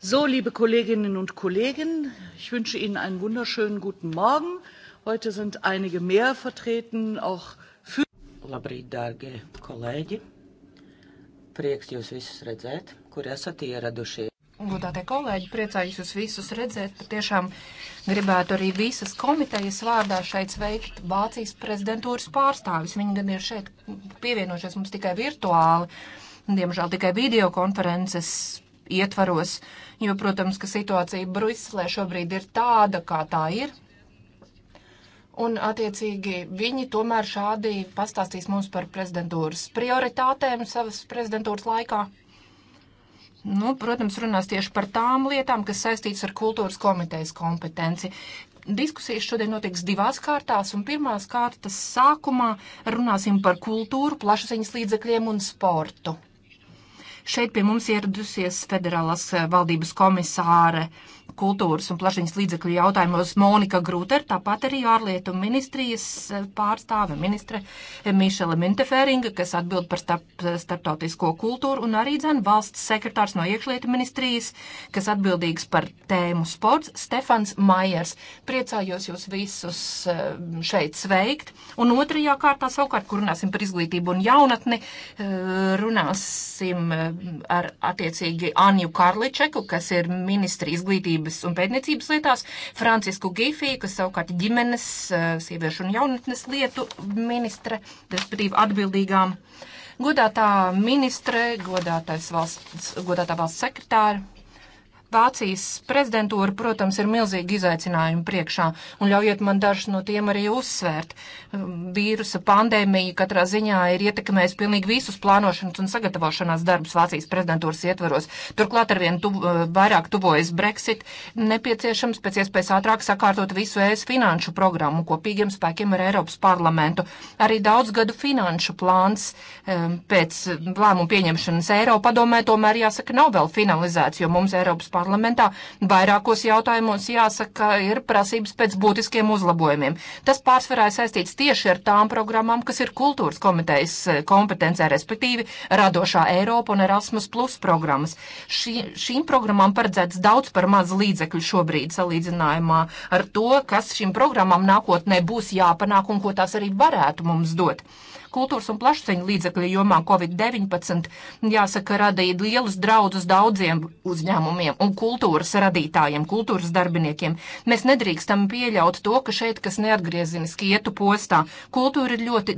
So, liebe Kolleginnen und Kollegen, ich wünsche Ihnen einen wunderschönen guten Morgen. Heute sind einige mehr vertreten, auch für. Labrīt, dārgie kolēģi! Prieks jūs visus redzēt, kur esat ieradušies. Godātie kolēģi, priecājos jūs visus redzēt. Patiešām gribētu arī visas komitejas vārdā šeit sveikt Vācijas prezidentūras pārstāvis. Viņi gan ir šeit pievienojušies mums tikai virtuāli. Diemžēl tikai videokonferences ietvaros, jo, protams, ka situācija Briselē šobrīd ir tāda, kā tā ir. Un, attiecīgi, viņi tomēr šādi pastāstīs mums par prezidentūras prioritātēm savas prezidentūras laikā. Nu, protams, runās tieši par tām lietām, kas saistītas ar kultūras komitejas kompetenci diskusijas šodien notiks divās kārtās, un pirmās kārtas sākumā runāsim par kultūru, plašsaziņas līdzekļiem un sportu. Šeit pie mums ieradusies federālās eh, valdības komisāre uh, kultūras un plašiņas līdzekļu jautājumos Monika Grūter, tāpat arī ārlietu ministrijas eh, pārstāve ministre Mišela Minteferinga, kas atbild par starp, starptautisko kultūru, un arī dzen valsts sekretārs no iekšlietu ministrijas, kas atbildīgs par tēmu sports, Stefans Maiers. Priecājos jūs visus eh, šeit sveikt. Un otrajā kārtā savukārt, kur runāsim par izglītību un jaunatni, eh, runāsim ar attiecīgi Anju Karličeku, kas ir ministri izglītība izglītības un pētniecības lietās, Francisku Gifī, kas savukārt ģimenes, eh, sieviešu un jaunatnes lietu ministre, respektīvi atbildīgām. Godātā ministre, godātais valsts, godātā valsts sekretāra, Vācijas prezidentūra, protams, ir milzīgi izaicinājumi priekšā, un ļaujiet man dažus no tiem arī uzsvērt. Vīrusa pandēmija katrā ziņā ir ietekmējusi pilnīgi visus plānošanas un sagatavošanās darbus Vācijas prezidentūras ietvaros. Turklāt arvien tu, eh, vairāk tuvojas Brexit, nepieciešams pēc iespējas ātrāk sakārtot visu ES finanšu programmu kopīgiem spēkiem ar Eiropas parlamentu. Arī daudzgadu finanšu plāns eh, pēc lēmumu pieņemšanas Eiropadomē tomēr jāsaka nav vēl finalizēts, jo mums Eiropas parlamentu parlamentā vairākos jautājumos jāsaka ir prasības pēc būtiskiem uzlabojumiem. Tas pārsvarā ir saistīts tieši ar tām programmām, kas ir kultūras komitejas e, kompetencē, respektīvi Radošā Eiropa un Erasmus Plus programmas. Ši, šīm programmām paredzēts daudz par maz līdzekļu šobrīd salīdzinājumā ar to, kas šīm programmām nākotnē būs jāpanāk un ko tās arī varētu mums dot kultūras un plašsaziņu līdzekļu jomā Covid-19, jāsaka, radīja lielus draudus daudziem uzņēmumiem un kultūras radītājiem, kultūras darbiniekiem. Mēs nedrīkstam pieļaut to, ka šeit kas neatgrieziniski ietu postā. Kultūra ir ļoti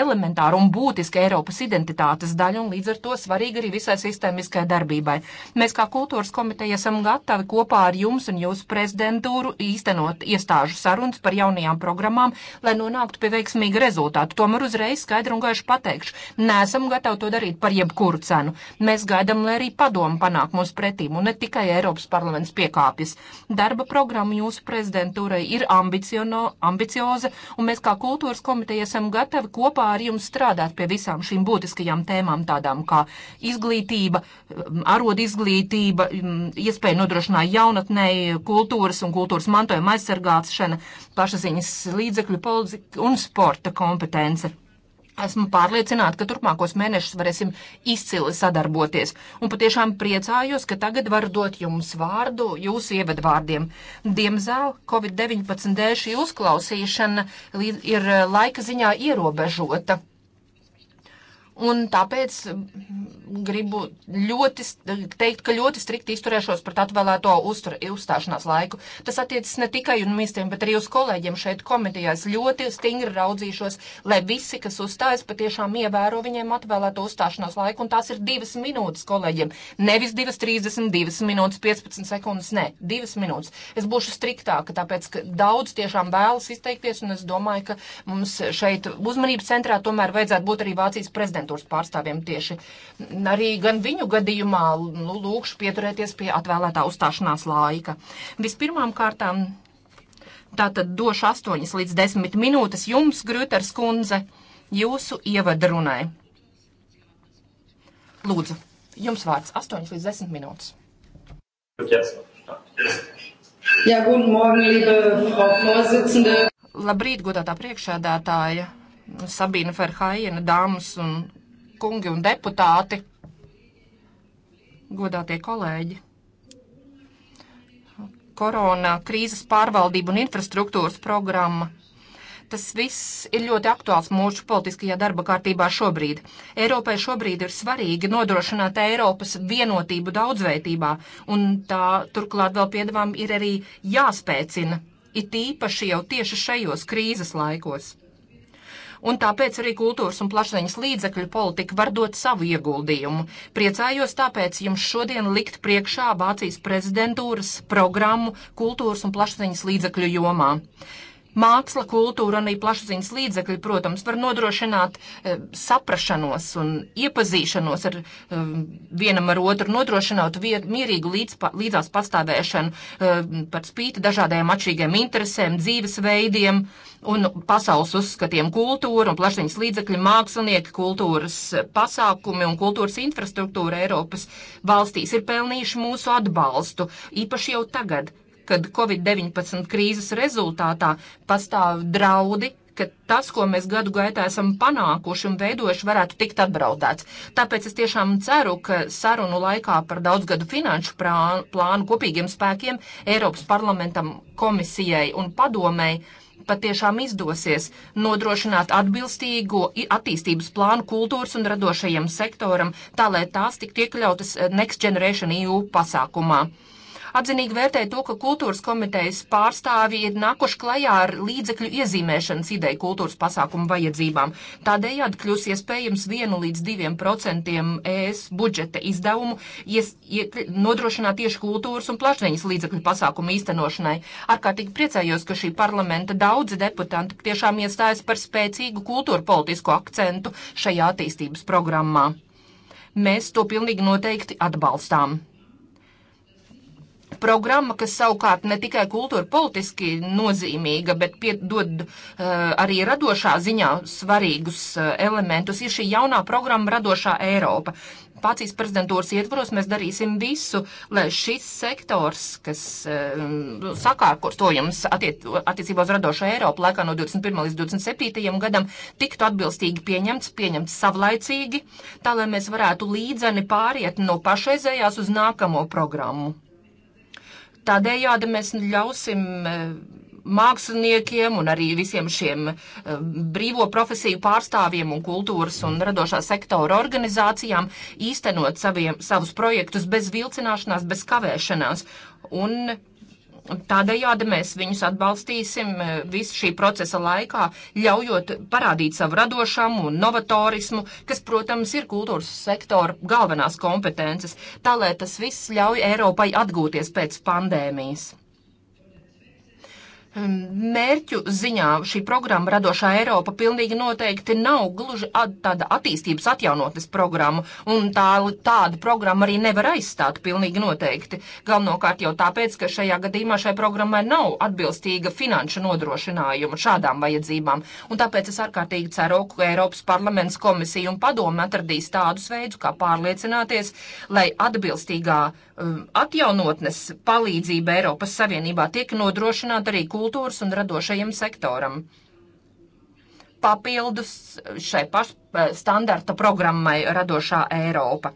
elementāra un būtiska Eiropas identitātes daļa un līdz ar to svarīga arī visai sistēmiskai darbībai. Mēs kā kultūras komiteja esam gatavi kopā ar jums un jūsu prezidentūru īstenot iestāžu sarunas par jaunajām programmām, lai nonāktu pie veiksmīga rezultātu. Tomēr uzreiz skaidrs skaidri un gaiši pateikšu, nesam gatavi to darīt par jebkuru cenu. Mēs gaidām, lai arī padomu panāk mūsu pretīm, un ne tikai Eiropas parlaments piekāpjas. Darba programma jūsu prezidentūrai ir ambicioza, un mēs kā kultūras komiteja esam gatavi kopā ar jums strādāt pie visām šīm būtiskajām tēmām, tādām kā izglītība, arodu izglītība, iespēja nodrošināt jaunatnei kultūras un kultūras mantojuma aizsargāšana, pašaziņas līdzekļu politika un sporta kompetence. Esmu pārliecināta, ka turpmākos mēnešus varēsim izcili sadarboties, un patiešām priecājos, ka tagad varu dot jums vārdu jūsu ievadvārdiem. Diemžēl Covid-19 dēļ šī uzklausīšana ir laika ziņā ierobežota. Un tāpēc gribu ļoti teikt, ka ļoti strikti izturēšos pret atvēlēto uztur, uzstāšanās laiku. Tas attiecas ne tikai uz ministriem, bet arī uz kolēģiem šeit komitejās. Ļoti stingri raudzīšos, lai visi, kas uzstājas, patiešām ievēro viņiem atvēlēto uzstāšanās laiku. Un tās ir divas minūtes kolēģiem. Nevis 2,32 minūtes, 15 sekundes, ne, divas minūtes. Es būšu striktāka, tāpēc, ka daudz tiešām vēlas izteikties, un es domāju, ka mums šeit uzmanības centrā tomēr vajadzētu būt arī Vācijas prezidentam prezidentūras pārstāvjiem tieši arī gan viņu gadījumā nu, lūkšu pieturēties pie atvēlētā uzstāšanās laika. Vispirmām kārtām tātad došu 8 līdz 10 minūtes jums, Grūters kundze, jūsu ievadrunai. Lūdzu, jums vārds 8 līdz 10 minūtes. Yes. Yes. Ja, guten Morgen, liebe Frau Vorsitzende. Labrīt, godātā priekšēdētāja Sabīna Ferhajena, dāmas un kungi un deputāti, godātie kolēģi! Korona krīzes pārvaldība un infrastruktūras programma tas viss ir ļoti aktuāls mūsu politiskajā darba kārtībā šobrīd. Eiropai šobrīd ir svarīgi nodrošināt Eiropas vienotību daudzveidībā, un tā turklāt vēl piedevām ir arī jāspēcina, it īpaši jau tieši šajos krīzes laikos un tāpēc arī kultūras un plašsaziņas līdzekļu politika var dot savu ieguldījumu. Priecājos tāpēc jums šodien likt priekšā Vācijas prezidentūras programmu kultūras un plašsaziņas līdzekļu jomā. Māksla, kultūra un arī plašsaziņas līdzekļi, protams, var nodrošināt e, saprašanos un iepazīšanos ar e, vienam ar otru, nodrošinot viet, mierīgu līdz, līdzās pastāvēšanu e, par spīti dažādajām atšķirīgiem interesēm, dzīvesveidiem un pasaules uzskatiem. Kultūra un plašsaziņas līdzekļi, mākslinieki, kultūras pasākumi un kultūras infrastruktūra Eiropas valstīs ir pelnījuši mūsu atbalstu, īpaši jau tagad, kad Covid-19 krīzes rezultātā pastāv draudi ka tas, ko mēs gadu gaitā esam panākuši un veidojuši, varētu tikt atbraudēts. Tāpēc es tiešām ceru, ka sarunu laikā par daudzgadu finanšu prānu, plānu kopīgiem spēkiem Eiropas parlamentam, komisijai un padomēji patiešām izdosies nodrošināt atbilstīgo attīstības plānu kultūras un radošajam sektoram, tā lai tās tiktu iekļautas eh, Next Generation EU pasākumā. Atzinīgi vērtēju to, ka kultūras komitejas pārstāvji ir nākuši klajā ar līdzekļu iezīmēšanas ideju kultūras pasākumu vajadzībām. Tādējādi kļūs iespējams 1 līdz 2 procentiem ES budžeta izdevumu ies, ie, nodrošināt tieši kultūras un plašsaziņas līdzekļu pasākumu īstenošanai. Ārkārtīgi priecājos, ka šī parlamenta daudzi deputanti tiešām iestājas par spēcīgu kultūra politisko akcentu šajā attīstības programmā. Mēs to pilnīgi noteikti atbalstām. Programma, kas savukārt ne tikai kultūra politiski nozīmīga, bet piedod uh, arī radošā ziņā svarīgus uh, elementus, ir šī jaunā programma Radošā Eiropa. Pācijas prezidentūras ietvaros mēs darīsim visu, lai šis sektors, kas uh, eh, sakārtojams attiec, attiecībā uz radošo Eiropu laikā no 21. līdz 27. gadam, tiktu atbilstīgi pieņemts, pieņemts savlaicīgi, tā lai mēs varētu līdzeni pāriet no pašreizējās uz nākamo programmu. Tādējādi mēs ļausim e, māksliniekiem un arī visiem šiem e, brīvo profesiju pārstāvjiem un kultūras un radošā sektora organizācijām īstenot saviem, savus projektus bez vilcināšanās, bez kavēšanās un Tādējādi mēs viņus atbalstīsim e, visu šī procesa laikā, ļaujot parādīt savu radošumu un novatorismu, kas, protams, ir kultūras sektora galvenās kompetences, tā lai tas viss ļauj Eiropai atgūties pēc pandēmijas mērķu ziņā šī programma Radošā Eiropa pilnīgi noteikti nav gluži at, tāda attīstības atjaunotnes programma, un tā, tādu programmu arī nevar aizstāt pilnīgi noteikti. Galvenokārt jau tāpēc, ka šajā gadījumā šai programmai nav atbilstīga finanšu nodrošinājuma šādām vajadzībām, un tāpēc es ārkārtīgi ceru, ka Eiropas parlaments komisija un padome atradīs tādus veidus, kā pārliecināties, lai atbilstīgā um, atjaunotnes palīdzība Eiropas Savienībā tiek nodrošināta arī, ko kultūras un radošajam sektoram. Papildus šai paš eh, standarta programmai Radošā Eiropa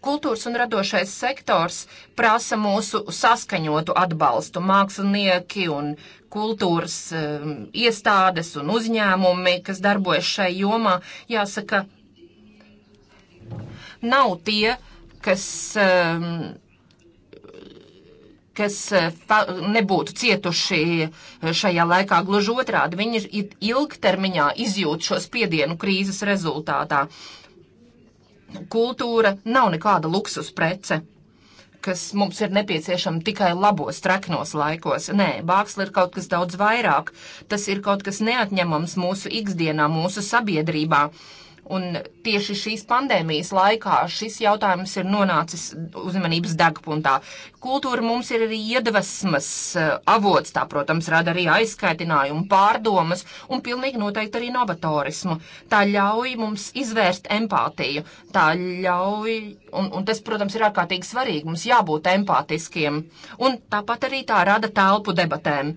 kultūras un radošais sektors prasa mūsu saskaņotu atbalstu. Mākslinieki un kultūras um, iestādes un uzņēmumi, kas darbojas šai jomā, jāsaka, nav tie, kas. Um, kas e, nebūtu cietuši e, šajā laikā. Gluži otrādi, viņi ir ilgtermiņā izjūt šo spiedienu krīzes rezultātā. Kultūra nav nekāda luksus prece kas mums ir nepieciešama tikai labos, traknos laikos. Nē, māksla ir kaut kas daudz vairāk. Tas ir kaut kas neatņemams mūsu ikdienā, mūsu sabiedrībā. Uh, Un tieši šīs pandēmijas laikā šis jautājums ir nonācis uzmanības degpuntā. Kultūra mums ir arī iedvesmas eh, avots, tā, protams, rada arī aizskaitinājumu, pārdomas un pilnīgi noteikti arī novatorismu. Tā ļauj mums izvērst empātiju, tā ļauj, un, un tas, protams, ir ārkārtīgi svarīgi, mums jābūt empātiskiem. Un tāpat arī tā rada telpu debatēm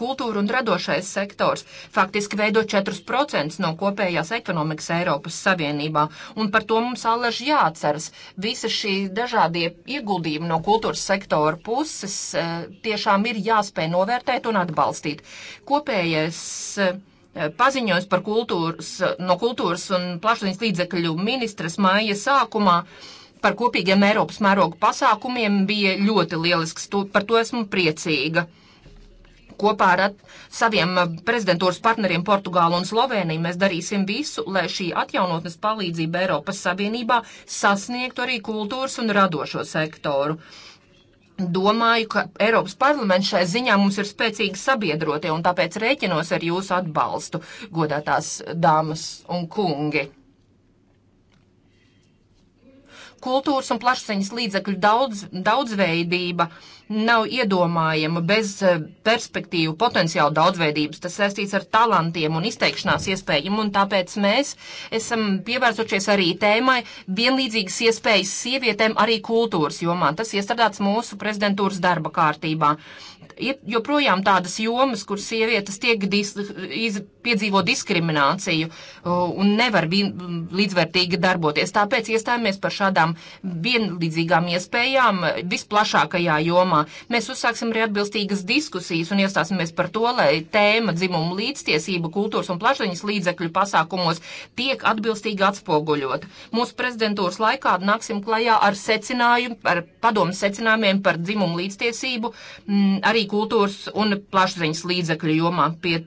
kultūra un radošais sektors faktiski veido 4% no kopējās ekonomikas Eiropas Savienībā. Un par to mums allaži jāatceras. Visa šī dažādie ieguldījumi no kultūras sektora puses eh, tiešām ir jāspēj novērtēt un atbalstīt. Kopējais eh, paziņojums par kultūras, no kultūras un plašsaziņas līdzekļu ministras māja sākumā par kopīgiem Eiropas mēroga pasākumiem bija ļoti lielisks. To, par to esmu priecīga kopā ar saviem eh, prezidentūras partneriem Portugālu un Sloveniju mēs darīsim visu, lai šī atjaunotnes palīdzība Eiropas Savienībā sasniegtu arī kultūras un radošo sektoru. Domāju, ka Eiropas parlaments šai ziņā mums ir spēcīgi sabiedrotie, un tāpēc rēķinos ar jūsu atbalstu, godātās dāmas un kungi kultūras un plašsaziņas līdzekļu daudz, daudzveidība nav iedomājama bez eh, perspektīvu potenciāla daudzveidības. Tas saistīts ar talantiem un izteikšanās iespējām, un tāpēc mēs esam pievērsušies arī tēmai vienlīdzīgas iespējas sievietēm arī kultūras jomā. Tas iestrādāts mūsu prezidentūras darba kārtībā ir joprojām tādas jomas, kur sievietes tiek dis, iz, piedzīvo diskrimināciju un nevar līdzvērtīgi darboties. Tāpēc iestājāmies par šādām vienlīdzīgām iespējām visplašākajā jomā. Mēs uzsāksim arī atbilstīgas diskusijas un iestāsimies par to, lai tēma dzimumu līdztiesība kultūras un plašsaziņas līdzekļu pasākumos tiek atbilstīgi atspoguļot. Mūsu prezidentūras laikā nāksim klajā ar secinājumu, ar padomu secinājumiem par dzimumu līdztiesību, arī arī kultūras un plašsaziņas līdzekļu jomā. Pie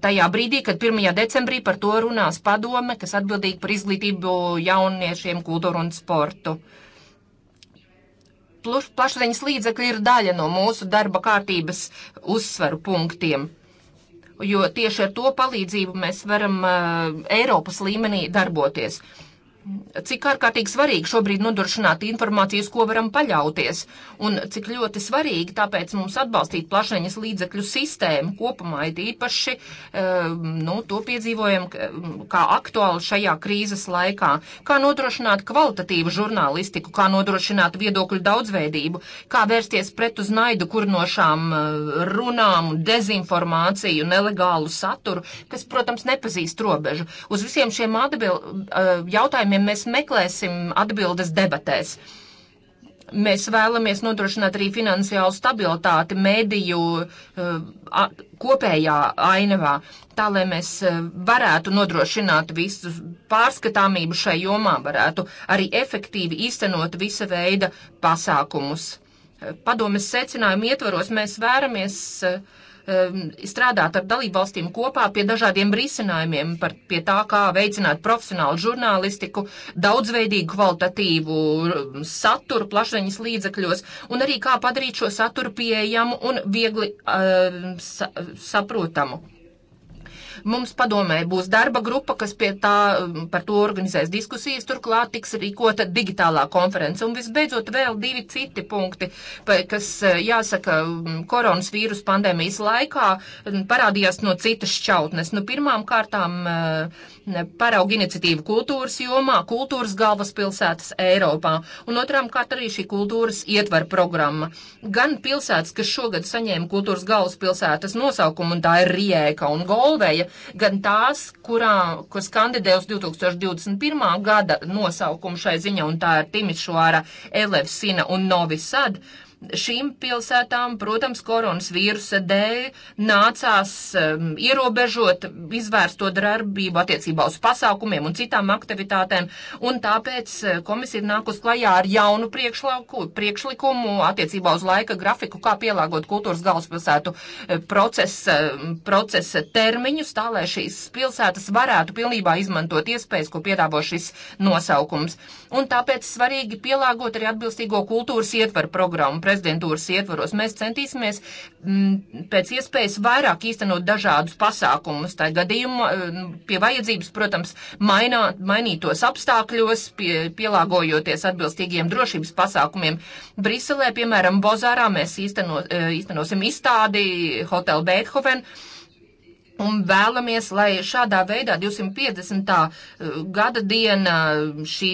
tajā brīdī, kad 1. decembrī par to runās padome, kas atbildīga par izglītību jauniešiem, kultūru un sportu. Plašsaziņas līdzekļi ir daļa no mūsu darba kārtības uzsveru punktiem, jo tieši ar to palīdzību mēs varam uh, Eiropas līmenī darboties. Uh, cik ārkārtīgi svarīgi šobrīd nodrošināt informācijas, ko varam paļauties, un cik ļoti svarīgi tāpēc mums atbalstīt plašaņas līdzekļu sistēmu kopumā, it īpaši, eh, nu, to piedzīvojam kā aktuāli šajā krīzes laikā, kā nodrošināt kvalitatīvu žurnālistiku, kā nodrošināt viedokļu daudzveidību, kā vērsties pret uz naidu kurnošām eh, runām, dezinformāciju, nelegālu saturu, kas, protams, nepazīst robežu. Uz visiem šiem atbild, eh, jautājumiem jautājumiem mēs meklēsim atbildes debatēs. Mēs vēlamies nodrošināt arī finansiālu stabilitāti mediju uh, kopējā ainavā, tā lai mēs uh, varētu nodrošināt visu pārskatāmību šai jomā, varētu arī efektīvi īstenot visa veida pasākumus. Padomes secinājumu ietvaros mēs vēramies uh, Um, strādāt ar dalību valstīm kopā pie dažādiem risinājumiem, par, pie tā, kā veicināt profesionālu žurnālistiku, daudzveidīgu kvalitatīvu um, saturu plašsaziņas līdzekļos, un arī kā padarīt šo saturu pieejamu un viegli uh, saprotamu. Mums padomē būs darba grupa, kas pie tā um, par to organizēs diskusijas, turklāt tiks rīkota digitālā konference. Un visbeidzot vēl divi citi punkti, kas uh, jāsaka um, koronas vīrus pandēmijas laikā um, parādījās no citas šķautnes. Nu, pirmām kārtām uh, paraugu iniciatīvu kultūras jomā, kultūras galvaspilsētas Eiropā, un otrām kārt arī šī kultūras ietver programma. Gan pilsētas, kas šogad saņēma kultūras galvaspilsētas nosaukumu, un tā ir Rieka un Golveja, gan tās, kurā, kas kandidē uz 2021. gada nosaukumu šai ziņā, un tā ir Timišvāra, Elevsina un Novisad. Uh, šīm pilsētām, protams, koronas vīrusa dēļ nācās um, ierobežot izvērsto darbību attiecībā uz pasākumiem un citām aktivitātēm, un tāpēc uh, komisija ir nākus klajā ar jaunu priekšlikumu attiecībā uz laika grafiku, kā pielāgot kultūras galvaspilsētu uh, procesa, um, procesa termiņus, tā lai šīs pilsētas varētu pilnībā izmantot iespējas, ko piedāvo šis nosaukums. Un tāpēc svarīgi pielāgot arī atbilstīgo kultūras ietvaru programmu prezidentūras ietvaros. Mēs centīsimies m, mm, pēc iespējas vairāk īstenot dažādus pasākumus. Tā gadījumā mm, pie vajadzības, protams, mainā, mainītos apstākļos, pie, pielāgojoties atbilstīgiem drošības pasākumiem. Briselē, piemēram, Bozārā mēs īsteno, e, īstenosim izstādi Hotel Beethoven. Un vēlamies, lai šādā veidā 250. Eh, gada diena eh, šī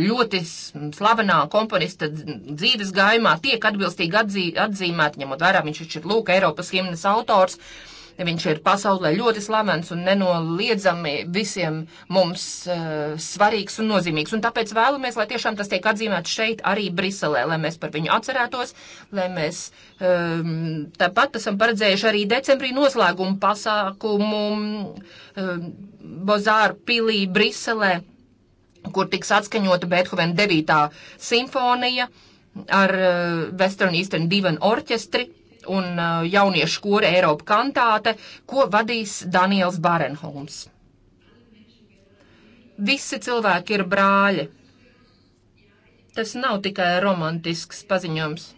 ļoti slavenā komponista dzīves gaimā tiek atbilstīgi atzī, atzīmēta, ņemot vērā viņš ir lūk Eiropas himnas autors. Uh, ja viņš ir pasaulē ļoti slavens un nenoliedzami visiem mums uh, svarīgs un nozīmīgs. Un tāpēc vēlamies, lai tiešām tas tiek atzīmēts šeit, arī Briselē, lai mēs par viņu atcerētos, lai mēs um, tāpat esam paredzējuši arī decembrī noslēgumu pasākumu um, Bozāru pilī Briselē, kur tiks atskaņota Beethovena 9. simfonija ar uh, Western Eastern Divan orķestri un uh, jauniešu kora Eiropa kantāte, ko vadīs Daniels Barenholms. Visi cilvēki ir brāļi. Tas nav tikai romantisks paziņojums.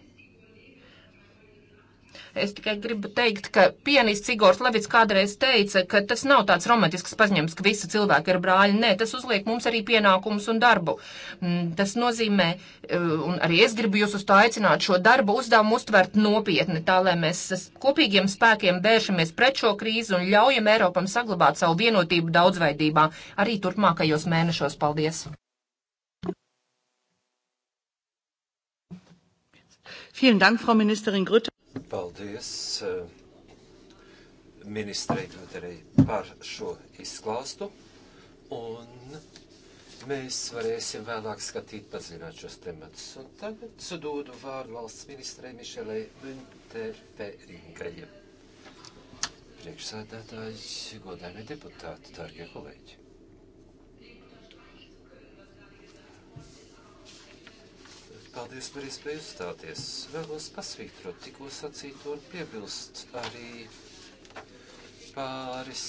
Es tikai gribu teikt, ka pianists Igors Levits kādreiz teica, ka tas nav tāds romantisks paziņojums, ka visi cilvēki ir brāļi. Nē, tas uzliek mums arī pienākumus un darbu. Mm, tas nozīmē, eh, un arī es gribu jūs uz tā aicināt, šo darbu uzdevumu uztvert nopietni, tā lai mēs kopīgiem spēkiem vēršamies pret šo krīzi un ļaujam Eiropam saglabāt savu vienotību daudzveidībā arī turpmākajos mēnešos. Paldies! Vielen Dank, Frau Ministerin Grütter. Paldies eh, ministrei Grüterei par šo izklāstu. Un mēs varēsim vēlāk skatīt, pazināt šos tematus. Un tagad sudodu vārdu valsts ministrei Mišelei Munterperingai. Priekšsēdētāji, godājumie deputāti, dārgie kolēģi. Paldies par iespēju uzstāties. Vēlos pasvītrot tikko sacīto un piebilst arī pāris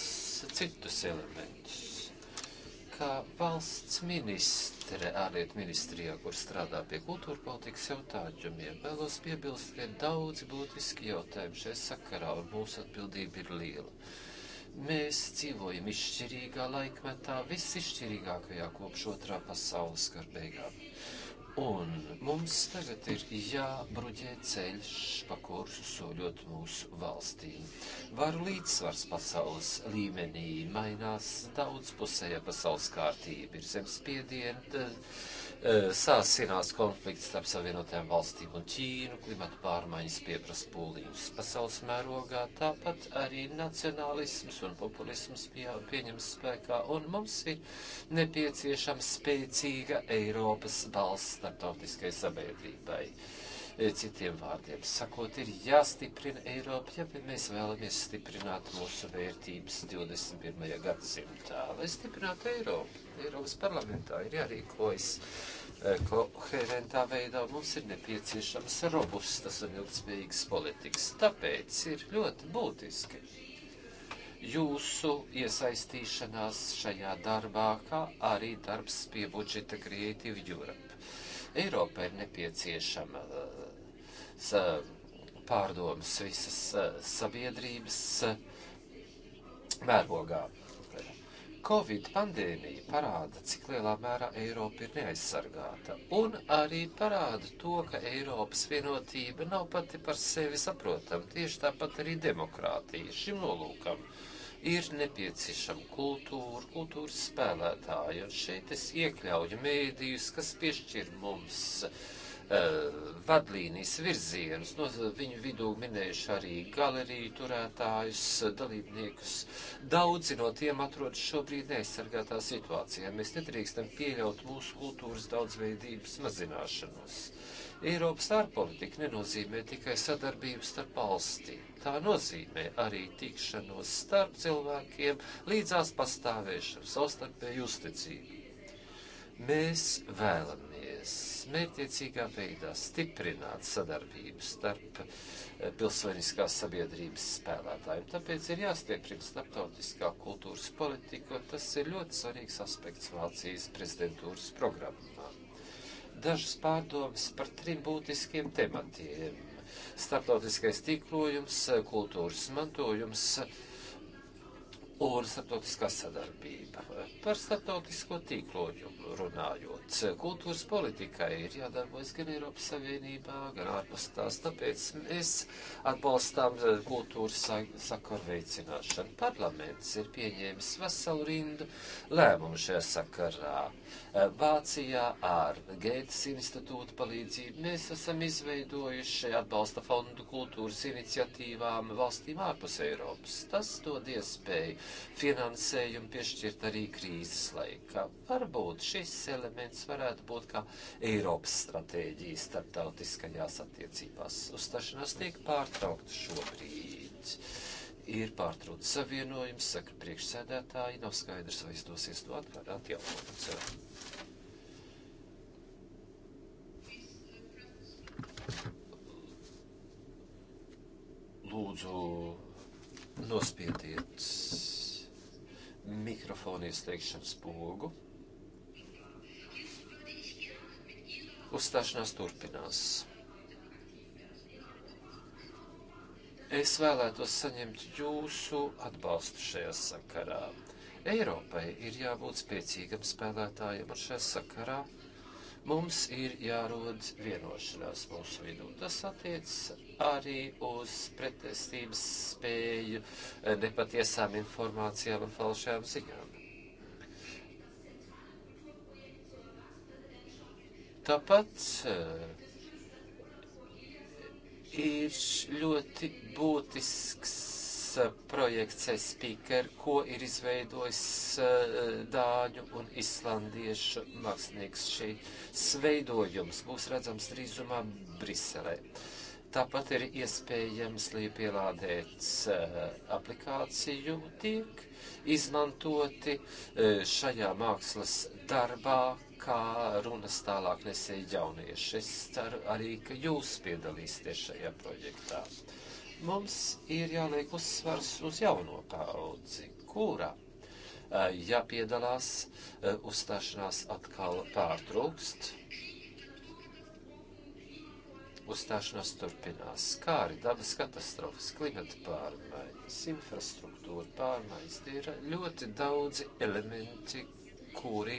citus elementus. Kā valsts ministre, ārlietu ministrijā, kur strādā pie kultūra politikas jautājumiem, vēlos piebilst, ka ir daudz būtiski jautājumi šajā sakarā un mūsu atbildība ir liela. Mēs dzīvojam izšķirīgā laikmetā, visizšķirīgākajā kopš otrā pasaules kara beigām. Un mums tagad ir jābruģē ceļš, pa kursu soļot mūsu valstī. Varu līdzsvars pasaules līmenī mainās daudzpusēja pasaules kārtība, ir zemspiediena Eh, sāsinās konflikts starp Savienotajām valstīm un Ķīnu, klimata pārmaiņas pieprasa pūliņus pasaules mērogā, tāpat arī nacionālisms un populisms pie, pieņems spēkā, un mums ir nepieciešama spēcīga Eiropas balss starptautiskai sabiedrībai. Eh, citiem vārdiem sakot, ir jāstiprina Eiropa, ja mēs vēlamies stiprināt mūsu vērtības 21. gadsimtā. Lai stiprinātu Eiropu, Eiropas parlamentā ir jārīkojas eh, koherentā veidā, mums ir nepieciešams robustas un ilgspējīgas politikas. Tāpēc ir ļoti būtiski jūsu iesaistīšanās šajā darbā, kā arī darbs pie budžeta Creative Europe. Eiropa ir nepieciešama eh, Eh, pārdomas visas eh, sabiedrības eh, mērogā. Covid pandēmija parāda, cik lielā mērā Eiropa ir neaizsargāta, un arī parāda to, ka Eiropas vienotība nav pati par sevi saprotama, tieši tāpat arī demokrātija šim nolūkam. Ir nepieciešama kultūra, kultūras spēlētāji, un šeit es iekļauju mēdījus, kas piešķir mums uh, Eh, vadlīnijas virzienus. No viņu vidū minējuši arī galeriju turētājus, dalībniekus. Daudzi no tiem atrodas šobrīd neaizsargātā situācijā. Mēs nedrīkstam pieļaut mūsu kultūras daudzveidības mazināšanos. Eiropas ārpolitika nenozīmē tikai sadarbību starp valstīm. Tā nozīmē arī tikšanos starp cilvēkiem, līdzās pastāvēšanu, savstarpēju uzticību. Mēs vēlamies smērķiecīgā veidā stiprināt sadarbību starp eh, pilsoniskās sabiedrības spēlētājiem. Tāpēc ir jāstieprina starptautiskā kultūras politika, un tas ir ļoti svarīgs aspekts Vācijas prezidentūras programmā. Dažas pārdomas par trim būtiskiem tematiem - starptautiskais tīklojums, kultūras mantojums, uh, un starptautiskā sadarbība. Par starptautisko tīklojumu runājot, kultūras politikai ir jādarbojas gan Eiropas Savienībā, gan ārpus tās, tāpēc mēs atbalstām eh, kultūras sakaru veicināšanu. Parlaments ir pieņēmis veselu rindu lēmumu šajā sakarā. Eh, Vācijā ar Gētas institūta palīdzību mēs esam izveidojuši atbalsta fondu kultūras iniciatīvām valstīm ārpus Eiropas. Tas dod iespēju finansējumu piešķirt arī krīzes laikā. Varbūt šis elements varētu būt kā Eiropas stratēģija starptautiskajās attiecībās. Uzstašanās tiek pārtraukta šobrīd. Ir pārtraucis savienojums, saka priekšsēdētāji, nav skaidrs, vai izdosies to atkārt atjaunot. lūdzu, nospiediet mikrofona ieslēgšanas pogu. Uzstāšanās turpinās. Es vēlētos saņemt jūsu atbalstu šajā sakarā. Eiropai ir jābūt spēcīgam spēlētājam un šajā sakarā mums ir jārod vienošanās mūsu vidū. Tas attiecas arī uz pretestības spēju eh, nepatiesām informācijām un falšajām ziņām. Tāpat eh, ir ļoti būtisks eh, projekts e-speaker, ko ir izveidojis dāņu un islandiešu mākslinieks. Šī sveidojums būs redzams drīzumā Briselē. Uh, Tāpat ir iespējams pielādēt eh, aplikāciju, tiek izmantoti eh, šajā mākslas darbā, kā runas tālāk nesēja jaunieši. Es ceru arī, ka jūs piedalīsieties šajā projektā. Mums ir jāliek uzsvars uz jauno paudzi, kura eh, ja piedalās, uzstāšanās atkal pārtrūkst uzstāšanās turpinās. Skāri, dabas katastrofas, klimata pārmaiņas, infrastruktūra pārmaiņas, ir ļoti daudzi elementi, kuri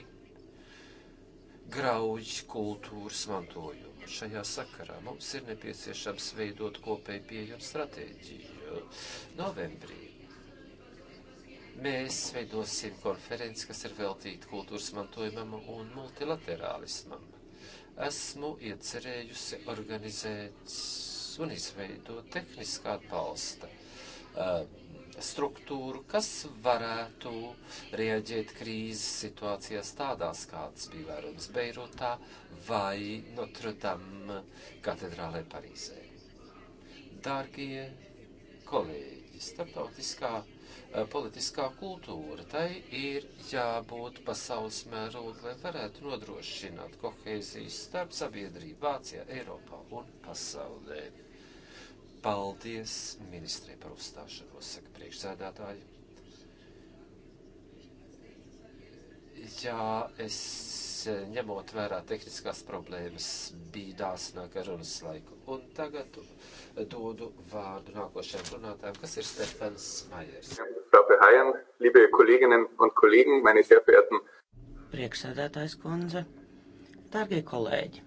grauj kultūras mantojumu. Šajā sakarā mums ir nepieciešams veidot kopēju pieeju un stratēģiju. Novembrī mēs veidosim konferenci, kas ir veltīta kultūras mantojumam un multilaterālismam esmu iecerējusi organizēt un izveidot tehniskā atbalsta eh, struktūru, kas varētu rieģēt krīzes situācijās tādās, kādas bija vērojams Beirutā vai Notre-Dame katedrālē Parīzē. Dārgie kolēģi, starptautiskā Eh, politiskā kultūra. Tai ir jābūt pasaules mēroga, lai varētu nodrošināt kohēzijas starp sabiedrību Vācijā, Eiropā un pasaulē. Paldies ministrē par uzstāšanos, saka priekšsēdētāji. Jā, es eh, ņemot vērā tehniskās problēmas, bija dāsnāka runas laiku. Un tagad dodu vārdu nākošajam runātājam, kas ir Stefans Majers. Klappe Haien, liebe Kolleginnen und Kollegen, meine sehr verehrten Priekšsēdētājs kundze, dārgie kolēģi,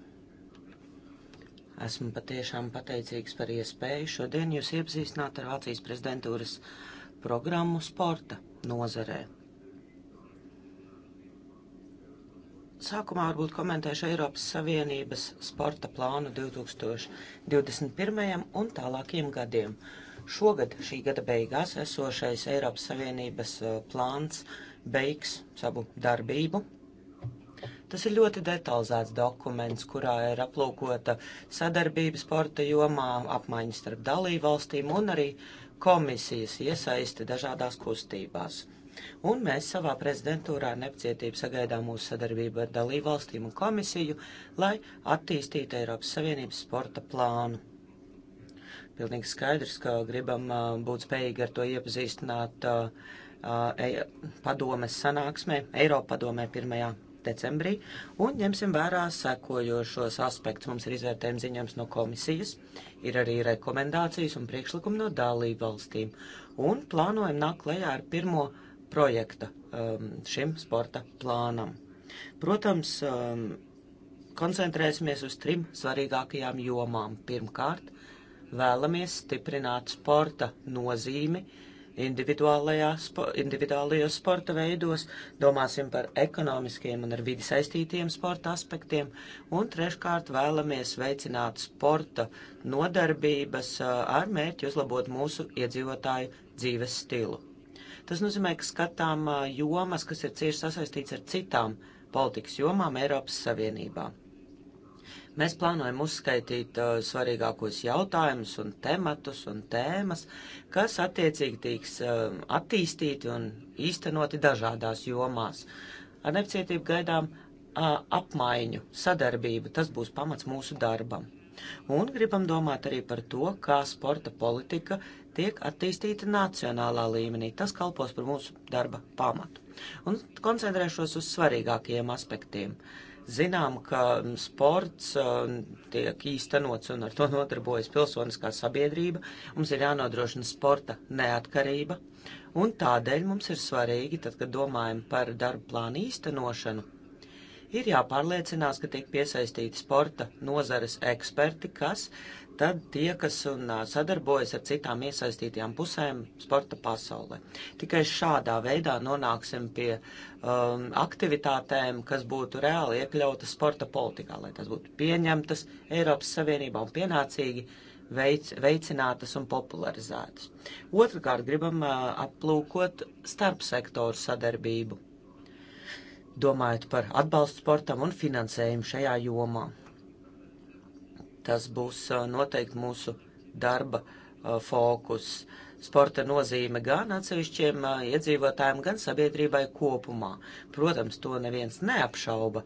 esmu patiešām pateicīgs par iespēju šodien jūs iepazīstināt ar Vācijas prezidentūras programmu sporta nozarē. Sākumā varbūt komentēšu Eiropas Savienības sporta plānu 2021. un tālākiem gadiem. Uh, Šogad, šī gada beigās, esošais Eiropas Savienības uh, plāns beigs savu darbību. Tas ir ļoti detalizēts dokuments, kurā ir aplūkota sadarbība sporta jomā, apmaiņas starp dalībvalstīm un arī komisijas iesaisti dažādās kustībās. Un mēs savā prezidentūrā nepacietību sagaidām mūsu sadarbību ar dalībvalstīm un komisiju, lai attīstītu Eiropas Savienības sporta plānu. Pilnīgi skaidrs, ka gribam būt spējīgi ar to iepazīstināt e, padomes sanāksmē, Eiropa padomē 1. decembrī, un ņemsim vērā sekojošos aspektus. Mums ir izvērtējums ziņojums no komisijas, ir arī rekomendācijas un priekšlikumi no dalību valstīm, un plānojam nāk klajā ar pirmo projekta šim sporta plānam. Protams, koncentrēsimies uz trim svarīgākajām jomām. Pirmkārt, Vēlamies stiprināt sporta nozīmi spo, individuālajos sporta veidos, domāsim par ekonomiskiem un ar vidi saistītiem sporta aspektiem, un treškārt vēlamies veicināt sporta nodarbības ar mērķi uzlabot mūsu iedzīvotāju dzīves stilu. Tas nozīmē, ka skatām jomas, kas ir cieši sasaistīts ar citām politikas jomām Eiropas Savienībā. Mēs plānojam uzskaitīt uh, svarīgākos jautājumus un tematus un tēmas, kas attiecīgi tiks uh, attīstīti un īstenoti dažādās jomās. Ar nepacietību gaidām uh, apmaiņu, sadarbību. Tas būs pamats mūsu darbam. Un gribam domāt arī par to, kā sporta politika tiek attīstīta nacionālā līmenī. Tas kalpos par mūsu darba pamatu. Un koncentrēšos uz svarīgākajiem aspektiem. Uh, Zinām, ka mm, sports uh, tiek īstenots un ar to nodarbojas pilsoniskā sabiedrība. Mums ir jānodrošina sporta neatkarība. Un tādēļ mums ir svarīgi, tad, kad domājam par darba plānu īstenošanu, ir jāpārliecinās, ka tiek piesaistīti sporta nozares eksperti, kas tad tiekas un sadarbojas ar citām iesaistītajām pusēm sporta pasaulē. Tikai šādā veidā nonāksim pie um, aktivitātēm, kas būtu reāli iekļautas sporta politikā, lai tas būtu pieņemtas Eiropas Savienībā un pienācīgi veic, veicinātas un popularizētas. Otrakārt, gribam uh, aplūkot starpsektoru sadarbību, domājot par atbalstu sportam un finansējumu šajā jomā. Tas būs noteikti mūsu darba fokus. Sporta nozīme gan atsevišķiem iedzīvotājiem, gan sabiedrībai kopumā. Protams, to neviens neapšauba,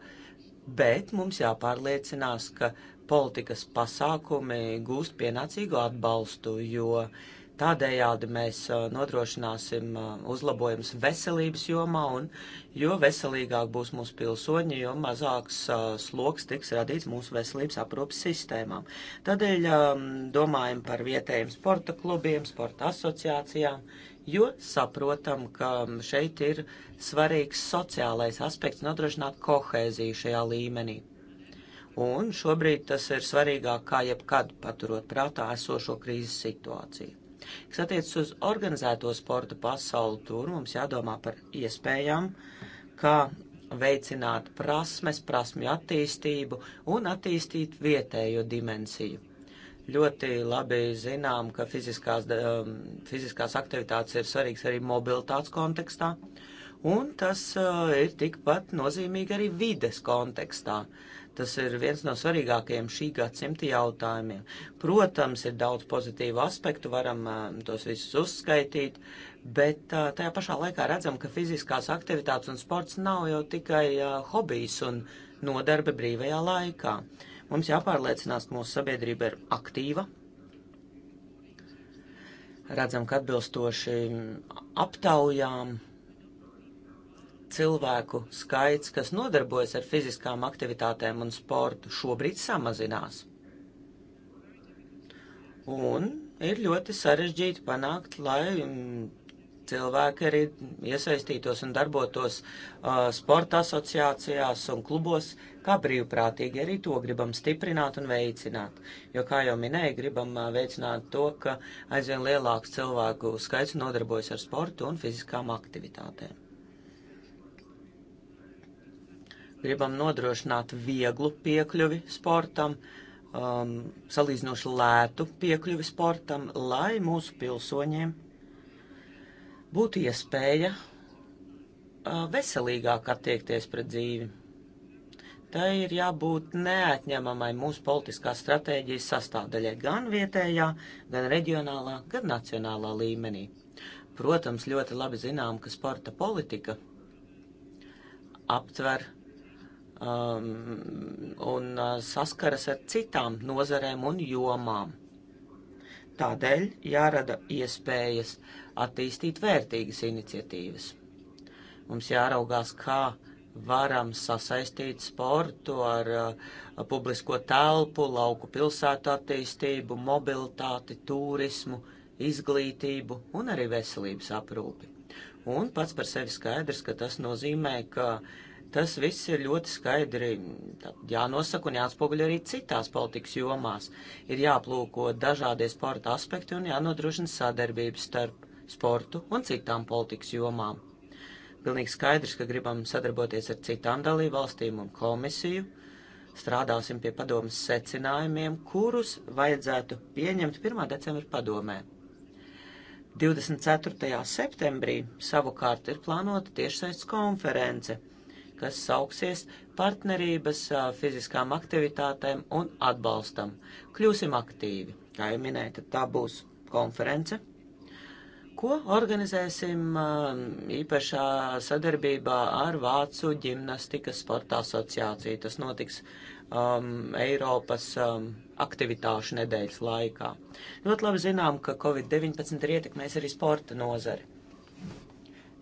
bet mums jāpārliecinās, ka politikas pasākumi gūst pienācīgu atbalstu, jo uh, Tādējādi mēs nodrošināsim uzlabojumus veselības jomā, un jo veselīgāk būs mūsu pilsoņi, jo mazāks sloks tiks radīts mūsu veselības aprūpas sistēmām. Tādēļ domājam par vietējiem sporta klubiem, sporta asociācijām, jo saprotam, ka šeit ir svarīgs sociālais aspekts nodrošināt kohēziju šajā līmenī. Un šobrīd tas ir svarīgāk kā jebkad, paturot prātā esošo krīzes situāciju. Kas attiecas uz organizēto sporta pasauli, tur mums jādomā par iespējām, kā veicināt prasmes, prasmju attīstību un attīstīt vietējo dimensiju. Ļoti labi zinām, ka fiziskās, um, fiziskās aktivitātes ir svarīgas arī mobilitātes kontekstā, un tas uh, ir tikpat nozīmīgi arī vides kontekstā. Uh, Tas ir viens no svarīgākajiem šī gadsimta jautājumiem. Protams, ir daudz pozitīvu aspektu, varam tos visus uzskaitīt, bet tajā pašā laikā redzam, ka fiziskās aktivitātes un sports nav jau tikai hobijs un nodarbe brīvajā laikā. Mums jāpārliecinās, ka mūsu sabiedrība ir aktīva, redzam, ka atbilstoši aptaujām cilvēku skaits, kas nodarbojas ar fiziskām aktivitātēm un sportu, šobrīd samazinās. Un ir ļoti sarežģīti panākt, lai mm, cilvēki arī iesaistītos un darbotos uh, sporta asociācijās un klubos, kā brīvprātīgi arī to gribam stiprināt un veicināt. Jo, kā jau minēju, gribam uh, veicināt to, ka aizvien lielāks cilvēku skaits nodarbojas ar sportu un fiziskām aktivitātēm. Gribam nodrošināt vieglu piekļuvi sportam, um, salīdzinoši lētu piekļuvi sportam, lai mūsu pilsoņiem būtu iespēja uh, veselīgāk attiekties pret dzīvi. Tā ir jābūt neatņemamai mūsu politiskās stratēģijas sastāvdaļai gan vietējā, gan reģionālā, gan nacionālā līmenī. Protams, ļoti labi zinām, ka sporta politika aptver um, un uh, saskaras ar citām nozarēm un jomām. Tādēļ jārada iespējas attīstīt vērtīgas iniciatīvas. Mums jāraugās, kā varam sasaistīt sportu ar uh, publisko telpu, lauku pilsētu attīstību, mobilitāti, turismu, izglītību un arī veselības aprūpi. Un pats par sevi skaidrs, ka tas nozīmē, ka uh, Tas viss ir ļoti skaidri jānosaka un jāatspoguļ arī citās politikas jomās. Ir jāplūko dažādie sporta aspekti un jānodrošina sadarbības starp sportu un citām politikas jomām. Pilnīgi skaidrs, ka gribam sadarboties ar citām dalībvalstīm un komisiju, strādāsim pie padomas secinājumiem, kurus vajadzētu pieņemt 1. decembra padomē. 24. septembrī savukārt ir plānota tiešsaistes konference kas sauksies partnerības fiziskām aktivitātēm un atbalstam. Kļūsim aktīvi, kā jau minēja, tā būs konference, ko organizēsim īpašā sadarbībā ar Vācu ģimnastikas sporta asociāciju. Tas notiks um, Eiropas um, aktivitāšu nedēļas laikā. Ļoti labi zinām, ka Covid-19 ir ietekmējis arī sporta nozari.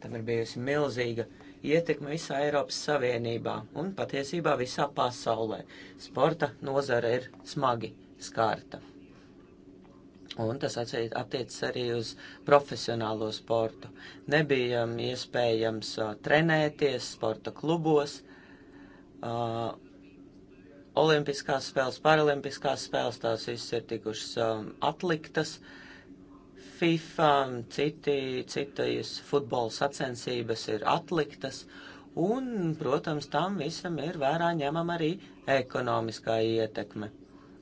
Tam ir bijusi milzīga uh, ietekmi visā Eiropas Savienībā un patiesībā visā pasaulē. Sporta nozara ir smagi skārta. Un tas attiecas arī uz profesionālo sportu. Nebija um, iespējams uh, trenēties sporta klubos, uh, olimpiskās spēles, paralimpiskās spēles, tās viss ir tikušas um, atliktas. Uh, FIFA, citi, citas futbola sacensības ir atliktas, un, protams, tam visam ir vērā ņemama arī ekonomiskā ietekme.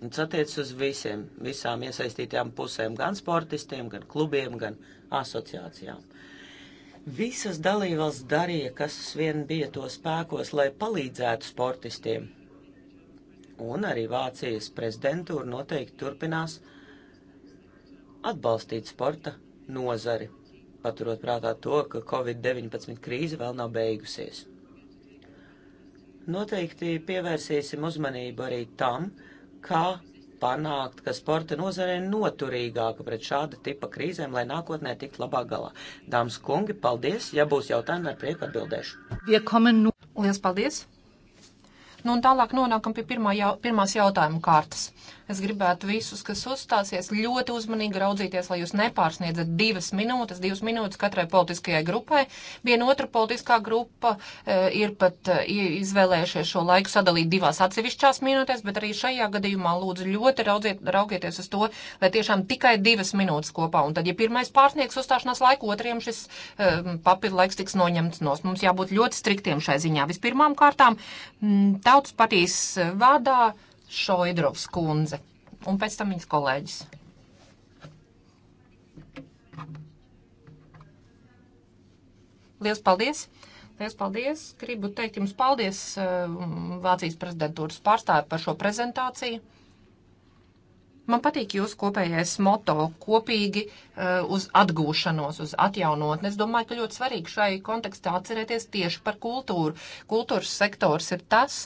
Un tas attiecas uz visiem, visām iesaistītajām pusēm, gan sportistiem, gan klubiem, gan asociācijām. Visas dalībvalsts darīja, kas vien bija to spēkos, lai palīdzētu sportistiem. Un arī Vācijas prezidentūra noteikti turpinās uh, atbalstīt sporta nozari, paturot prātā to, ka Covid-19 krīze vēl nav beigusies. Noteikti pievērsīsim uzmanību arī tam, kā panākt, ka sporta nozare ir noturīgāka pret šāda tipa krīzēm, lai nākotnē tikt labā galā. Dāmas kungi, paldies! Ja būs jautājumi, ar prieku atbildēšu. Viekomen, nu, liels paldies! Nu un tālāk nonākam pie pirmā jau, pirmās jautājuma kārtas. Es gribētu visus, kas uzstāsies, ļoti uzmanīgi raudzīties, lai jūs nepārsniedzat divas minūtes, divas minūtes katrai politiskajai grupai. Viena otra politiskā grupa e, ir pat e, izvēlējušies šo laiku sadalīt divās atsevišķās minūtēs, bet arī šajā gadījumā lūdzu ļoti raudziet, raugieties uz to, lai tiešām tikai divas minūtes kopā. Un tad, ja pirmais pārsniegs uzstāšanās laiku, otriem šis e, papildu laiks tiks noņemts nos. Mums jābūt ļoti striktiem šai ziņā. Vispirmām kārtām mm, tautas partijas vārdā Šoidrovs kundze un pēc tam viņas kolēģis. Lielas paldies! Lielas paldies! Gribu teikt jums paldies eh, Vācijas prezidentūras pārstāvi par šo prezentāciju. Man patīk jūsu kopējais moto - kopīgi uh, uz atgūšanos, uz atjaunotni. Es domāju, ka ļoti svarīgi šai kontekstā atcerēties tieši par kultūru. Kultūras sektors ir tas,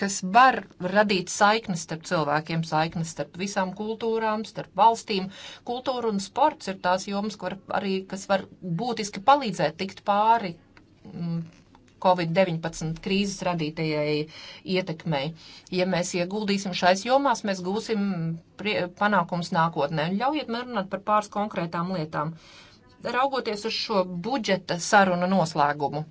kas var radīt saiknes starp cilvēkiem, saiknes starp visām kultūrām, starp valstīm. Kultūra un sports ir tās jomas, kur arī, kas var būtiski palīdzēt tikt pāri mm, Covid-19 krīzes radītajai ietekmei. Ja mēs ieguldīsim šais jomās, mēs gūsim panākums nākotnē. Un ļaujiet man runāt par pāris konkrētām lietām. Raugoties uz šo budžeta sarunu noslēgumu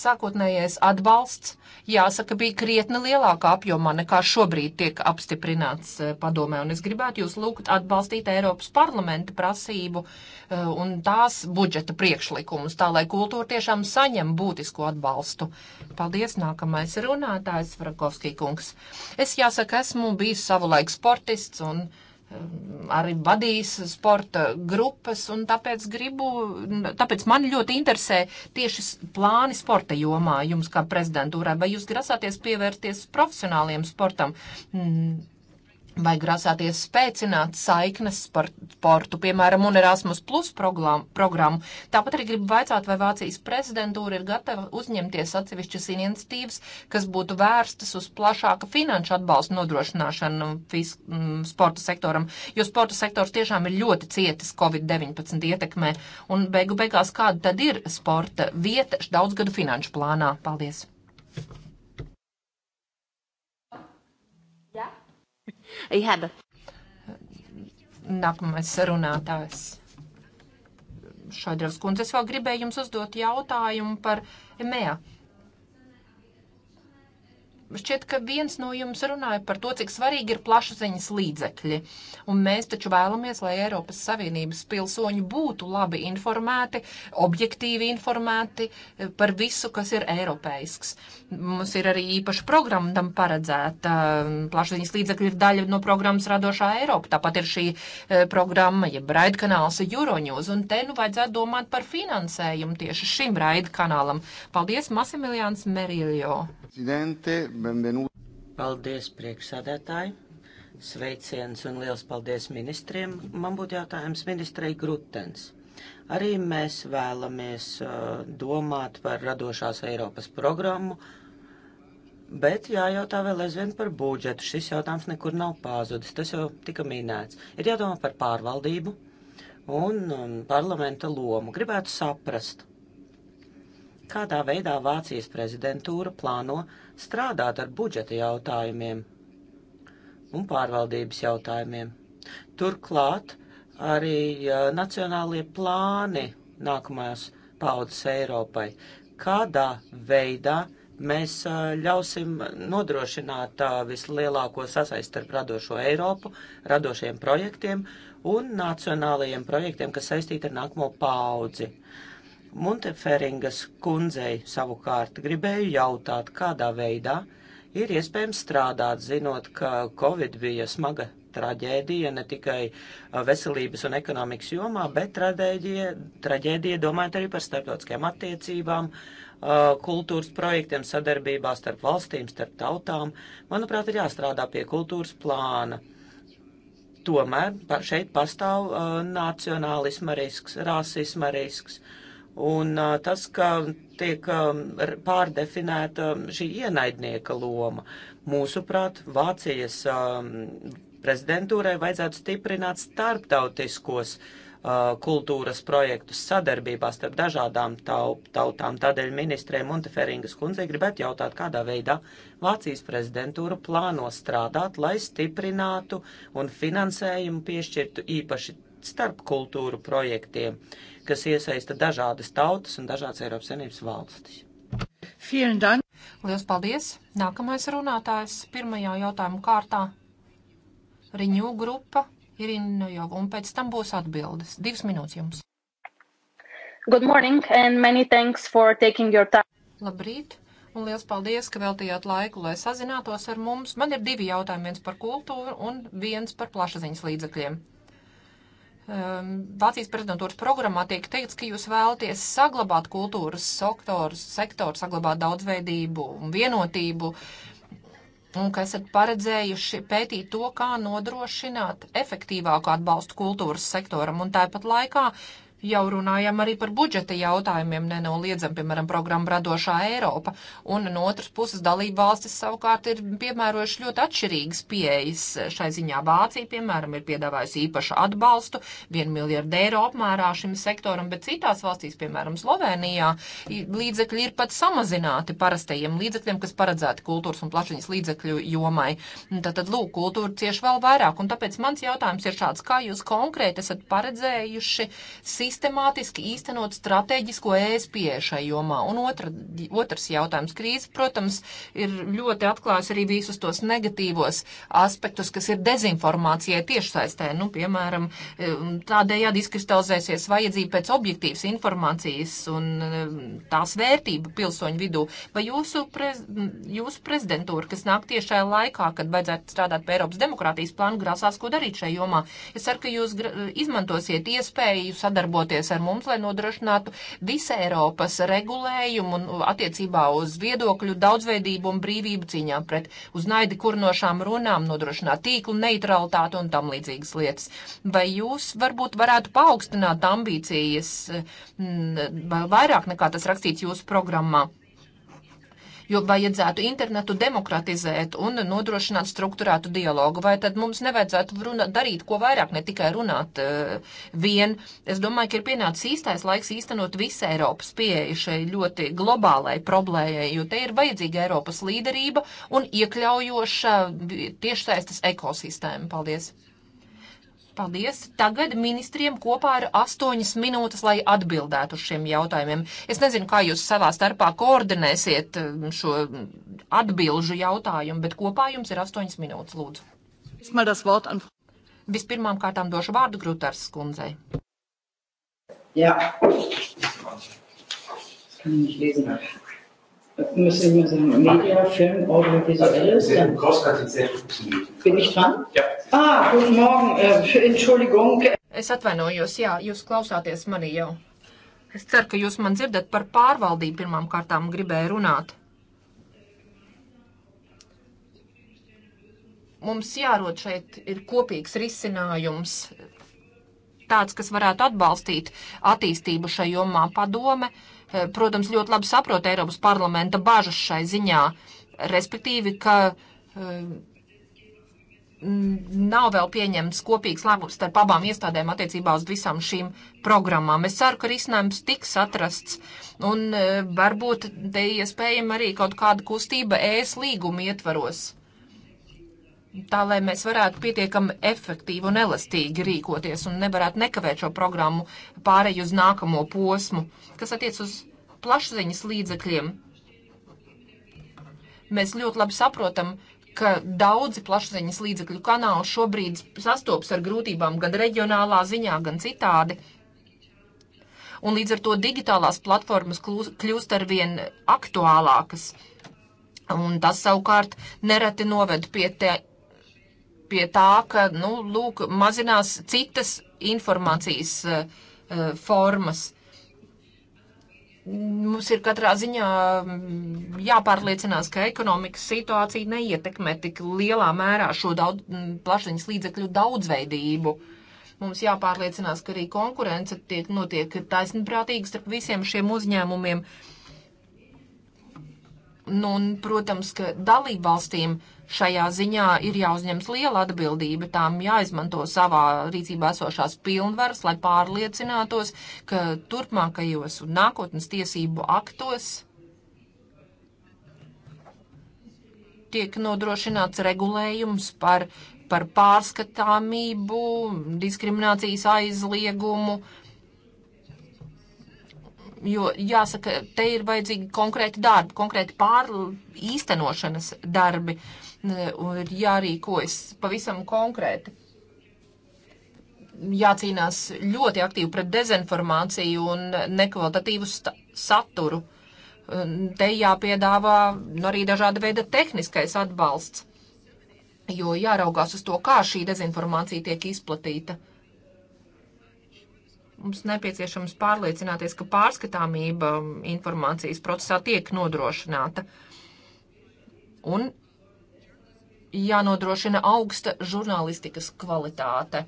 sākotnējais atbalsts, jāsaka, bija krietni lielākā apjomā nekā šobrīd tiek apstiprināts eh, padomē. Un es gribētu jūs lūgt atbalstīt Eiropas parlamenta prasību eh, un tās budžeta priekšlikumus, tā lai kultūra tiešām saņem būtisku atbalstu. Paldies, nākamais runātājs Frakovskij kungs. Es jāsaka, esmu bijis savulaik sportists un. Uh, Ehm, arī vadīs sporta grupas, un tāpēc gribu, tāpēc man ļoti interesē tieši plāni sporta jomā jums kā prezidentūrai, vai jūs grasāties pievērties profesionāliem sportam, Vai grasāties spēcināt saiknes par sportu, piemēram, un Erasmus Plus programmu? Tāpat arī gribu vaicāt, vai Vācijas prezidentūra ir gatava uzņemties atsevišķas iniciatīvas, kas būtu vērstas uz plašāka finanšu atbalstu nodrošināšanu fis, m, mm, sporta sektoram, jo sporta sektors tiešām ir ļoti cietis Covid-19 ietekmē, un beigu beigās kāda tad ir sporta vieta daudzgadu finanšu plānā? Paldies! Jeb. Nākamais runātājs. Šādēļ, skundze, es vēl gribēju jums uzdot jautājumu par EMEA Šķiet, ka viens no jums runāja par to, cik svarīgi ir plašsaziņas līdzekļi. Un mēs taču vēlamies, lai Eiropas Savienības pilsoņi būtu labi informēti, objektīvi informēti eh, par visu, kas ir eiropeisks. Mums ir arī īpaša programma tam paredzēta. Plašsaziņas līdzekļi ir daļa no programmas Radošā Eiropa. Tāpat ir šī eh, programma, jeb ja raidkanāls Euronews. Un te nu vajadzētu domāt par finansējumu tieši šim raidkanālam. Paldies, Masimiljāns Meriljo. Presidente, benvenuti. Paldies, priekšsēdētāji. Sveiciens un liels paldies ministriem. Man būtu jautājums ministrei Grutens. Arī mēs vēlamies uh, domāt par radošās Eiropas programmu, bet jājautā vēl aizvien par budžetu. Šis jautājums nekur nav pazudis, tas jau tika minēts. Ir jādomā par pārvaldību un um, parlamenta lomu. Gribētu saprast, kādā veidā Vācijas prezidentūra plāno uh, strādāt ar budžeta jautājumiem un pārvaldības jautājumiem. Turklāt arī uh, nacionālie plāni nākamajās paudzes Eiropai. Kādā veidā mēs uh, ļausim nodrošināt uh, vislielāko sasaist ar radošo Eiropu, radošiem projektiem un nacionālajiem projektiem, kas saistīti ar nākamo paudzi? Uh, Monteferingas kundzei savukārt gribēju jautāt, kādā veidā ir iespējams strādāt, zinot, ka Covid bija smaga traģēdija ne tikai uh, veselības un ekonomikas jomā, bet traģēdija, traģēdija domājot arī par starptautiskajām attiecībām, uh, kultūras projektiem, sadarbībā starp valstīm, starp tautām. Manuprāt, ir jāstrādā pie kultūras plāna. Tomēr šeit pastāv uh, nacionālisma risks, rasisma risks. Uh, Un uh, tas, ka tiek um, pārdefinēta šī ienaidnieka loma, mūsuprāt, Vācijas um, prezidentūrai vajadzētu stiprināt starptautiskos uh, kultūras projektus sadarbībā starp dažādām tautām. Tādēļ ministrē Monteferingas kundzei gribētu jautāt, kādā veidā Vācijas prezidentūra plāno strādāt, lai stiprinātu un finansējumu piešķirtu īpaši starpkultūru projektiem. Uh, kas iesaista dažādas tautas un dažādas Eiropas Savienības valstis. Lielas paldies! Nākamais runātājs pirmajā jautājumu kārtā - Riņū grupa Irina Jova, un pēc tam būs atbildes. Divas minūtes jums. Good morning and many thanks for taking your time. Labrīt! un liels paldies, ka veltījāt laiku, lai sazinātos ar mums. Man ir divi jautājumi, viens par kultūru un viens par plašsaziņas līdzekļiem um, Vācijas prezidentūras programmā tiek teikts, ka jūs vēlaties saglabāt kultūras sektoru, sektoru saglabāt daudzveidību un vienotību, un ka esat paredzējuši pētīt to, kā nodrošināt efektīvāku atbalstu kultūras sektoram, un tāpat laikā jau runājam arī par budžeta jautājumiem, nenoliedzam, piemēram, programmu radošā Eiropa, un no otras puses dalība valstis savukārt ir piemērojuši ļoti atšķirīgas pieejas šai ziņā. Vācija, piemēram, ir piedāvājusi īpašu atbalstu, 1 miljardu eiro apmērā šim sektoram, bet citās valstīs, piemēram, Slovenijā, līdzekļi ir pat samazināti parastajiem līdzekļiem, kas paredzēti kultūras un plašiņas līdzekļu jomai. Tātad, lūk, kultūra cieši vēl vairāk, un tāpēc mans jautājums ir šāds, kā jūs konkrēti esat paredzējuši sistēmu, sistemātiski īstenot strateģisko ES pieeju šai jomā. Un otra, otrs jautājums. Krīze, protams, ir ļoti atklājis arī visus tos negatīvos aspektus, kas ir dezinformācijai tiešsaistē. Nu, piemēram, um, tādējādi izkristalizēsies vajadzība pēc objektīvas informācijas un um, tās vērtība pilsoņu vidū. Vai jūsu, prez, jūsu prezidentūra, kas nāk tieši šajā laikā, kad vajadzētu strādāt pie Eiropas demokrātijas plānu, grāsās, ko darīt šajā jomā? Es ceru, ka jūs izmantosiet iespēju sadarboties sadarboties ar mums, lai nodrošinātu visu Eiropas regulējumu un attiecībā uz viedokļu daudzveidību un brīvību cīņām pret uz naidi kurnošām runām, nodrošināt tīklu neutralitāti un tam līdzīgas lietas. Vai jūs varbūt varētu paaugstināt ambīcijas m, mm, vairāk nekā tas rakstīts jūsu programmā? jo vajadzētu internetu demokratizēt un nodrošināt struktūrētu dialogu. Vai tad mums nevajadzētu runa, darīt ko vairāk, ne tikai runāt uh, vien? Es domāju, ka ir pienācis īstais laiks īstenot visu Eiropas pieeju šai ļoti globālai problēmai, jo te ir vajadzīga Eiropas līderība un iekļaujoša tiešsaistes ekosistēma. Paldies! Paldies! Tagad ministriem kopā ir astoņas minūtes, lai atbildētu uz šiem jautājumiem. Es nezinu, kā jūs savā starpā koordinēsiet um, šo atbilžu jautājumu, bet kopā jums ir astoņas minūtes, lūdzu. Vispirmām kārtām došu vārdu Grutars skundzei. Jā. Ja. Kann ich lesen müssen wir sagen, Media, Film, Audiovisuelles. Dann bin ich dran? Ja. Ah, guten Morgen, äh, Entschuldigung. Es atvainojos, jā, jūs klausāties mani jau. Es ceru, ka jūs man dzirdat par pārvaldību pirmām kārtām gribēju runāt. Mums jārod šeit ir kopīgs risinājums, tāds, kas varētu atbalstīt attīstību šajomā padome. Uh, Eh, protams, ļoti labi saprot Eiropas parlamenta bažas šai ziņā, respektīvi, ka eh, nav vēl pieņemts kopīgs lēmums starp abām iestādēm attiecībā uz visām šīm programmām. Es ceru, ka risinājums tiks atrasts un eh, varbūt te iespējama arī kaut kāda kustība ēs e līguma ietvaros tā lai mēs varētu pietiekami efektīvi un elastīgi rīkoties un nevarētu nekavēt šo programmu pārēju uz nākamo posmu, kas attiec uz plašsaziņas līdzekļiem. Mēs ļoti labi saprotam, ka daudzi plašsaziņas līdzekļu kanāli šobrīd sastopas ar grūtībām gan reģionālā ziņā, gan citādi. Un līdz ar to digitālās platformas kļūst arvien aktuālākas. Un tas savukārt nereti noved pie, te, pie tā, ka, nu, lūk, mazinās citas informācijas uh, formas. Mums ir katrā ziņā mm, jāpārliecinās, ka ekonomikas situācija neietekmē tik lielā mērā šo daudz, mm, plašiņas līdzekļu daudzveidību. Mums jāpārliecinās, ka arī konkurence tiek notiek taisnprātīgi starp visiem šiem uzņēmumiem. Nu, un, protams, ka dalībvalstīm valstīm šajā ziņā ir jāuzņems liela atbildība, tām jāizmanto savā rīcībā esošās pilnvaras, lai pārliecinātos, ka turpmākajos un nākotnes tiesību aktos tiek nodrošināts regulējums par, par pārskatāmību, diskriminācijas aizliegumu, uh, Jo, jāsaka, te ir vajadzīgi konkrēti darbi, konkrēti pār īstenošanas darbi, un ir jārīkojas pavisam konkrēti. Jācīnās ļoti aktīvi pret dezinformāciju un nekvalitatīvu saturu. Te jāpiedāvā arī dažāda veida tehniskais atbalsts, jo jāraugās uz to, kā šī dezinformācija tiek izplatīta Mums nepieciešams pārliecināties, ka pārskatāmība informācijas procesā tiek nodrošināta. Un jānodrošina augsta žurnālistikas kvalitāte.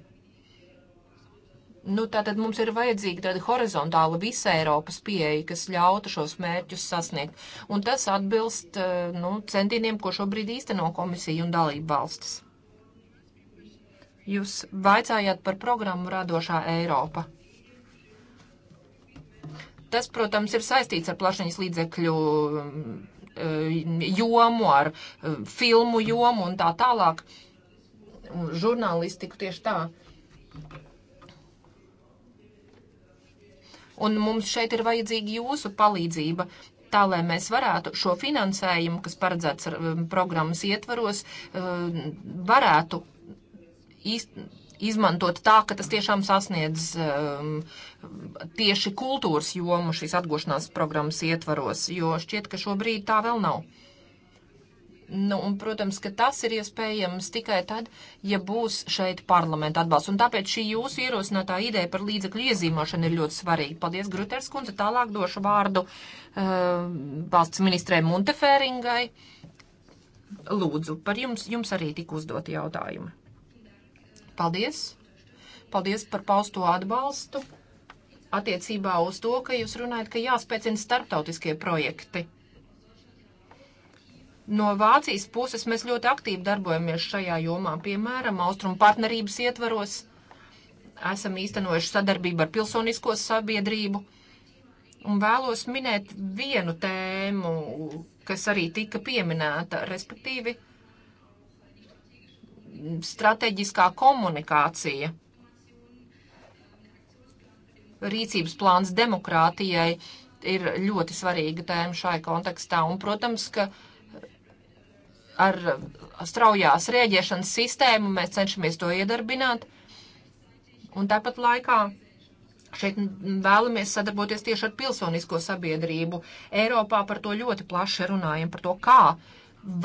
Nu, tātad mums ir vajadzīga tāda horizontāla visa Eiropas pieeja, kas ļautu šos mērķus sasniegt. Un tas atbilst eh, nu, centieniem, ko šobrīd īsteno komisija un dalība valstis. Jūs vaicājāt par programmu Radošā Eiropa. Tas, protams, ir saistīts ar plašiņas līdzekļu um, e, jomu, ar e, filmu jomu un tā tālāk. Žurnālistiku tieši tā. Un mums šeit ir vajadzīga jūsu palīdzība, tā lai mēs varētu šo finansējumu, kas paredzēts um, programmas ietvaros, um, varētu īstenībā izmantot tā, ka tas tiešām sasniedz um, tieši kultūras jomu šīs atgošanās programmas ietvaros, jo šķiet, ka šobrīd tā vēl nav. Nu, un, protams, ka tas ir iespējams tikai tad, ja būs šeit parlamenta atbalsts. Un tāpēc šī jūsu ierosinātā ideja par līdzekļu iezīmošanu ir ļoti svarīga. Paldies, Gruters kundze. Tālāk došu vārdu uh, valsts ministrē Montefēringai. Lūdzu, par jums, jums arī tik uzdoti jautājumi. Paldies! Paldies par pausto atbalstu attiecībā uz to, ka jūs runājat, ka jāspēcina starptautiskie projekti. No Vācijas puses mēs ļoti aktīvi darbojamies šajā jomā, piemēram, austrumu partnerības ietvaros. Esam īstenojuši sadarbību ar pilsonisko sabiedrību. Un vēlos minēt vienu tēmu, kas arī tika pieminēta, respektīvi strateģiskā komunikācija, rīcības plāns demokrātijai ir ļoti svarīga tēma šai kontekstā. Un, protams, ka ar straujās rēģēšanas sistēmu mēs cenšamies to iedarbināt. Un tāpat laikā šeit vēlamies sadarboties tieši ar pilsonisko sabiedrību. Eiropā par to ļoti plaši runājam, par to, kā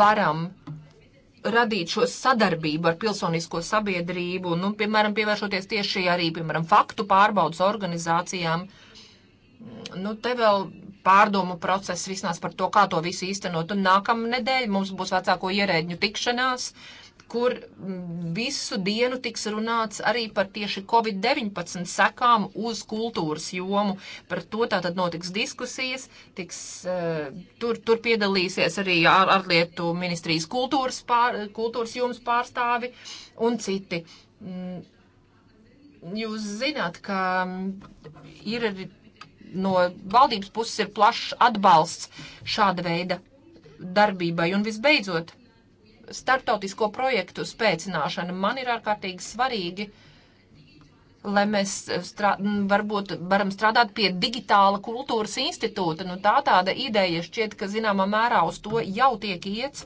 varam radīt šo sadarbību ar pilsonisko sabiedrību, nu, piemēram, pievēršoties tieši arī, piemēram, faktu pārbaudas organizācijām. Nu, te vēl pārdomu process visnās par to, kā to visu īstenot. Un nākamnedēļ mums būs vecāko ierēģņu tikšanās. Uh, kur visu dienu tiks runāts arī par tieši Covid-19 sekām uz kultūras jomu. Par to tātad notiks diskusijas, tiks, eh, tur, tur piedalīsies arī ārlietu ministrijas kultūras, pār, kultūras jomas pārstāvi un citi. Mm, jūs zināt, ka mm, ir arī no valdības puses ir plašs atbalsts šāda veida darbībai. Un visbeidzot, startautisko projektu spēcināšana. Man ir ārkārtīgi svarīgi, lai mēs eh, strā, varbūt varam strādāt pie digitāla kultūras institūta. Nu, tā tāda ideja šķiet, ka zināmā mērā uz to jau tiek iets.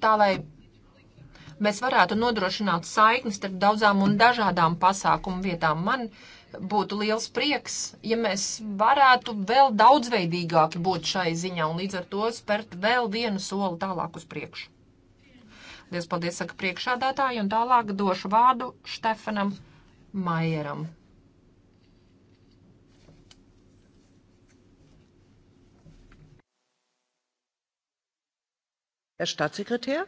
Tā lai mēs varētu nodrošināt saiknis starp daudzām un dažādām pasākumu vietām. Man uh, būtu liels prieks, ja mēs varētu vēl daudzveidīgāki būt šai ziņā un līdz ar to spērt vēl vienu soli tālāk uz priekšu. Liels paldies, saka priekšādātāji, un tālāk došu vārdu Štefanam Maieram. Herr Staatssekretär?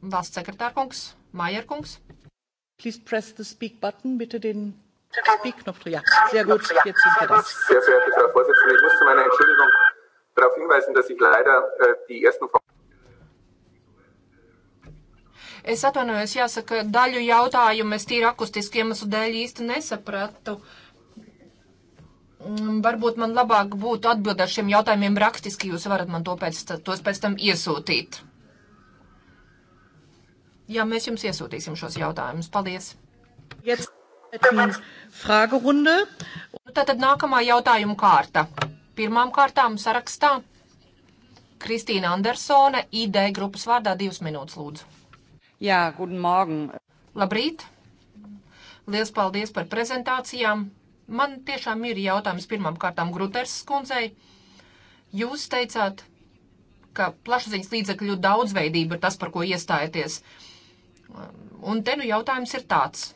Valsts sekretārkungs, Maierkungs. Please press the speak button, bitte den B-Knopf, ja. Sehr gut, jetzt sind wir das. Sehr verehrte Frau Vorsitzende, ich muss zu meiner Entschuldigung darauf hinweisen, dass ich leider äh, die ersten Es atvainojos, jāsaka, daļu jautājumu es tīri akustiski iemeslu dēļ īsti nesapratu. Mm, varbūt man labāk būtu atbildēt ar šiem jautājumiem rakstiski, jūs varat man to pēc, tos pēc tam iesūtīt. Jā, mēs jums iesūtīsim šos jautājumus. Paldies! Yes. Nu, Tātad nākamā jautājuma kārta. Pirmām kārtām sarakstā Kristīna Andersone, ID grupas vārdā divas minūtes lūdzu. Jā, guten morgen. Labrīt. Lielas paldies par prezentācijām. Man tiešām ir jautājums pirmām kārtām Gruters skundzei. Jūs teicāt, ka plašsaziņas līdzekļu daudzveidība ir tas, par ko iestājaties. Un te nu jautājums ir tāds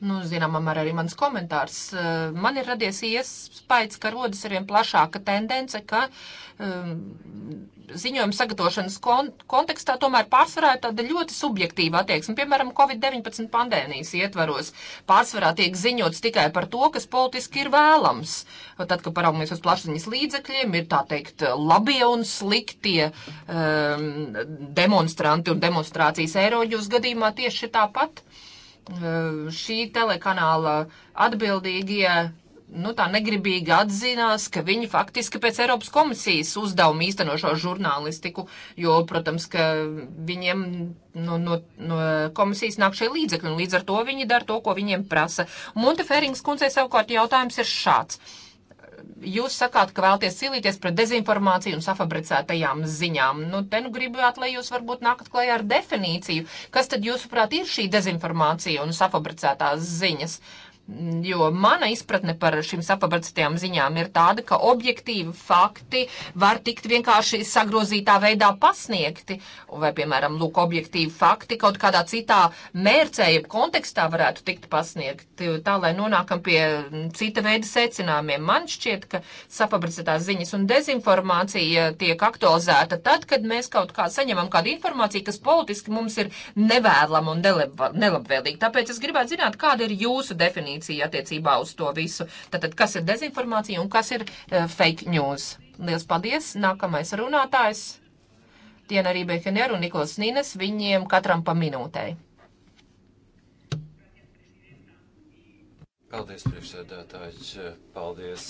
Nu, zināmā mērā arī mans komentārs. Eh, man ir radies iespējas, ka rodas arvien plašāka tendence, ka um, ziņojuma sagatavošanas kon kontekstā tomēr pārsvarā ir tāda ļoti subjektīva attieksme. Piemēram, Covid-19 pandēmijas ietvaros pārsvarā tiek ziņots tikai par to, kas politiski ir vēlams. Tad, kad paraugamies uz plašsaziņas līdzekļiem, ir tā teikt labie un sliktie um, demonstranti un demonstrācijas eiroģi uz gadījumā tieši tāpat. Uh, Eh, šī telekanāla atbildīgie nu, tā negribīgi atzinās, ka viņi faktiski pēc Eiropas komisijas uzdevuma īstenošo žurnālistiku, jo, protams, ka viņiem no, no, no komisijas nāk šie līdzekļi, un līdz ar to viņi dara to, ko viņiem prasa. Montefērings kundzei savukārt jautājums ir šāds jūs sakāt, ka vēlties cīnīties pret dezinformāciju un safabricētajām ziņām. Nu, te nu gribētu, lai jūs varbūt nākat klajā ar definīciju, kas tad jūsuprāt ir šī dezinformācija un safabricētās ziņas. Jo mana izpratne par šīm sapabratstajām ziņām ir tāda, ka objektīvi fakti var tikt vienkārši sagrozītā veidā pasniegti, vai, piemēram, lūk, objektīvi fakti kaut kādā citā mērcē, jeb kontekstā varētu tikt pasniegti, tā lai nonākam pie cita veida secinājumiem. Man šķiet, ka sapabratstajās ziņas un dezinformācija tiek aktualizēta tad, kad mēs kaut kā saņemam kādu informāciju, kas politiski mums ir nevēlama un nelabvēlīga. Tāpēc es gribētu zināt, kāda ir jūsu definīcija definīcija attiecībā uz to visu. Tātad, kas ir dezinformācija un kas ir uh, fake news? Liels paldies! Nākamais runātājs - Tiena Rībēkener un Niklas Nīnes, viņiem katram pa minūtei. Paldies, priekšsēdētājs. Paldies,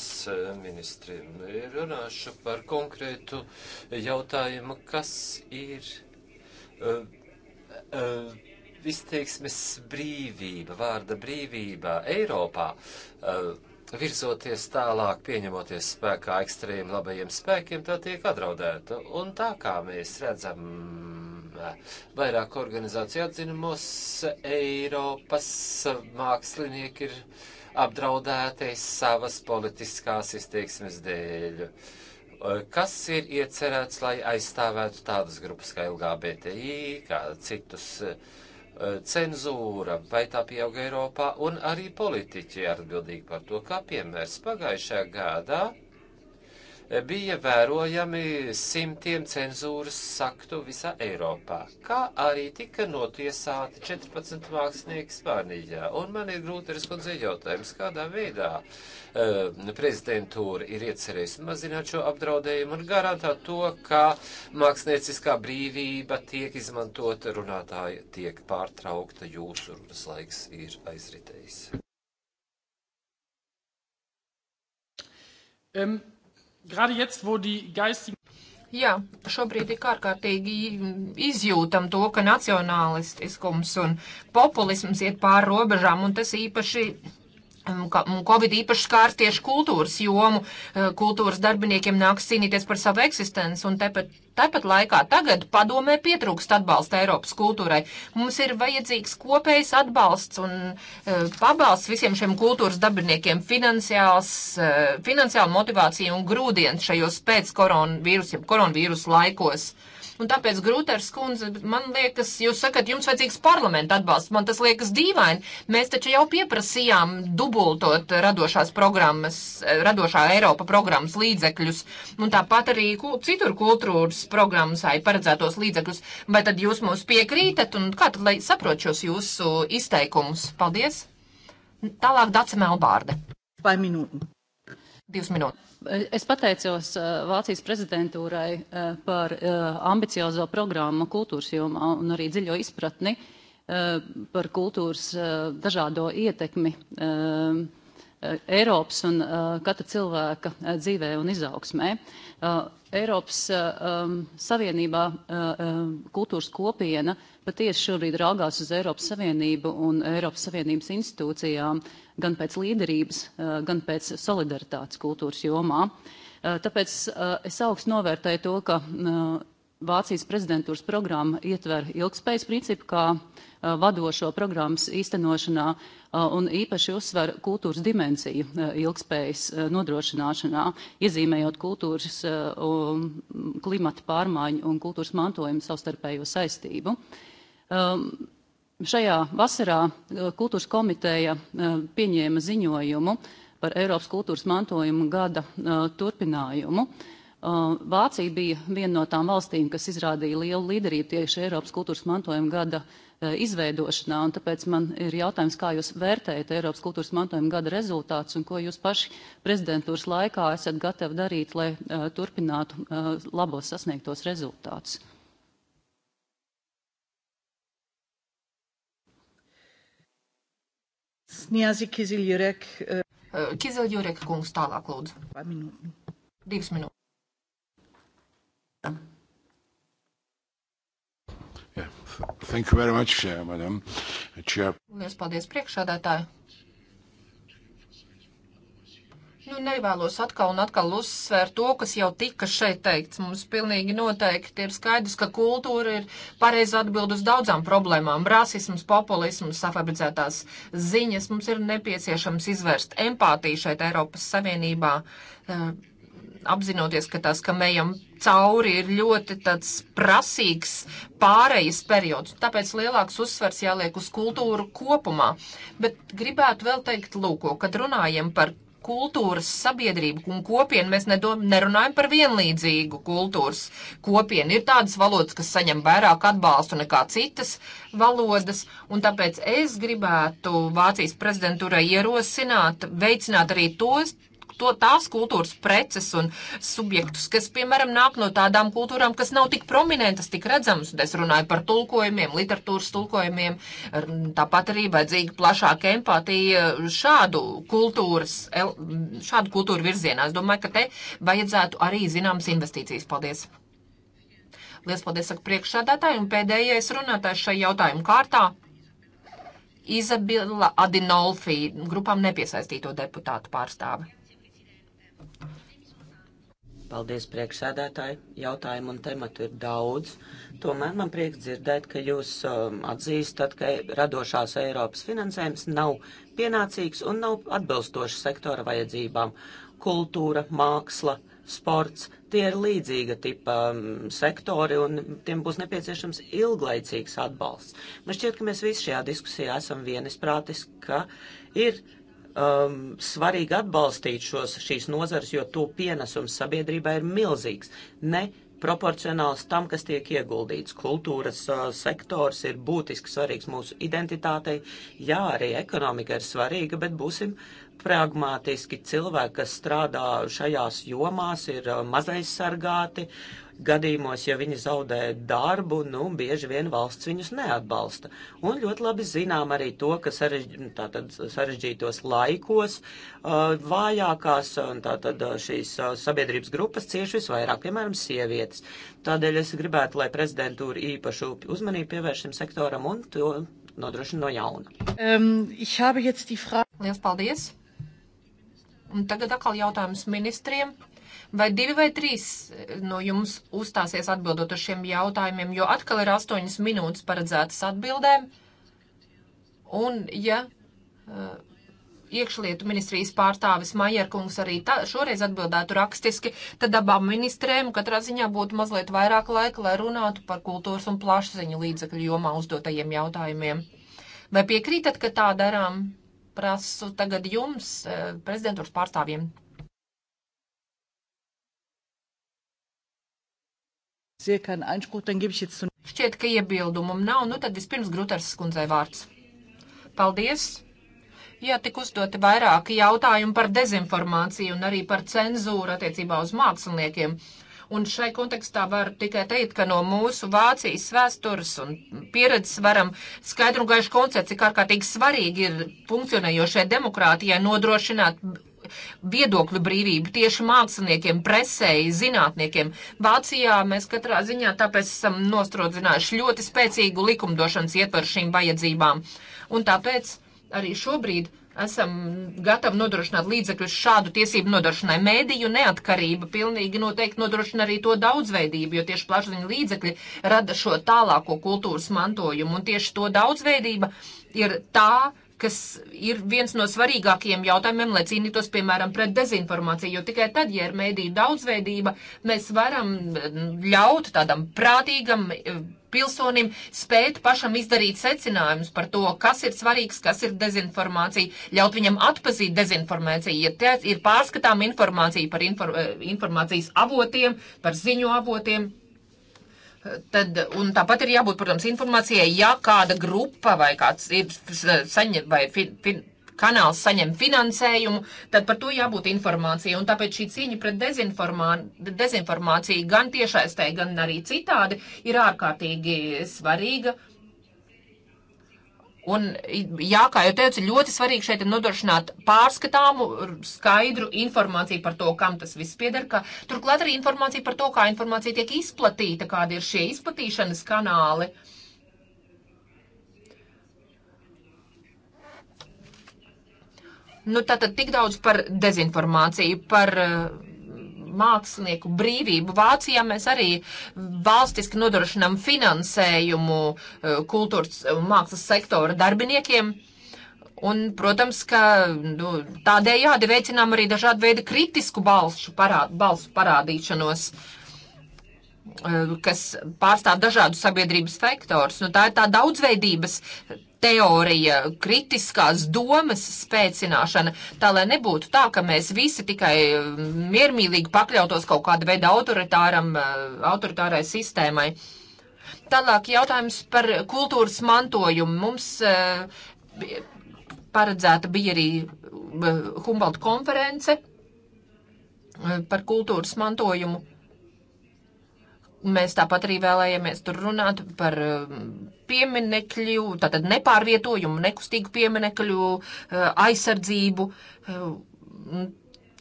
ministriem. Runāšu par konkrētu jautājumu, kas ir. Uh, uh, izteiksmes brīvība, vārda brīvība Eiropā, eh, virzoties tālāk, pieņemoties spēkā ekstrēmiem labajiem spēkiem, tā tiek apdraudēta. Un tā kā mēs redzam eh, vairāk organizāciju atzinumos, Eiropas mākslinieki ir apdraudēti savas politiskās izteiksmes dēļ. Eh, kas ir iecerēts, lai aizstāvētu tādas grupas kā LGBTI, kā citus uh, cenzūra, vai tā pieauga Eiropā, un arī politiķi atbildīgi par to, kā piemērs pagājušajā gadā bija vērojami simtiem cenzūras saktu visā Eiropā, kā arī tika notiesāti 14 mākslinieki Spānijā. Un man ir grūti ar skundzei jautājums, kādā veidā uh, prezidentūra ir iecerējusi mazināt šo apdraudējumu un garantēt to, ka mākslinieciskā brīvība tiek izmantota, runātāja tiek pārtraukta, jūsu runas laiks ir aizritējis. Um. Gerade jetzt, wo die geistigen. Jā, šobrīd ir ārkārtīgi izjūtam to, ka nacionālistiskums un populisms iet pāri robežām, un tas īpaši Covid īpaši skārs tieši kultūras jomu. Eh, kultūras darbiniekiem nāks cīnīties par savu eksistenci, un tepat, tepat laikā tagad padomē pietrūkst atbalsta Eiropas kultūrai. Mums ir vajadzīgs kopējs atbalsts un eh, pabalsts visiem šiem kultūras darbiniekiem eh, finansiāla motivācija un grūdienas šajos pēc koronavīrusa, koronavīrusa laikos. Un tāpēc, Grūters kundze, man liekas, jūs sakat, jums vajadzīgs parlamenta atbalsts. Man tas liekas dīvaini. Mēs taču jau pieprasījām dubultot radošās programmas, radošā Eiropa programmas līdzekļus. Un tāpat arī citur kultūras programmas arī paredzētos līdzekļus. Vai tad jūs mums piekrītat un kā tad, lai saprot šos jūsu izteikumus? Paldies! Tālāk Dace Melbārde. Vai minūte? Divas minūtes. Es pateicos eh, Vācijas prezidentūrai eh, par eh, ambiciozo programmu kultūras jomā un arī dziļo izpratni par kultūras dažādo ietekmi Eiropas un katra cilvēka dzīvē un izaugsmē. Uh, Eiropas uh, um, Savienībā uh, um, kultūras kopiena patiesi šobrīd raugās uz Eiropas Savienību un Eiropas Savienības institūcijām gan pēc līderības, uh, gan pēc solidaritātes kultūras jomā. Uh, tāpēc uh, es augstu novērtēju to, ka Vācijas prezidentūras programma ietver ilgspējas principu kā a, vadošo programmas īstenošanā a, un īpaši uzsver kultūras dimensiju a, ilgspējas nodrošināšanā, iezīmējot kultūras klimata pārmaiņu un kultūras mantojumu savstarpējo saistību. Šajā vasarā kultūras komiteja pieņēma ziņojumu par Eiropas kultūras mantojuma gada turpinājumu. Uh, Um, Vācija bija viena no tām valstīm, kas izrādīja lielu līderību tieši Eiropas kultūras mantojuma gada uh, izveidošanā, un tāpēc man ir jautājums, kā jūs vērtējat Eiropas kultūras mantojuma gada rezultātus un ko jūs paši prezidentūras laikā esat gatavi darīt, lai uh, turpinātu uh, labos sasniegtos rezultātus? Sniedzi Kiziljurek. Uh... uh Kiziljurek kungs tālāk lūdzu. Divas minūtes. Thank you very much, uh, madam. Uh, chair. Lielas paldies priekšādātāju. Nu, nevēlos atkal un atkal uzsvērt to, kas jau tika šeit teikts. Mums pilnīgi noteikti ir skaidrs, ka kultūra ir pareiza atbild uz daudzām problēmām. Rasisms, populisms, safabricētās ziņas. Mums ir nepieciešams izvērst empātiju šeit Eiropas Savienībā. Uh, apzinoties, ka tas, kam ejam cauri, ir ļoti tāds prasīgs pārejas periods. Tāpēc lielāks uzsvers jāliek uz kultūru kopumā. Bet gribētu vēl teikt, lūko, kad runājam par kultūras sabiedrību un kopienu, mēs nedom, nerunājam par vienlīdzīgu kultūras kopienu. Ir tādas valodas, kas saņem vairāk atbalstu nekā citas valodas, un tāpēc es gribētu Vācijas prezidentūrai ierosināt, veicināt arī tos to tās kultūras preces un subjektus, kas, piemēram, nāk no tādām kultūrām, kas nav tik prominentas, tik redzamas. Un es runāju par tulkojumiem, literatūras tulkojumiem, tāpat arī vajadzīga plašāka empātija šādu kultūras, šādu kultūru virzienā. Es domāju, ka te vajadzētu arī zināmas investīcijas. Paldies! Lielas paldies, saka priekšsādātāji, un pēdējais runātājs šai jautājumu kārtā - Izabela Adinolfi, grupām nepiesaistīto deputātu pārstāve. Paldies, priekšsēdētāji. Jautājumu un tematu ir daudz. Tomēr man prieks dzirdēt, ka jūs um, atzīstat, ka radošās Eiropas finansējums nav pienācīgs un nav atbilstošs sektora vajadzībām. Kultūra, māksla, sports - tie ir līdzīga tipa um, sektori un tiem būs nepieciešams ilglaicīgs atbalsts. Man šķiet, ka mēs visi šajā diskusijā esam vienisprātis, ka ir um, svarīgi atbalstīt šos, šīs nozares, jo to pienesums sabiedrībai ir milzīgs. Ne proporcionāls tam, kas tiek ieguldīts. Kultūras uh, sektors ir būtiski svarīgs mūsu identitātei. Jā, arī ekonomika ir svarīga, bet būsim pragmātiski cilvēki, kas strādā šajās jomās, ir uh, mazaizsargāti. Uh, gadījumos, ja viņi zaudē darbu, nu, bieži vien valsts viņus neatbalsta. Un ļoti labi zinām arī to, ka sarež, nu, tātad, sarežģītos laikos uh, vājākās tātad, uh, šīs uh, sabiedrības grupas cieši visvairāk, piemēram, sievietes. Tādēļ es gribētu, lai prezidentūra īpašu uzmanību pievērš šim sektoram un to nodrošina no jauna. Um, Liels paldies! Un tagad atkal jautājums ministriem. Vai divi vai trīs eh, no jums uzstāsies atbildot uz šiem jautājumiem, jo atkal ir astoņas minūtes paredzētas atbildēm? Un, ja eh, iekšlietu ministrijas pārstāvis Majerkungs arī tā, šoreiz atbildētu rakstiski, tad abām ministrēm katrā ziņā būtu mazliet vairāk laika, lai runātu par kultūras un plašsaziņu līdzekļu jomā uzdotajiem jautājumiem. Vai piekrītat, ka tā darām? Prasu tagad jums, eh, prezidentūras pārstāvjiem. Šķiet, ka iebildumam nav, nu tad vispirms Grutars skundzei vārds. Paldies! Jā, tik uzdoti vairāki jautājumi par dezinformāciju un arī par cenzūru attiecībā uz māksliniekiem. Un šai kontekstā var tikai teikt, ka no mūsu Vācijas vēstures un pieredzes varam skaidru un gaišu koncepciju, cik ārkārtīgi svarīgi ir funkcionējošai demokrātijai nodrošināt viedokļu brīvību tieši māksliniekiem, presēji, zinātniekiem. Vācijā mēs katrā ziņā tāpēc esam nostrodzinājuši ļoti spēcīgu likumdošanas ietvaru šīm vajadzībām. Un tāpēc arī šobrīd esam gatavi nodrošināt līdzekļus šādu tiesību nodrošinai. Mēdīju neatkarība pilnīgi noteikti nodrošina arī to daudzveidību, jo tieši plašsaziņas līdzekļi rada šo tālāko kultūras mantojumu, un tieši to daudzveidība ir tā, kas ir viens no svarīgākajiem jautājumiem, lai cīnītos, piemēram, pret dezinformāciju. Jo tikai tad, ja ir mēdīja daudzveidība, mēs varam mm, ļaut tādam prātīgam eh, pilsonim spēt pašam izdarīt secinājumus par to, kas ir svarīgs, kas ir dezinformācija, ļaut viņam atpazīt dezinformāciju. Ja te ir pārskatām informācija par infor eh, informācijas avotiem, par ziņu avotiem Tad, un tāpat ir jābūt, protams, informācijai, ja kāda grupa vai kāds ir saņem, vai fin, fin, kanāls saņem finansējumu, tad par to jābūt informācijai. Un tāpēc šī cīņa pret dezinformā, dezinformāciju gan tiešaistē, gan arī citādi ir ārkārtīgi svarīga. Uh, Un, jā, kā jau teicu, ļoti svarīgi šeit ir nodrošināt pārskatāmu, skaidru informāciju par to, kam tas viss pieder. Ka, turklāt arī informācija par to, kā informācija tiek izplatīta, kādi ir šie izplatīšanas kanāli. Nu, tātad tik daudz par dezinformāciju, par uh, mākslinieku brīvību. Vācijā mēs arī valstiski nodrošinām finansējumu eh, kultūras un mākslas sektora darbiniekiem. Un, protams, ka nu, tādējādi veicinām arī dažādu veidu kritisku balsu, parād, balsu parādīšanos, eh, kas pārstāv dažādu sabiedrības sektors. Nu, tā ir tā daudzveidības teorija, kritiskās domas spēcināšana, tā lai nebūtu tā, ka mēs visi tikai mm, miermīlīgi pakļautos kaut kāda veida autoritāram, eh, autoritārai sistēmai. Tālāk jautājums par kultūras mantojumu. Mums eh, paredzēta bija arī eh, Humboldt konference par kultūras mantojumu. Mēs tāpat arī vēlējāmies tur runāt par um, pieminekļu, tātad nepārvietojumu, nekustīgu pieminekļu uh, aizsardzību. Uh,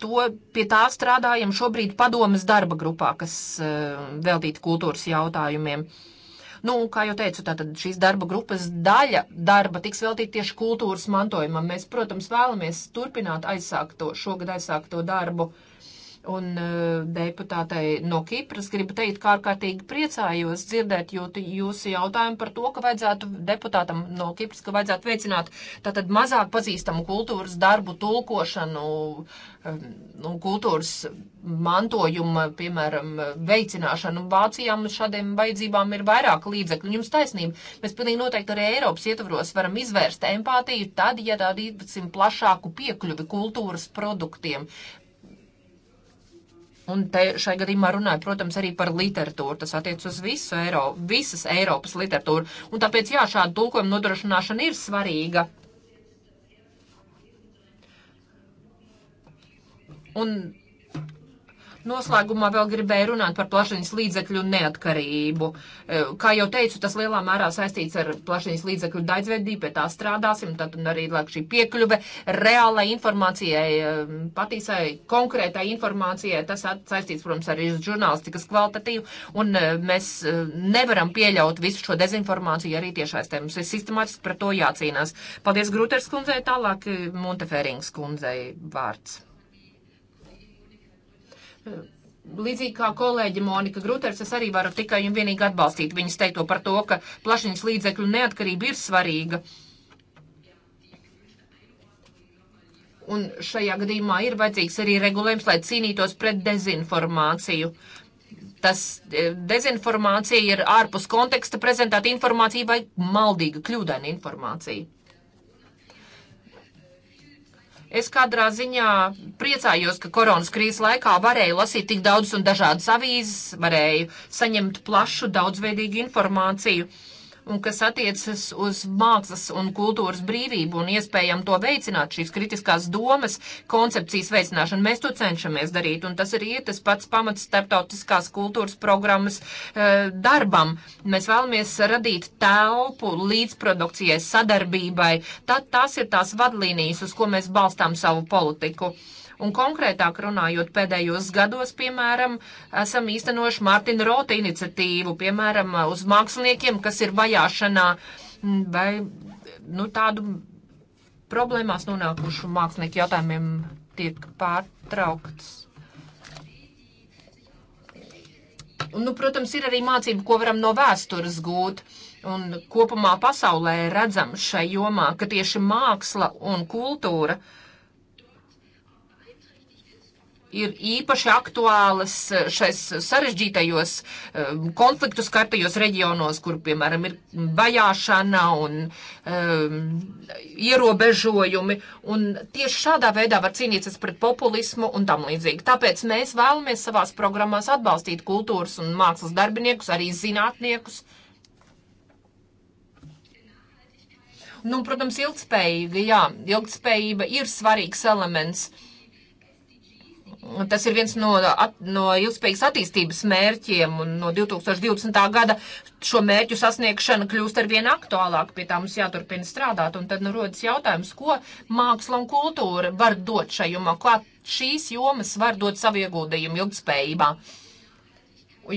to pie tā strādājam šobrīd padomas darba grupā, kas uh, veltīta kultūras jautājumiem. Nu, kā jau teicu, tātad šīs darba grupas daļa darba tiks veltīta tieši kultūras mantojumam. Mēs, protams, vēlamies turpināt aizsākto, šogad aizsākto darbu. Uh, Un eh, deputātei no Kipras gribu teikt, kā ārkārtīgi priecājos dzirdēt jūsu jautājumu par to, ka vajadzētu deputātam no Kipras, ka vajadzētu veicināt tātad mazāk pazīstamu kultūras darbu tulkošanu, eh, nu, kultūras mantojuma, piemēram, veicināšanu. Vācijām šādiem vajadzībām ir vairāk līdzekļu. Jums taisnība. Mēs pilnīgi noteikti arī Eiropas ietvaros varam izvērst empātiju tad, ja tādīsim plašāku piekļuvi kultūras produktiem, Un te šai gadījumā runāja, protams, arī par literatūru. Tas attiec uz visu Eiro, visas Eiropas literatūru. Un tāpēc, jā, šāda tulkojuma nodrošināšana ir svarīga. Un Noslēgumā vēl gribēju runāt par plašiņas līdzekļu neatkarību. E, kā jau teicu, tas lielā mērā saistīts ar plašiņas līdzekļu daidveidību, pie tā strādāsim, tad arī lāk šī piekļuve reālai informācijai, e, patīsai konkrētai informācijai, tas saistīts, protams, arī uz žurnālistikas kvalitatīvu, un e, mēs nevaram pieļaut visu šo dezinformāciju arī tiešais tēmas. Ir sistemātiski pret to jācīnās. Paldies Grūters kundzei, tālāk Montefērings kundzei vārds. Līdzīgi kā kolēģi Monika Gruters, es arī varu tikai un vienīgi atbalstīt viņas teikto par to, ka plašiņas līdzekļu neatkarība ir svarīga. Un šajā gadījumā ir vajadzīgs arī regulējums, lai cīnītos pret dezinformāciju. Tas e, dezinformācija ir ārpus konteksta prezentēta informācija vai maldīga, kļūdaina informācija. Es kādā ziņā priecājos, ka koronas krīzes laikā varēju lasīt tik daudz un dažādas avīzes, varēju saņemt plašu, daudzveidīgu informāciju. Uh, un kas attiecas uz mākslas un kultūras brīvību un iespējam to veicināt, šīs kritiskās domas, koncepcijas veicināšanu. Mēs to cenšamies darīt, un tas arī ir tas pats pamats starptautiskās kultūras programmas e, darbam. Mēs vēlamies radīt telpu līdzprodukcijai, sadarbībai. Tā, tās ir tās vadlīnijas, uz ko mēs balstām savu politiku. Un konkrētāk runājot, pēdējos gados, piemēram, esam īstenojuši Mārtiņa Rota iniciatīvu, piemēram, uz māksliniekiem, kas ir vajāšanā vai nu, tādu problēmās nonākušu mākslinieku jautājumiem tiek pārtraukts. Nu, protams, ir arī mācība, ko varam no vēstures gūt. Un kopumā pasaulē redzam šai jomā, ka tieši māksla un kultūra uh, ir īpaši aktuālas šais sarežģītajos um, konfliktu skartajos reģionos, kur, piemēram, ir vajāšana un um, ierobežojumi. Un tieši šādā veidā var cīnīties pret populismu un tam līdzīgi. Tāpēc mēs vēlamies savās programmās atbalstīt kultūras un mākslas darbiniekus, arī zinātniekus. Nu, protams, ilgspējīga, jā, ilgspējība ir svarīgs elements. Uh, Tas ir viens no, at, no ilgspējīgas attīstības mērķiem, un no 2020. gada šo mērķu sasniegšana kļūst ar vien aktuālāk, pie tā mums jāturpina strādāt, un tad nu rodas jautājums, ko māksla un kultūra var dot šai jomā, kā šīs jomas var dot savu ieguldījumu ilgspējībā.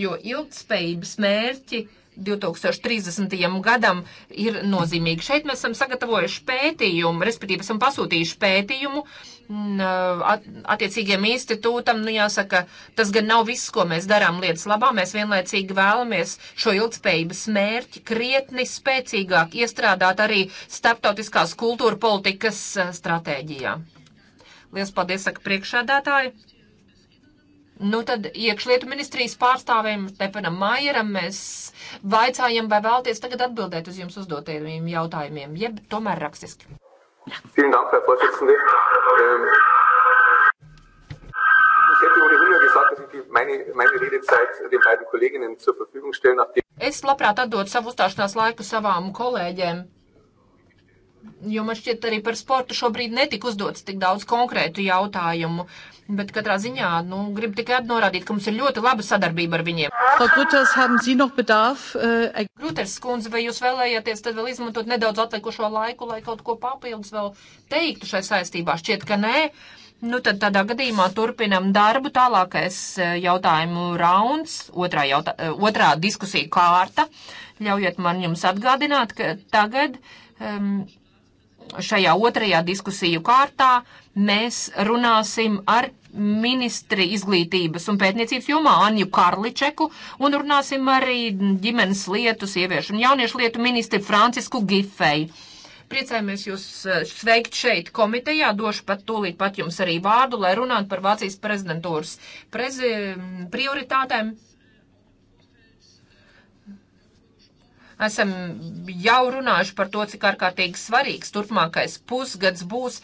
Jo ilgspējības mērķi 2030. gadam ir nozīmīgi. Šeit mēs esam sagatavojuši pētījumu, respektīvi esam pasūtījuši pētījumu, uh, attiecīgiem institūtam, nu jāsaka, tas gan nav viss, ko mēs darām lietas labā, mēs vienlaicīgi vēlamies šo ilgspējības mērķi krietni spēcīgāk iestrādāt arī starptautiskās kultūra politikas eh, stratēģijā. Lielas paldies, saka priekšādātāji. Nu tad iekšlietu ministrijas pārstāvēm Stepanam Mājeram mēs vaicājam, vai vēlties tagad atbildēt uz jums uzdotajiem jautājumiem, jeb tomēr rakstiski. Vielen Dank, Herr Vorsitzende. Ähm, ich hätte ohnehin nur gesagt, dass ich die, meine, meine Redezeit den beiden Kolleginnen zur Verfügung stelle, nachdem. Es labprāt atdotu savu uzstāšanās laiku savām kolēģiem jo man šķiet arī par sportu šobrīd netika uzdots tik daudz konkrētu jautājumu. Bet katrā ziņā, nu, gribu tikai norādīt, ka mums ir ļoti laba sadarbība ar viņiem. Grūters skundze, äh, vai jūs vēlējāties tad vēl izmantot nedaudz atlikušo laiku, lai kaut ko papildus vēl teiktu šai saistībā? Šķiet, ka nē. Nu, tad tādā gadījumā turpinam darbu. Tālākais eh, jautājumu rauns, otrā, jautā, eh, otrā diskusija kārta. Ļaujiet man jums atgādināt, ka tagad um, šajā otrajā diskusiju kārtā mēs runāsim ar ministri izglītības un pētniecības jomā Anju Karličeku un runāsim arī ģimenes lietu, sieviešu un jauniešu lietu ministri Francisku Gifeju. Priecājamies jūs eh, sveikt šeit komitejā, došu pat tūlīt pat jums arī vārdu, lai runātu par Vācijas prezidentūras prezi prioritātēm Esam jau runājuši par to, cik ārkārtīgi svarīgs turpmākais pusgads būs,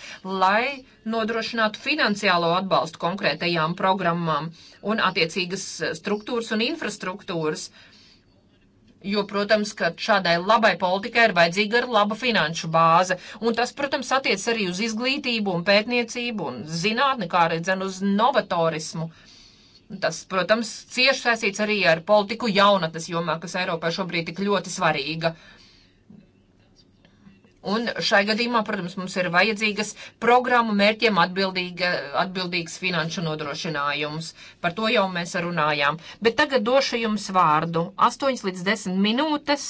lai nodrošinātu finansiālo atbalstu konkrētajām programmām un attiecīgas struktūras un infrastruktūras. Jo, protams, ka šādai labai politikai ir vajadzīga arī laba finanšu bāze. Un tas, protams, attiec arī uz izglītību un pētniecību un zinātni, kā arī dzen uz novatorismu. Uh, Tas, protams, cieši saistīts arī ar politiku jaunatnes jomā, kas Eiropā šobrīd tik ļoti svarīga. Un šai gadījumā, protams, mums ir vajadzīgas programmu mērķiem atbildīgs finanšu nodrošinājums. Par to jau mēs runājām. Bet tagad došu jums vārdu 8 līdz 10 minūtes,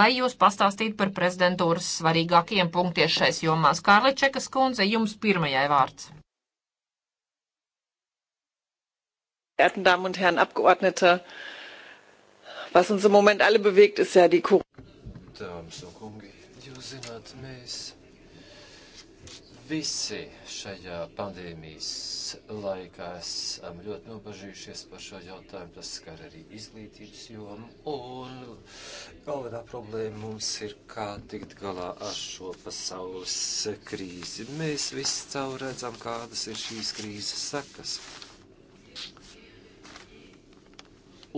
lai jūs pastāstītu par prezidentūras svarīgākajiem punktiem šais jomās. Kārličekas kundze, jums pirmajai vārds. verehrten Damen und Herren Abgeordnete, was uns im Moment alle bewegt, ist ja die Corona. Dāmas un kungi, jūs zināt, mēs visi šajā pandēmijas laikā esam ļoti nobažījušies par šo jautājumu. Tas skar arī izglītības jomu. Un galvenā problēma mums ir, kā tikt galā ar šo pasaules krīzi. Mēs visi caur redzam, kādas ir šīs krīzes sekas.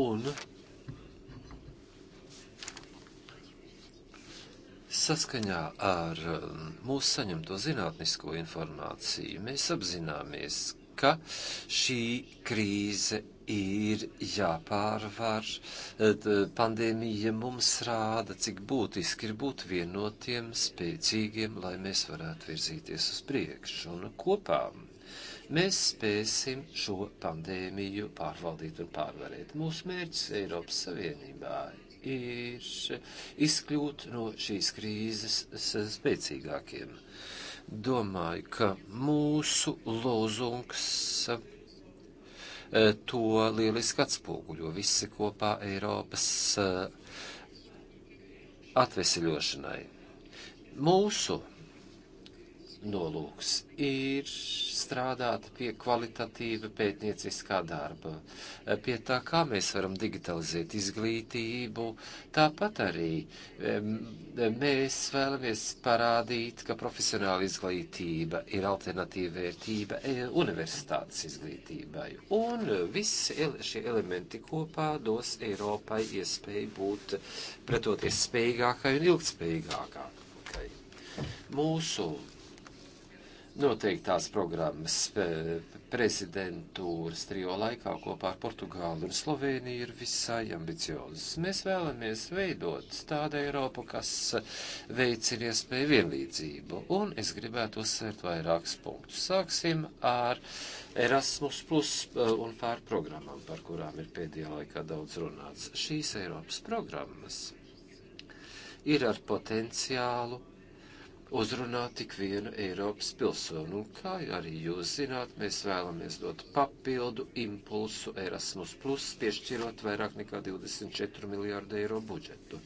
un Saskaņā ar um, mūsu saņemto zinātnisko informāciju mēs apzināmies, ka šī krīze ir jāpārvar. Uh, pandēmija mums rāda, cik būtiski ir būt vienotiem, spēcīgiem, lai mēs varētu virzīties uz priekšu un kopām mēs spēsim šo pandēmiju pārvaldīt un pārvarēt. Mūsu mērķis Eiropas Savienībā ir izkļūt no šīs krīzes spēcīgākiem. Domāju, ka mūsu lozungs eh, to lieliski atspoguļo visi kopā Eiropas eh, atveseļošanai. Mūsu nolūks ir strādāt pie kvalitatīva pētnieciskā darba, pie tā, kā mēs varam digitalizēt izglītību. Tāpat arī mēs vēlamies parādīt, ka profesionāla izglītība ir alternatīva vērtība e, universitātes izglītībai. Un visi šie elementi kopā dos Eiropai iespēju būt pretoties spējīgākai un ilgspējīgākai. Mūsu noteiktās programmas prezidentūras trijo laikā kopā ar Portugāli un Sloveniju ir visai ambiciozas. Mēs vēlamies veidot tādu Eiropu, kas veicina iespēju vienlīdzību, un es gribētu uzsvērt vairākus punktus. Sāksim ar Erasmus Plus e, un pār programmām, par kurām ir pēdējā laikā daudz runāts. Šīs Eiropas programmas ir ar potenciālu uzrunāt tik vienu Eiropas pilsonu. Un kā arī jūs zināt, mēs vēlamies dot papildu impulsu Erasmus, plus, piešķirot vairāk nekā 24 miljārdu eiro budžetu.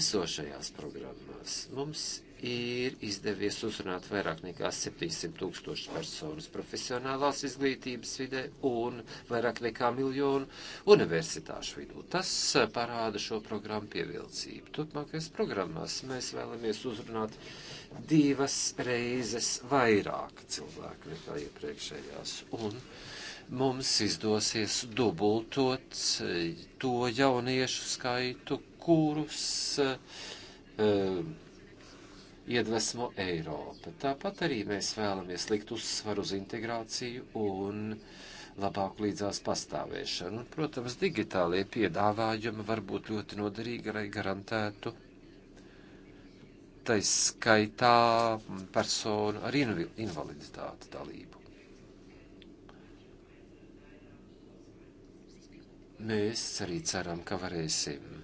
Esošajās programmās mums ir izdevies uzrunāt vairāk nekā 700 tūkstoši personas profesionālās izglītības vidē un vairāk nekā miljonu universitāšu vidū. Tas eh, parāda šo programmu pievilcību. Turpmākajās programmās mēs vēlamies uzrunāt divas reizes vairāk cilvēku nekā iepriekšējās. Un mums izdosies dubultot eh, to jauniešu skaitu, kurus uh, um, iedvesmo Eiropa. Tāpat arī mēs vēlamies likt uzsvaru uz integrāciju un labāku līdzās pastāvēšanu. Un, protams, digitālie piedāvājumi var būt ļoti noderīgi, lai garantētu tai skaitā personu ar invaliditāti dalību. Mēs arī ceram, ka varēsim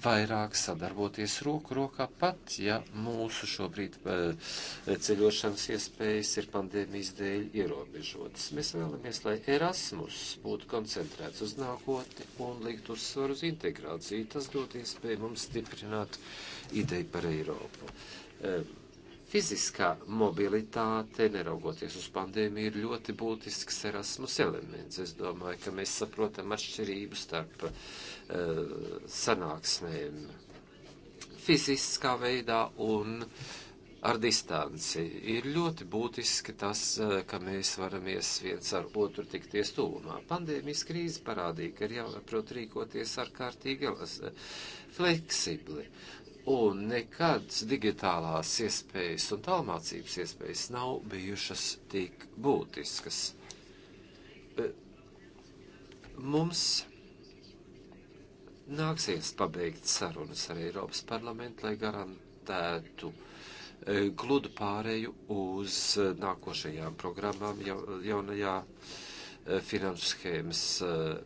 vairāk sadarboties roku rokā, pat ja mūsu šobrīd eh, ceļošanas iespējas ir pandēmijas dēļ ierobežotas. Mēs vēlamies, lai Erasmus būtu koncentrēts uz nākotni un likt uzsvaru uz integrāciju. Tas dot iespēju mums stiprināt ideju par Eiropu. Eh, fiziskā mobilitāte, neraugoties uz pandēmiju, ir ļoti būtisks Erasmus elements. Es domāju, ka mēs saprotam atšķirību starp uh, Eh, sanāksmēm fiziskā veidā un ar distanci. Ir ļoti būtiski tas, eh, ka mēs varamies viens ar otru tikties tuvumā. Pandēmijas krīze parādīja, ka ir jāprot rīkoties ārkārtīgi eh, fleksibli. Un nekad digitālās iespējas un tālmācības iespējas nav bijušas tik būtiskas. Mums nāksies pabeigt sarunas ar Eiropas parlamentu, lai garantētu e, gludu pāreju uz e, nākošajām programmām ja, jaunajā e, finanšu schēmas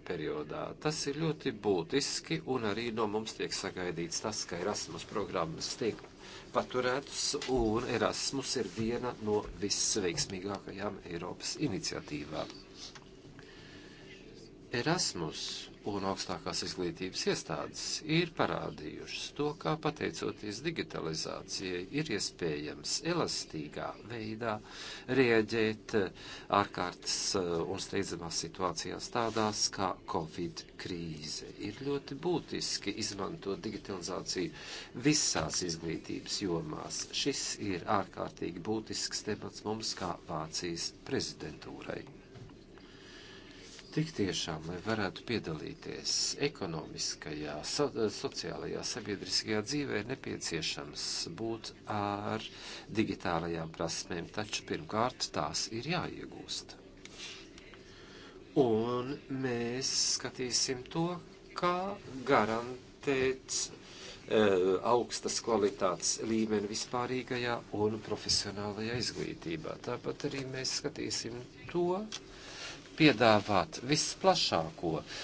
periodā. Tas ir ļoti būtiski, un arī no mums tiek sagaidīts tas, ka Erasmus programmas tiek paturētas, un Erasmus ir viena no vissveiksmīgākajām Eiropas iniciatīvām. Erasmus un augstākās izglītības iestādes ir parādījušas to, kā pateicoties digitalizācijai ir iespējams elastīgā veidā rieģēt eh, ārkārtas eh, un steidzamās situācijās tādās kā Covid krīze. Ir ļoti būtiski izmantot digitalizāciju visās izglītības jomās. Šis ir ārkārtīgi būtisks temats mums kā Vācijas prezidentūrai tik tiešām, lai varētu piedalīties ekonomiskajā, so, sociālajā, sabiedriskajā dzīvē, ir nepieciešams būt ar digitālajām prasmēm, taču pirmkārt tās ir jāiegūst. Un mēs skatīsim to, kā garantēt uh, augstas kvalitātes līmeni vispārīgajā un profesionālajā izglītībā. Tāpat arī mēs skatīsim to, uh, piedāvāt visplašāko eh,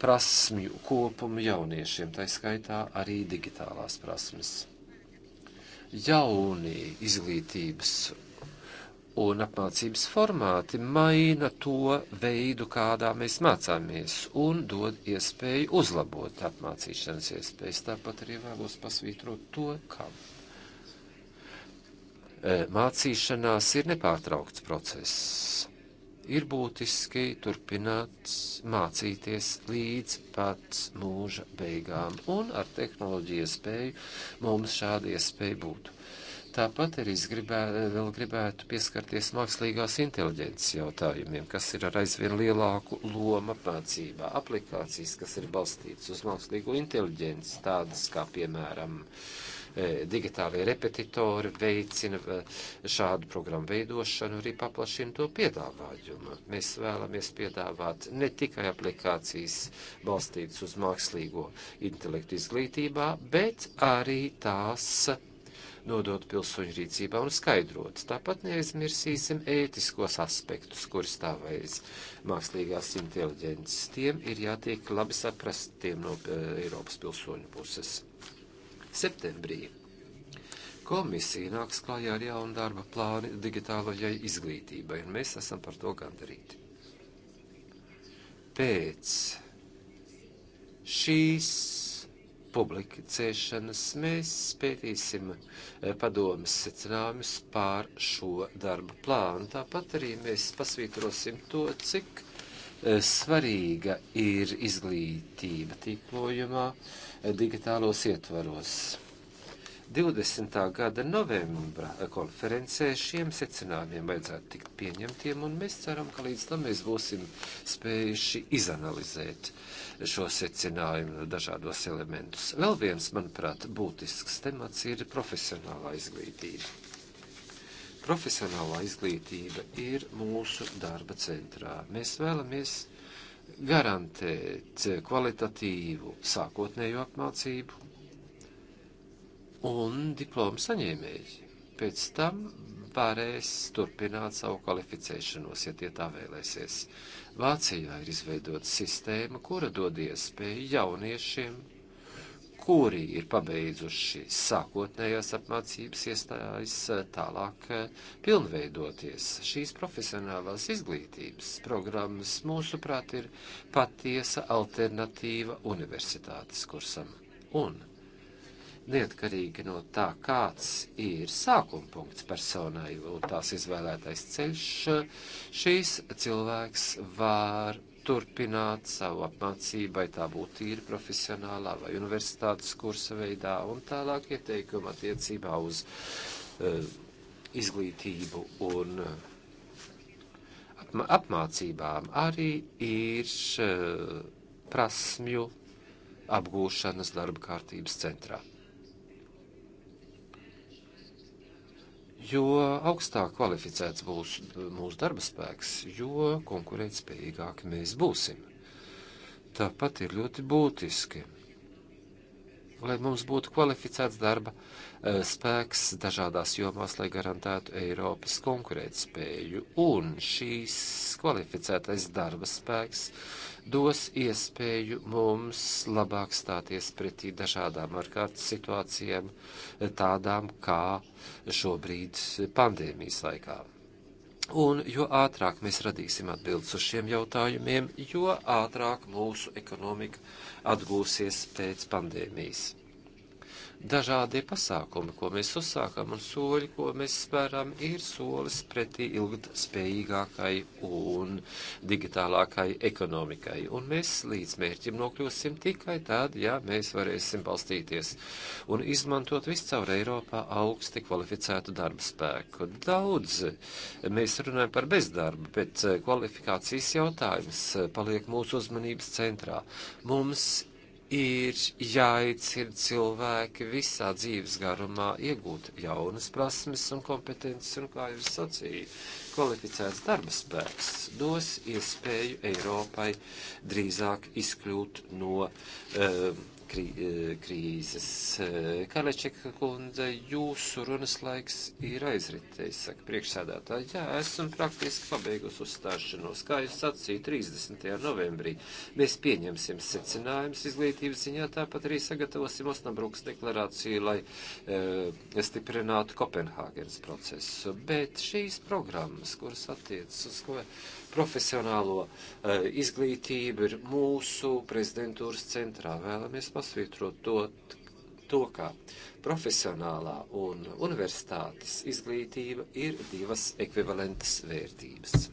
prasmju kopumu jauniešiem, tā skaitā arī digitālās prasmes. Jaunie izglītības un apmācības formāti maina to veidu, kādā mēs mācāmies, un dod iespēju uzlabot apmācīšanas iespējas. Tāpat arī vēlos pasvītrot to, ka eh, mācīšanās ir nepārtraukts process ir būtiski turpināt mācīties līdz pat mūža beigām, un ar tehnoloģiju iespēju mums šāda iespēja būtu. Tāpat arī es gribē, vēl gribētu pieskarties mākslīgās inteliģences jautājumiem, kas ir ar aizvien lielāku lomu apmācībā. Aplikācijas, kas ir balstītas uz mākslīgo inteliģenci, tādas kā, piemēram, uh, Eh, digitālie repetitori veicina eh, šādu programmu veidošanu, arī paplašina to piedāvājumu. Mēs vēlamies piedāvāt ne tikai aplikācijas balstītas uz mākslīgo intelektu izglītībā, bet arī tās nodot pilsoņu rīcībā un skaidrot. Tāpat neaizmirsīsim ētiskos aspektus, kurus stāv aiz mākslīgās inteliģences. Tiem ir jātiek labi saprastiem no eh, Eiropas pilsoņu puses. Septembrī komisija nāks klājā ar jaunu darba plānu digitālajai izglītībai, un mēs esam par to gandarīti. Pēc šīs publicēšanas mēs pētīsim eh, padomas secinājumus pār šo darba plānu. Tāpat arī mēs pasvītrosim to, cik eh, svarīga ir izglītība tīklojumā, uh, digitālos ietvaros. 20. gada novembra konferencē šiem secinājumiem vajadzētu tikt pieņemtiem, un mēs ceram, ka līdz tam mēs būsim spējuši izanalizēt šo secinājumu dažādos elementus. Vēl viens, manuprāt, būtisks temats ir profesionālā izglītība. Profesionālā izglītība ir mūsu darba centrā. Mēs vēlamies garantēt kvalitatīvu sākotnēju apmācību un diplomu saņēmēji. Pēc tam varēs turpināt savu kvalificēšanos, ja tie tā vēlēsies. Vācijā ir izveidota sistēma, kura dod iespēju jauniešiem kuri ir pabeidzuši sākotnējās apmācības iestājas tālāk eh, pilnveidoties. Šīs profesionālās izglītības programmas, mūsuprāt, ir patiesa alternatīva universitātes kursam. Un neatkarīgi no tā, kāds ir sākuma punkts personai un tās izvēlētais ceļš, šīs cilvēks var turpināt savu apmācību, vai tā būtu tīri profesionālā vai universitātes kursa veidā, un tālāk ieteikuma attiecībā uz uh, izglītību un eh, apma apmācībām arī ir uh, prasmju apgūšanas darba kārtības centrā. jo augstāk kvalificēts būs eh, mūsu darba spēks, jo konkurētspējīgāki mēs būsim. Tāpat ir ļoti būtiski, lai mums būtu kvalificēts darba eh, spēks dažādās jomās, lai garantētu Eiropas konkurētspēju. Un šīs kvalificētais darba spēks dos iespēju mums labāk stāties pretī dažādām ārkārtas situācijām, tādām kā šobrīd pandēmijas laikā. Un jo ātrāk mēs radīsim atbildes uz šiem jautājumiem, jo ātrāk mūsu ekonomika atgūsies pēc pandēmijas. Dažādie pasākumi, ko mēs uzsākam un soļi, ko mēs spēram, ir solis pretī ilgtspējīgākai un digitālākai ekonomikai. Un mēs līdz mērķim nokļūsim tikai tad, ja mēs varēsim balstīties un izmantot viscaur Eiropā augsti kvalificētu darba spēku. Daudz mēs runājam par bezdarbu, bet kvalifikācijas jautājums paliek mūsu uzmanības centrā. Mums ir jāicina cilvēki visā dzīves garumā iegūt jaunas prasmes un kompetences, un, kā jau es sacīju, kvalificēts darba spēks dos iespēju Eiropai drīzāk izkļūt no um, Eh, krīzes. Eh, Kalečeka kundze, jūsu runas laiks ir aizritējis, saka priekšsēdētāji. Jā, esam praktiski pabeigusi uzstāšanos. Kā jūs sacīju, 30. novembrī mēs pieņemsim secinājumus izglītības ziņā, tāpat arī sagatavosim Osnabrukas deklarāciju, lai e, stiprinātu Kopenhāgenes procesu. Bet šīs programmas, kuras attiecas uz ko. E, profesionālo uh, izglītību ir mūsu prezidentūras centrā. Vēlamies pasvītrot to, to, ka profesionālā un universitātes izglītība ir divas ekvivalentas vērtības.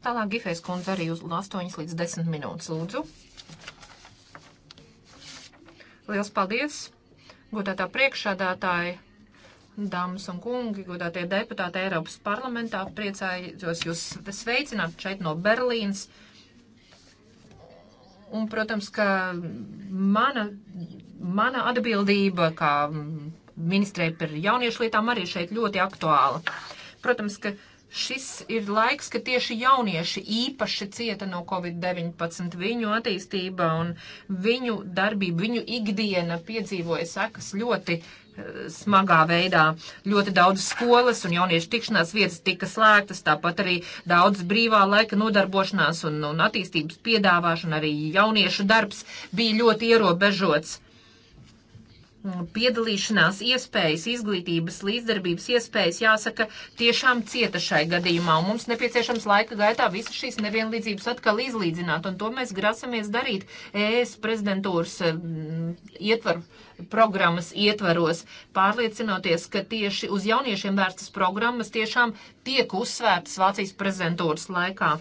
Tālāk Gifēs kundze arī uz 8 līdz 10 minūtes lūdzu. Liels paldies, godātā priekšādātāja Dāmas un kungi, godātie deputāti Eiropas parlamentā, priecājos jūs sveicināt šeit no Berlīnas. Un, protams, ka mana, mana atbildība kā ministrei par jauniešu lietām arī šeit ļoti aktuāla. Protams, ka šis ir laiks, ka tieši jaunieši īpaši cieta no Covid-19. Viņu attīstība un viņu darbība, viņu ikdiena piedzīvoja sekas ļoti smagā veidā. Ļoti daudz skolas un jauniešu tikšanās vietas tika slēgtas, tāpat arī daudz brīvā laika nodarbošanās un, un attīstības piedāvāšana, arī jauniešu darbs bija ļoti ierobežots. Mm, piedalīšanās iespējas, izglītības līdzdarbības iespējas, jāsaka, tiešām cieta šai gadījumā. Un mums nepieciešams laika gaitā visas šīs nevienlīdzības atkal izlīdzināt, un to mēs grasamies darīt ES prezidentūras eh, mm, ietvaru programmas ietvaros, pārliecinoties, ka tieši uz jauniešiem vērstas programmas tiešām tiek uzsvērtas Vācijas prezidentūras laikā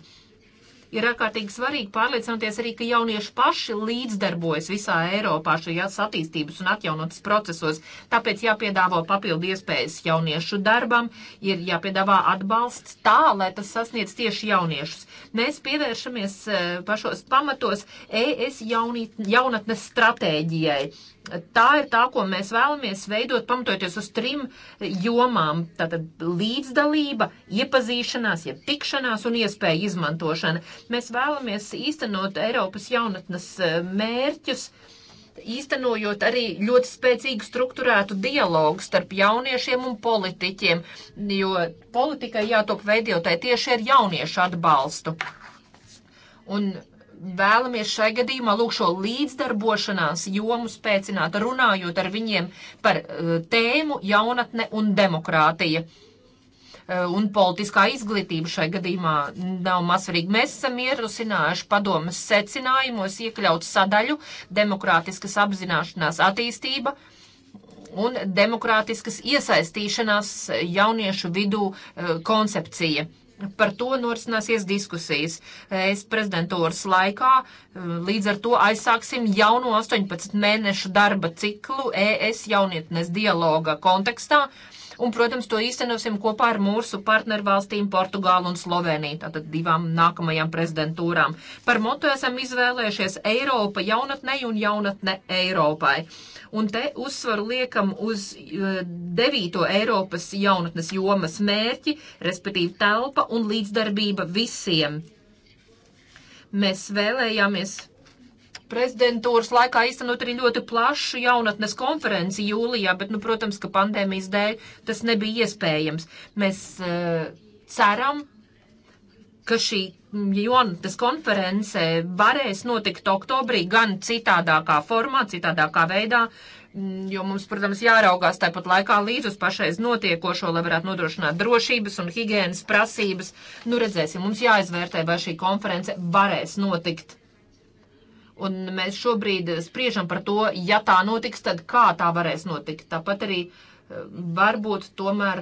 ir ārkārtīgi svarīgi pārliecināties arī, ka jaunieši paši līdzdarbojas visā Eiropā šajās attīstības un atjaunotas procesos. Tāpēc jāpiedāvā papildu iespējas jauniešu darbam, ir jāpiedāvā atbalsts tā, lai tas sasniedz tieši jauniešus. Mēs pievēršamies eh, pašos pamatos ES jaunī, jaunatnes stratēģijai tā ir tā, ko mēs vēlamies veidot, pamatojoties uz trim jomām. Tātad līdzdalība, iepazīšanās, jeb tikšanās un iespēja izmantošana. Mēs vēlamies īstenot Eiropas jaunatnes eh, mērķus. Īstenojot arī ļoti spēcīgu struktūrētu dialogu starp jauniešiem un politiķiem, jo politikai jātop veidotai tieši ar jauniešu atbalstu. Un vēlamies šai gadījumā lūk šo līdzdarbošanās jomu spēcināt, runājot ar viņiem par eh, tēmu jaunatne un demokrātija. Eh, un politiskā izglītība šai gadījumā nav mazsvarīga. Mēs esam ierosinājuši padomas secinājumos iekļaut sadaļu demokrātiskas apzināšanās attīstība un demokrātiskas iesaistīšanās jauniešu vidū eh, koncepcija Par to norisināsies diskusijas es prezidentūras laikā. Eh, līdz ar to aizsāksim jauno 18 mēnešu darba ciklu ES jaunietnes dialoga kontekstā. Uh, un, protams, to īstenosim kopā ar mūsu partnervalstīm Portugālu un Sloveniju, tātad divām nākamajām prezidentūrām. Par moto esam izvēlējušies Eiropa jaunatnei un jaunatne Eiropai. Un te uzsvaru liekam uz e, devīto Eiropas jaunatnes jomas mērķi, respektīvi telpa un līdzdarbība visiem. Mēs vēlējāmies prezidentūras laikā īstenot arī ļoti plašu jaunatnes konferenci jūlijā, bet, nu, protams, ka pandēmijas dēļ tas nebija iespējams. Mēs uh, ceram, ka šī jaunatnes konference varēs notikt oktobrī gan citādākā formā, citādākā veidā, jo mums, protams, jāraugās tāpat laikā līdz uz pašreiz notiekošo, lai varētu nodrošināt drošības un higienas prasības. Nu, redzēsim, mums jāizvērtē, vai šī konference varēs notikt Un mēs šobrīd spriežam par to, ja tā notiks, tad kā tā varēs notikt. Tāpat arī eh, varbūt tomēr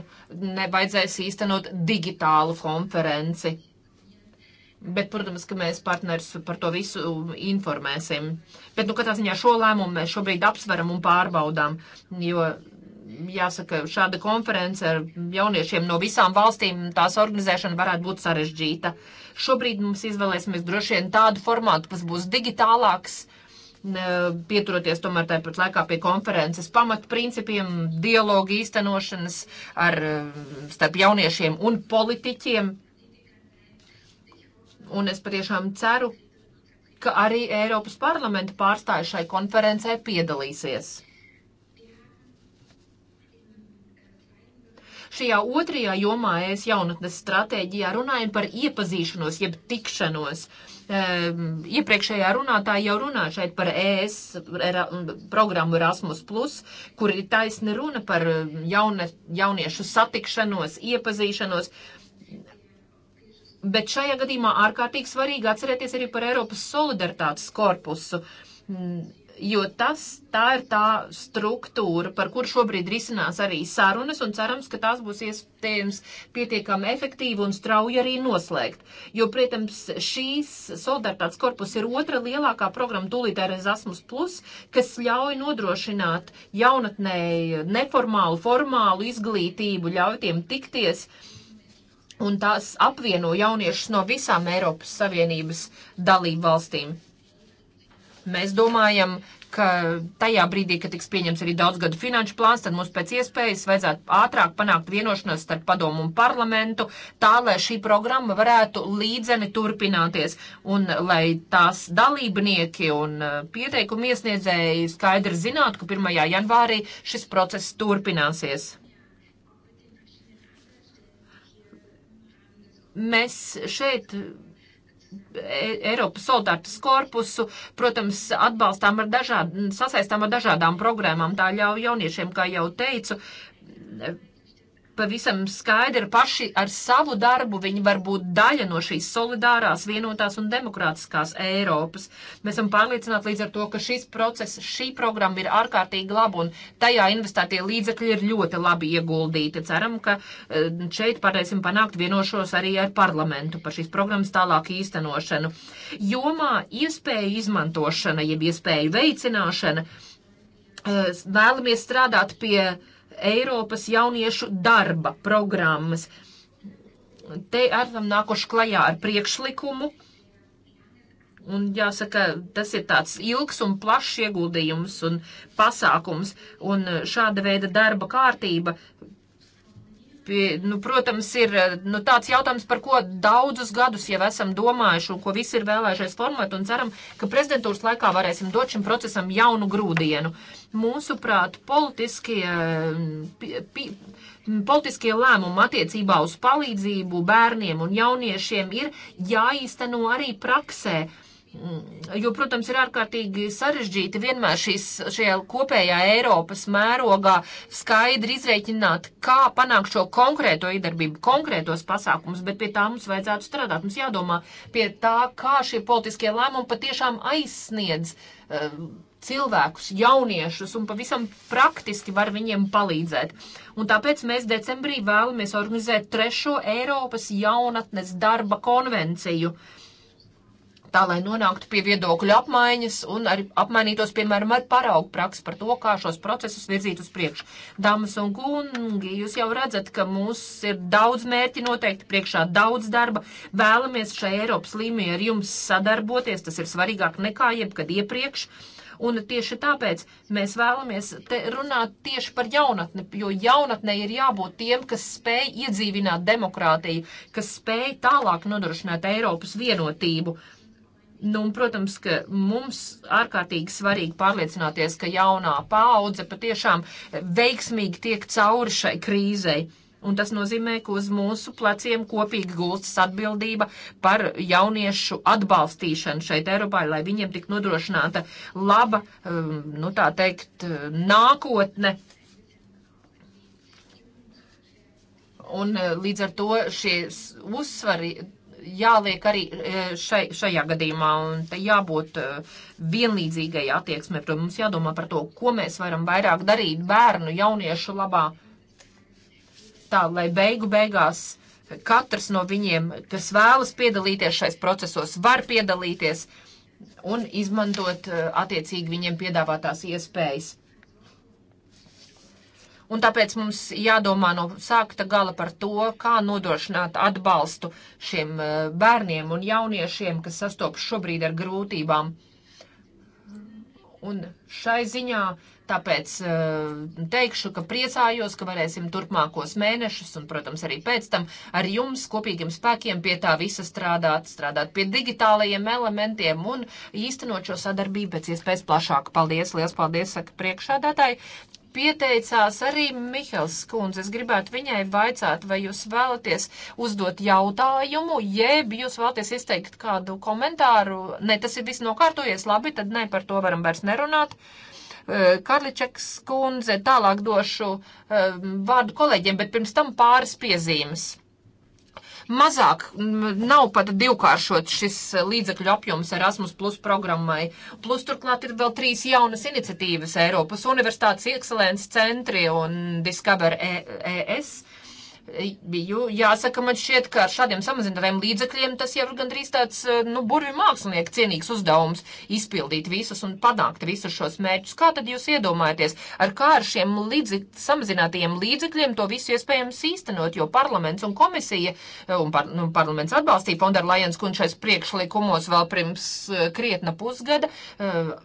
nevajadzēs īstenot digitālu konferenci. Bet, protams, ka mēs partners par to visu informēsim. Bet, nu, katrā ziņā šo lēmumu mēs šobrīd apsveram un pārbaudām, jo jāsaka, šāda konference ar jauniešiem no visām valstīm, tās organizēšana varētu būt sarežģīta. Šobrīd mums izvēlēsimies droši vien tādu formātu, kas būs digitālāks, pieturoties tomēr tāpat laikā pie konferences pamatprincipiem, dialogu īstenošanas ar, mm, starp jauniešiem un politiķiem. Un es patiešām ceru, ka arī Eiropas parlamenta pārstāju šai konferencē piedalīsies. Šajā otrajā jomā es jaunatnes stratēģijā runājam par iepazīšanos, jeb tikšanos. E, iepriekšējā runātāja jau runāja šeit par ES era, programmu Erasmus, kur ir taisni runa par ehm, jaune, jauniešu satikšanos, iepazīšanos. Bet šajā gadījumā ārkārtīgi svarīgi atcerēties arī par Eiropas solidaritātes korpusu jo tas, tā ir tā struktūra, par kur šobrīd risinās arī sarunas, un cerams, ka tās būs iespējams pietiekami efektīvi un strauji arī noslēgt. Jo, protams, šīs solidaritātes korpus ir otra lielākā programma tūlīt ar Erasmus, Plus, kas ļauj nodrošināt jaunatnēji neformālu, formālu izglītību, ļauj tiem tikties un tās apvieno jauniešus no visām Eiropas Savienības dalību valstīm. Mēs domājam, ka tajā brīdī, kad tiks pieņems arī daudzgadu finanšu plāns, tad mums pēc iespējas vajadzētu ātrāk panākt vienošanos starp padomu un parlamentu, tā lai šī programma varētu līdzeni turpināties un lai tās dalībnieki un uh, pieteikumu iesniedzēji skaidri zinātu, ka 1. janvārī šis process turpināsies. Mēs šeit E, Eiropas solidaritātes korpusu, protams, atbalstām ar dažādām, sasaistām ar dažādām programmām. Tā ļauj jauniešiem, kā jau teicu, pavisam skaidri paši ar savu darbu, viņi var būt daļa no šīs solidārās, vienotās un demokrātiskās Eiropas. Mēs esam pārliecināti līdz ar to, ka šis process, šī programma ir ārkārtīgi laba un tajā investētie līdzekļi ir ļoti labi ieguldīti. Ceram, ka eh, šeit varēsim panākt vienošos arī ar parlamentu par šīs programmas tālāk īstenošanu. Jomā iespēju izmantošana, jeb iespēju veicināšana, eh, vēlamies strādāt pie uh, Eiropas jauniešu darba programmas. Te esam nākuši klajā ar priekšlikumu. Un jāsaka, tas ir tāds ilgs un plašs ieguldījums un pasākums, un šāda veida darba kārtība pie, nu, protams, ir nu, tāds jautājums, par ko daudzus gadus jau esam domājuši un ko visi ir vēlējušies formulēt un ceram, ka prezidentūras laikā varēsim dot šim procesam jaunu grūdienu. Mūsuprāt, politiskie, pi, pi, politiskie lēmumi attiecībā uz palīdzību bērniem un jauniešiem ir jāīsteno arī praksē Mm. Jo, protams, ir ārkārtīgi sarežģīti vienmēr šīs, šajā kopējā Eiropas mērogā skaidri izreikināt, kā panākt šo konkrēto iedarbību, konkrētos pasākumus, bet pie tā mums vajadzētu strādāt. Mums jādomā pie tā, kā šie politiskie lēmumi patiešām aizsniedz uh, cilvēkus, jauniešus un pavisam praktiski var viņiem palīdzēt. Un tāpēc mēs decembrī vēlamies organizēt trešo Eiropas jaunatnes darba konvenciju. Uh, tā lai nonāktu pie viedokļu apmaiņas un arī apmainītos, piemēram, ar paraugu praksi par to, kā šos procesus virzīt uz priekšu. Dāmas un kungi, jūs jau redzat, ka mums ir daudz mērķi noteikti priekšā, daudz darba. Vēlamies šai Eiropas līmenī ar jums sadarboties, tas ir svarīgāk nekā jebkad iepriekš. Un tieši tāpēc mēs vēlamies runāt tieši par jaunatni, jo jaunatnē ir jābūt tiem, kas spēj iedzīvināt demokrātiju, kas spēj tālāk nodrošināt Eiropas vienotību. Uh, Nu, un, protams, ka mums ārkārtīgi svarīgi pārliecināties, ka jaunā paudze patiešām veiksmīgi tiek cauri šai krīzei. Un tas nozīmē, ka uz mūsu pleciem kopīgi gulstas atbildība par jauniešu atbalstīšanu šeit Eiropā, lai viņiem tik nodrošināta laba, um, nu tā teikt, nākotne. Un uh, līdz ar to šie uzsvari jāliek arī e, šai, šajā gadījumā un te jābūt e, vienlīdzīgai attieksmē. Protams, mums jādomā par to, ko mēs varam vairāk darīt bērnu, jauniešu labā. Tā, lai beigu beigās katrs no viņiem, kas vēlas piedalīties šais procesos, var piedalīties un izmantot e, attiecīgi viņiem piedāvātās iespējas. Un tāpēc mums jādomā no sākta gala par to, kā nodrošināt atbalstu šiem eh, bērniem un jauniešiem, kas sastopas šobrīd ar grūtībām. Un šai ziņā tāpēc eh, teikšu, ka priecājos, ka varēsim turpmākos mēnešus un, protams, arī pēc tam ar jums kopīgiem spēkiem pie tā visa strādāt, strādāt pie digitālajiem elementiem un īstenot šo sadarbību pēc iespējas plašāk. Paldies, liels paldies, saka priekšādātāji pieteicās arī Mihels Skundze. Es gribētu viņai vaicāt, vai jūs vēlaties uzdot jautājumu, jeb jūs vēlaties izteikt kādu komentāru. Nē, tas ir viss nokārtojies, labi, tad ne par to varam vairs nerunāt. Eh, Karličeks Skundze, tālāk došu eh, vārdu kolēģiem, bet pirms tam pāris piezīmes. Mazāk nav pat divkāršot šis līdzekļu apjoms Erasmus Plus programmai. Plus turklāt ir vēl trīs jaunas iniciatīvas Eiropas Universitātes ekscelences centri un Discover ES. E, e biju jāsaka, man šķiet, ka ar šādiem samazinātiem līdzekļiem tas jau ir gandrīz tāds, eh, nu, burvi mākslinieka cienīgs uzdevums izpildīt visus un panākt visus šos mērķus. Kā tad jūs iedomājaties, ar kā ar šiem līdzi, samazinātajiem līdzekļiem to visu iespējams īstenot, jo parlaments un komisija, eh, un par, nu, parlaments atbalstīja Fonderlajens kunšais priekšlikumos vēl pirms eh, krietna pusgada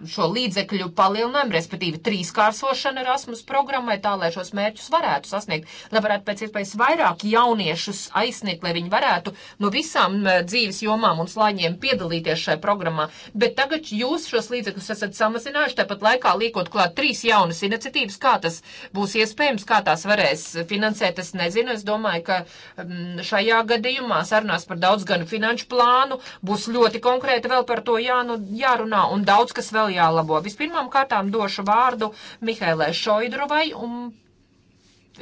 šo līdzekļu palielinājumu, respektīvi trīskārsošanu Erasmus programmai, tā lai šos mērķus varētu sasniegt, lai varētu pēc iespējas vairāk vairāk jauniešus aizsniegt, lai viņi varētu no visām eh, dzīves jomām un slāņiem piedalīties šajā programmā. Bet tagad jūs šos līdzekļus esat samazinājuši, tāpat laikā liekot klāt trīs jaunas iniciatīvas. Kā tas būs iespējams, kā tās varēs finansēt, es nezinu. Es domāju, ka mm, šajā gadījumā sarunās par daudz gan finanšu plānu būs ļoti konkrēti vēl par to jānu, jārunā un daudz kas vēl jālabo. Vispirmām kārtām došu vārdu Mihailai Šoidrovai un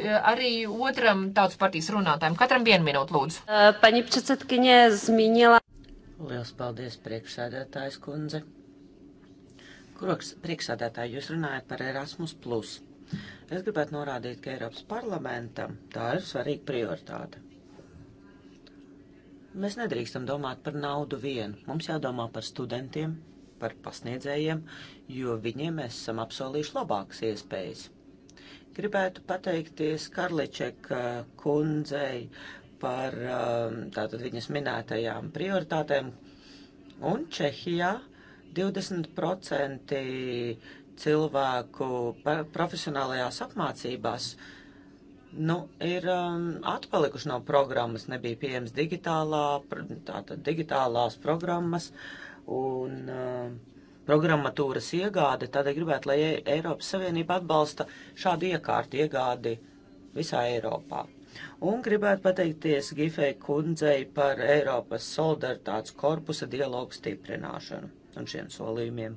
Eh, arī otram tautas partijas runātājiem. Katram vienu minūtu, lūdzu. Eh, paņi predsedkiņē zmiņila. Liels paldies, priekšsēdētājs kundze. Kuroks priekšsēdētāji, jūs runājat par Erasmus. Plus. Es gribētu norādīt, ka Eiropas parlamentam tā ir svarīga prioritāte. Mēs nedrīkstam domāt par naudu vien. Mums jādomā par studentiem, par pasniedzējiem, jo viņiem mēs esam apsolījuši labākas iespējas. Gribētu pateikties Karličeka kundzei par um, tātad viņas minētajām prioritātēm. Un Čehijā 20% cilvēku profesionālajās apmācībās nu, ir um, atpalikuši no programmas, nebija pieejams digitālā, tātad digitālās programmas, un uh, programmatūras iegāde, tādēļ gribētu, lai Eiropas Savienība atbalsta šādu iekārtu iegādi visā Eiropā. Un gribētu pateikties Gifei kundzei par Eiropas solidaritātes korpusa dialogu stiprināšanu un šiem solījumiem.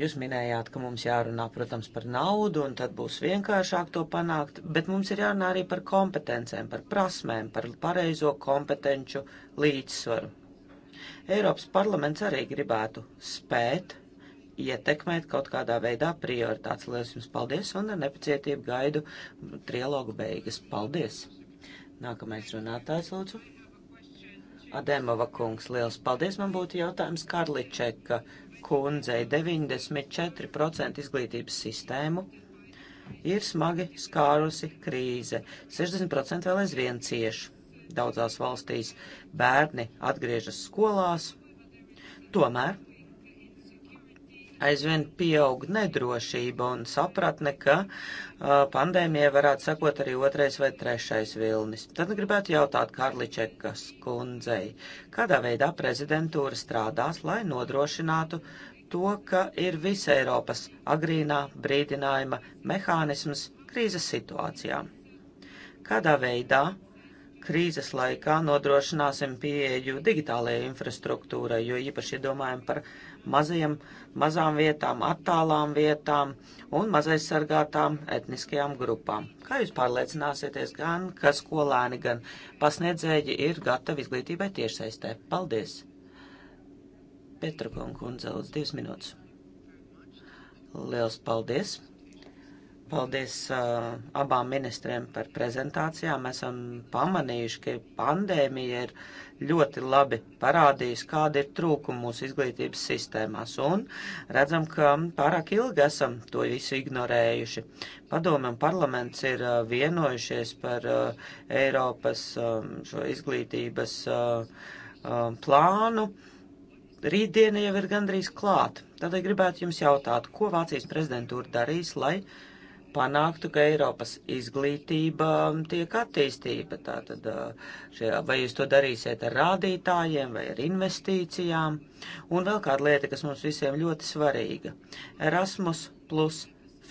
Jūs minējāt, ka mums jārunā, protams, par naudu, un tad būs vienkāršāk to panākt, bet mums ir jārunā arī par kompetencēm, par prasmēm, par pareizo kompetenču līdzsvaru. Eiropas parlaments arī gribētu spēt ietekmēt kaut kādā veidā prioritātes. Lielas jums paldies un ar nepacietību gaidu trilogu beigas. Paldies! Nākamais runātājs lūdzu. Ademova kungs, liels paldies. Man būtu jautājums Karličeka kundzei. 94% izglītības sistēmu ir smagi skārusi krīze. 60% vēl aizvien cieši Daudzās valstīs bērni atgriežas skolās, tomēr aizvien pieaug nedrošība un sapratne, ka uh, pandēmija varētu sekot arī otrais vai trešais vilnis. Tad gribētu jautāt Karličekas kundzei, kādā veidā prezidentūra strādās, lai nodrošinātu to, ka ir visa Eiropas agrīnā brīdinājuma mehānisms krīzes situācijām. Kādā veidā krīzes laikā nodrošināsim pieeju digitālajai infrastruktūrai, jo īpaši domājam par mazajam, mazām vietām, attālām vietām un mazaizsargātām etniskajām grupām. Kā jūs pārliecināsieties gan, ka skolēni, gan pasniedzēji ir gatavi izglītībai tiešsaistē? Paldies! Petra Kunkundze, lūdzu, divas minūtes. Liels paldies! Paldies uh, abām ministriem par prezentācijām. Esam pamanījuši, ka pandēmija ir ļoti labi parādījusi, kāda ir trūkuma mūsu izglītības sistēmās, un redzam, ka pārāk ilgi esam to visu ignorējuši. Padome un parlaments ir uh, vienojušies par uh, Eiropas um, šo izglītības uh, um, plānu. Rītdiena jau ir gandrīz klāt. Tādēļ gribētu jums jautāt, ko Vācijas prezidentūra darīs, lai uh, panāktu, ka Eiropas izglītība tiek attīstība. Tātad, šajā, vai jūs to darīsiet ar rādītājiem vai ar investīcijām? Un vēl kāda lieta, kas mums visiem ļoti svarīga - Erasmus plus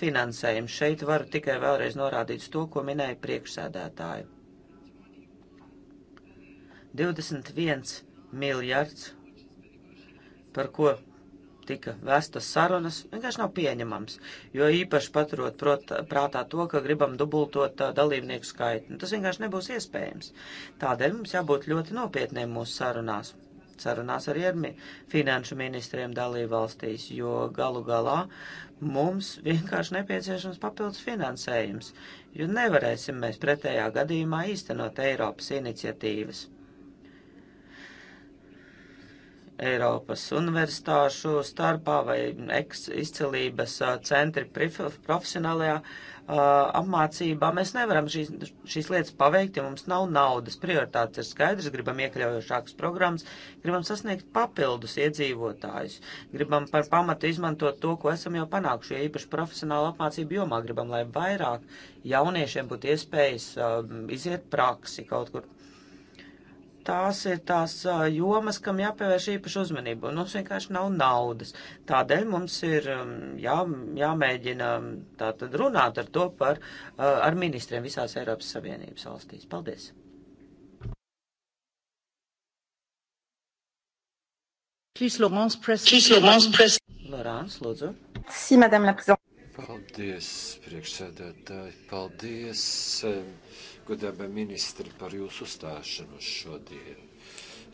finansējums. Šeit varu tikai vēlreiz norādīt to, ko minēja priekšsēdētāji. 21 miljards, par ko tika vestas sarunas, vienkārši nav pieņemams, jo īpaši paturot prot, prātā to, ka gribam dubultot uh, dalībnieku skaitu. Nu, tas vienkārši nebūs iespējams. Tādēļ mums jābūt ļoti nopietniem mūsu sarunās. Sarunās arī ar finanšu ministriem dalību valstīs, jo galu galā mums vienkārši nepieciešams papildus finansējums, jo nevarēsim mēs pretējā gadījumā īstenot Eiropas iniciatīvas. Eiropas universitāšu starpā vai izcelības centri profesionālajā apmācībā. Mēs nevaram šīs, šīs lietas paveikt, ja mums nav naudas. Prioritātes ir skaidrs, gribam iekļaujošākas programmas, gribam sasniegt papildus iedzīvotājus, gribam par pamatu izmantot to, ko esam jau panākuši, ja īpaši profesionāla apmācība jomā gribam, lai vairāk jauniešiem būtu iespējas uh, iziet praksi kaut kur tās ir tās jomas, kam jāpievērš īpaši uzmanību, un mums vienkārši nav naudas. Tādēļ mums ir jā, jāmēģina tātad runāt ar to par, ar ministriem visās Eiropas Savienības valstīs. Paldies! Please, Laurence, press. Please, Laurence, press. Laurence, lūdzu. Si, madame la présidente. Paldies, priekšsēdētāji, paldies. Um, godāba ministri, par jūsu uzstāšanos šodien.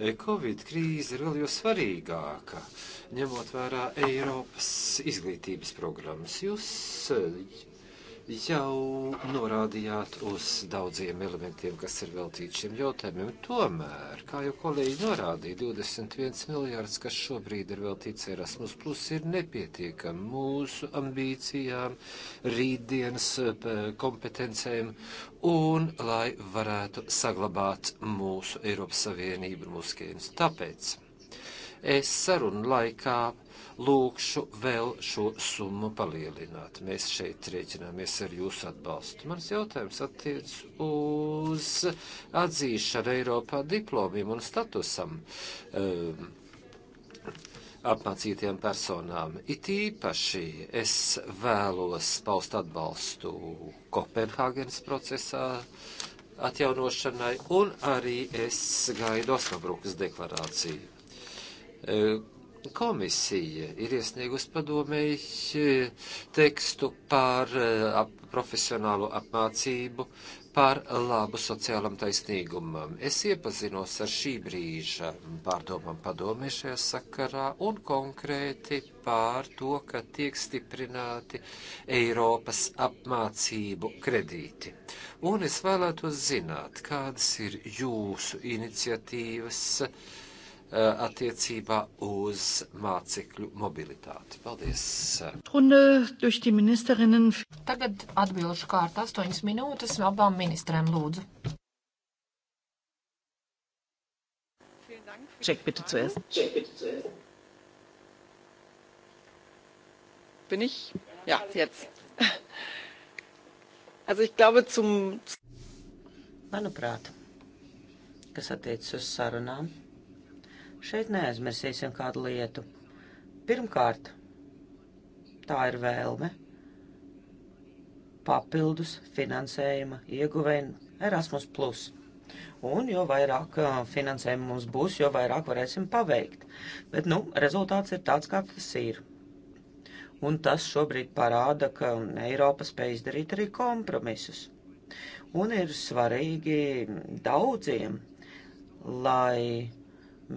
E, Covid krīze ir vēl jo svarīgāka, ņemot vērā Eiropas izglītības programmas. Jūs jau norādījāt uz daudziem elementiem, kas ir veltīti šiem jautājumiem. Tomēr, kā jau kolēģi norādīja, 21 miljārds, kas šobrīd ir veltīts Erasmus, plus ir nepietiekami mūsu ambīcijām, rītdienas eh, kompetencēm un lai varētu saglabāt mūsu Eiropas Savienību un mūsu kēnus. Tāpēc es sarunu laikā lūkšu vēl šo summu palielināt. Mēs šeit rēķināmies ar jūsu atbalstu. Mans jautājums attiec uz atzīšanu Eiropā diplomiem un statusam um, ehm, apmācītiem personām. It īpaši es vēlos paust atbalstu Kopenhāgenes procesā, atjaunošanai, un arī es gaidu Osnabrukas deklarāciju, ehm, Komisija ir iesniegusi padomēji eh, tekstu par eh, ap, profesionālo apmācību, par labu sociālam taisnīgumam. Es iepazinos ar šī brīža pārdomām padomē šajā sakarā un konkrēti pār to, ka tiek stiprināti Eiropas apmācību kredīti. Un es vēlētos zināt, kādas ir jūsu iniciatīvas Eh, attiecībā uz mācekļu mobilitāti. Paldies! Tagad atbilžu kārt astoņas minūtes abām ministrēm lūdzu. Check bitte zuerst. Check bitte zuerst. Bin ich? Ja, jetzt. Also ich glaube zum... Manuprāt, kas attiecas uz sarunām, Šeit neaizmirsīsim kādu lietu. Pirmkārt, tā ir vēlme papildus finansējuma ieguvēja Erasmus. Plus. Un jo vairāk uh, finansējuma mums būs, jo vairāk varēsim paveikt. Bet, nu, rezultāts ir tāds, kāds ir. Un tas šobrīd parāda, ka Eiropa spēj izdarīt arī kompromisus. Un ir svarīgi daudziem, lai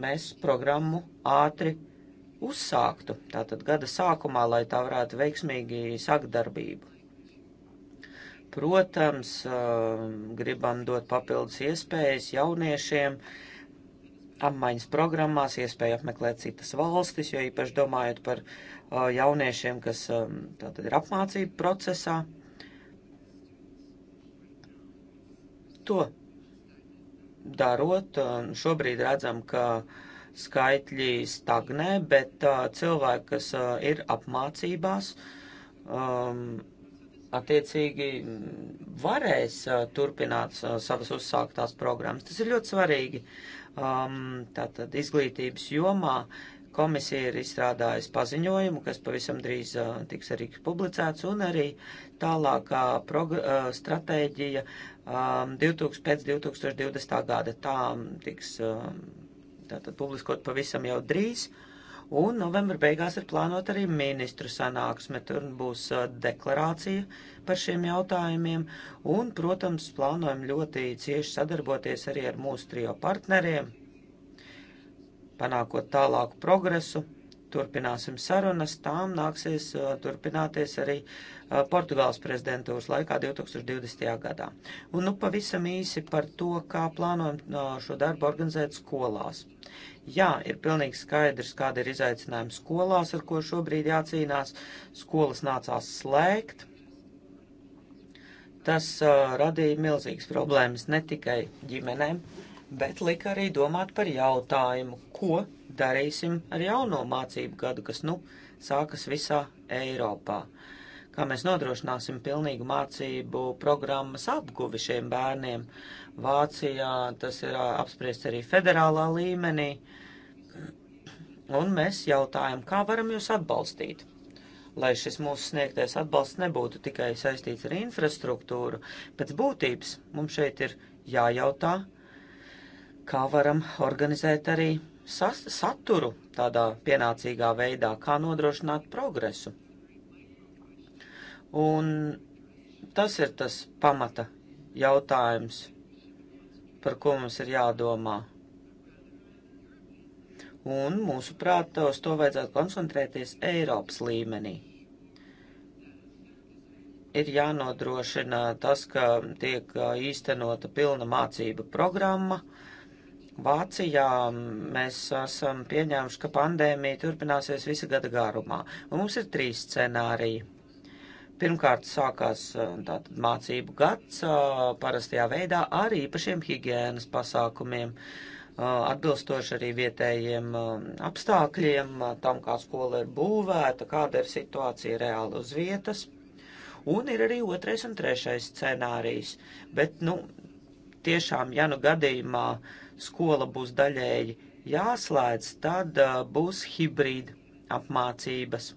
mēs programmu ātri uzsāktu, tātad gada sākumā, lai tā varētu veiksmīgi sākt darbību. Protams, um, gribam dot papildus iespējas jauniešiem apmaiņas programmās, iespēju apmeklēt citas valstis, jo īpaši domājot par uh, jauniešiem, kas um, tātad ir apmācību procesā. To darot. Šobrīd redzam, ka skaitļi stagnē, bet uh, cilvēki, kas uh, ir apmācībās, um, attiecīgi varēs uh, turpināt savas uzsāktās programmas. Tas ir ļoti svarīgi. Um, tātad izglītības jomā komisija ir izstrādājusi paziņojumu, kas pavisam drīz tiks arī publicēts, un arī tālākā stratēģija uh, um, 2000, pēc 2020. gada. Tā tiks um, tātad publiskot pavisam jau drīz. Un novembra beigās ir plānota arī ministru sanāksme. Tur būs uh, deklarācija par šiem jautājumiem. Un, protams, plānojam ļoti cieši sadarboties arī ar mūsu trio partneriem, panākot tālāku progresu turpināsim sarunas, tām nāksies uh, turpināties arī uh, Portugāles prezidentūras laikā 2020. gadā. Un nu pavisam īsi par to, kā plānojam uh, šo darbu organizēt skolās. Jā, ir pilnīgi skaidrs, kāda ir izaicinājuma skolās, ar ko šobrīd jācīnās. Skolas nācās slēgt. Tas uh, radīja milzīgas problēmas ne tikai ģimenēm, bet lika arī domāt par jautājumu, ko darīsim ar jauno mācību gadu, kas nu sākas visā Eiropā. Kā mēs nodrošināsim pilnīgu mācību programmas apguvi šiem bērniem? Vācijā tas ir apspriests arī federālā līmenī. Un mēs jautājam, kā varam jūs atbalstīt? lai šis mūsu sniegtais atbalsts nebūtu tikai saistīts ar infrastruktūru. Pēc būtības mums šeit ir jājautā, kā varam organizēt arī sas, saturu tādā pienācīgā veidā, kā nodrošināt progresu. Un tas ir tas pamata jautājums, par ko mums ir jādomā. Un, mūsuprāt, uz to vajadzētu koncentrēties Eiropas līmenī. Ir jānodrošina tas, ka tiek īstenota pilna mācība programma, uh, Vācijā mēs esam pieņēmuši, ka pandēmija turpināsies visa gada garumā. Un mums ir trīs scenāriji. Pirmkārt, sākās uh, tātad, mācību gads uh, parastajā veidā ar īpašiem higiēnas pasākumiem, uh, atbilstoši arī vietējiem um, apstākļiem, tam, kā skola ir būvēta, kāda ir situācija reāli uz vietas. Un ir arī otrais un trešais scenārijs. Bet, nu, tiešām, ja nu gadījumā uh, skola būs daļēji jāslēdz, tad uh, būs hibrīda apmācības.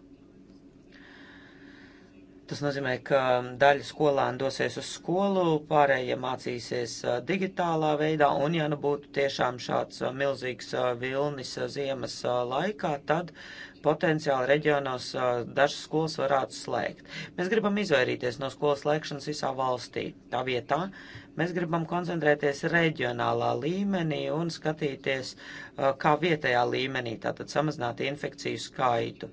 Tas nozīmē, ka daļa skolēnu dosies uz skolu, pārējie mācīsies uh, digitālā veidā, un ja nu būtu tiešām šāds uh, milzīgs vilnis ziemas laikā, tad potenciāli reģionos dažas skolas varētu slēgt. Mēs gribam izvairīties no skolas slēgšanas visā valstī. Tā vietā mēs gribam koncentrēties reģionālā līmenī un skatīties, kā vietējā līmenī, tātad samazināt infekciju skaitu.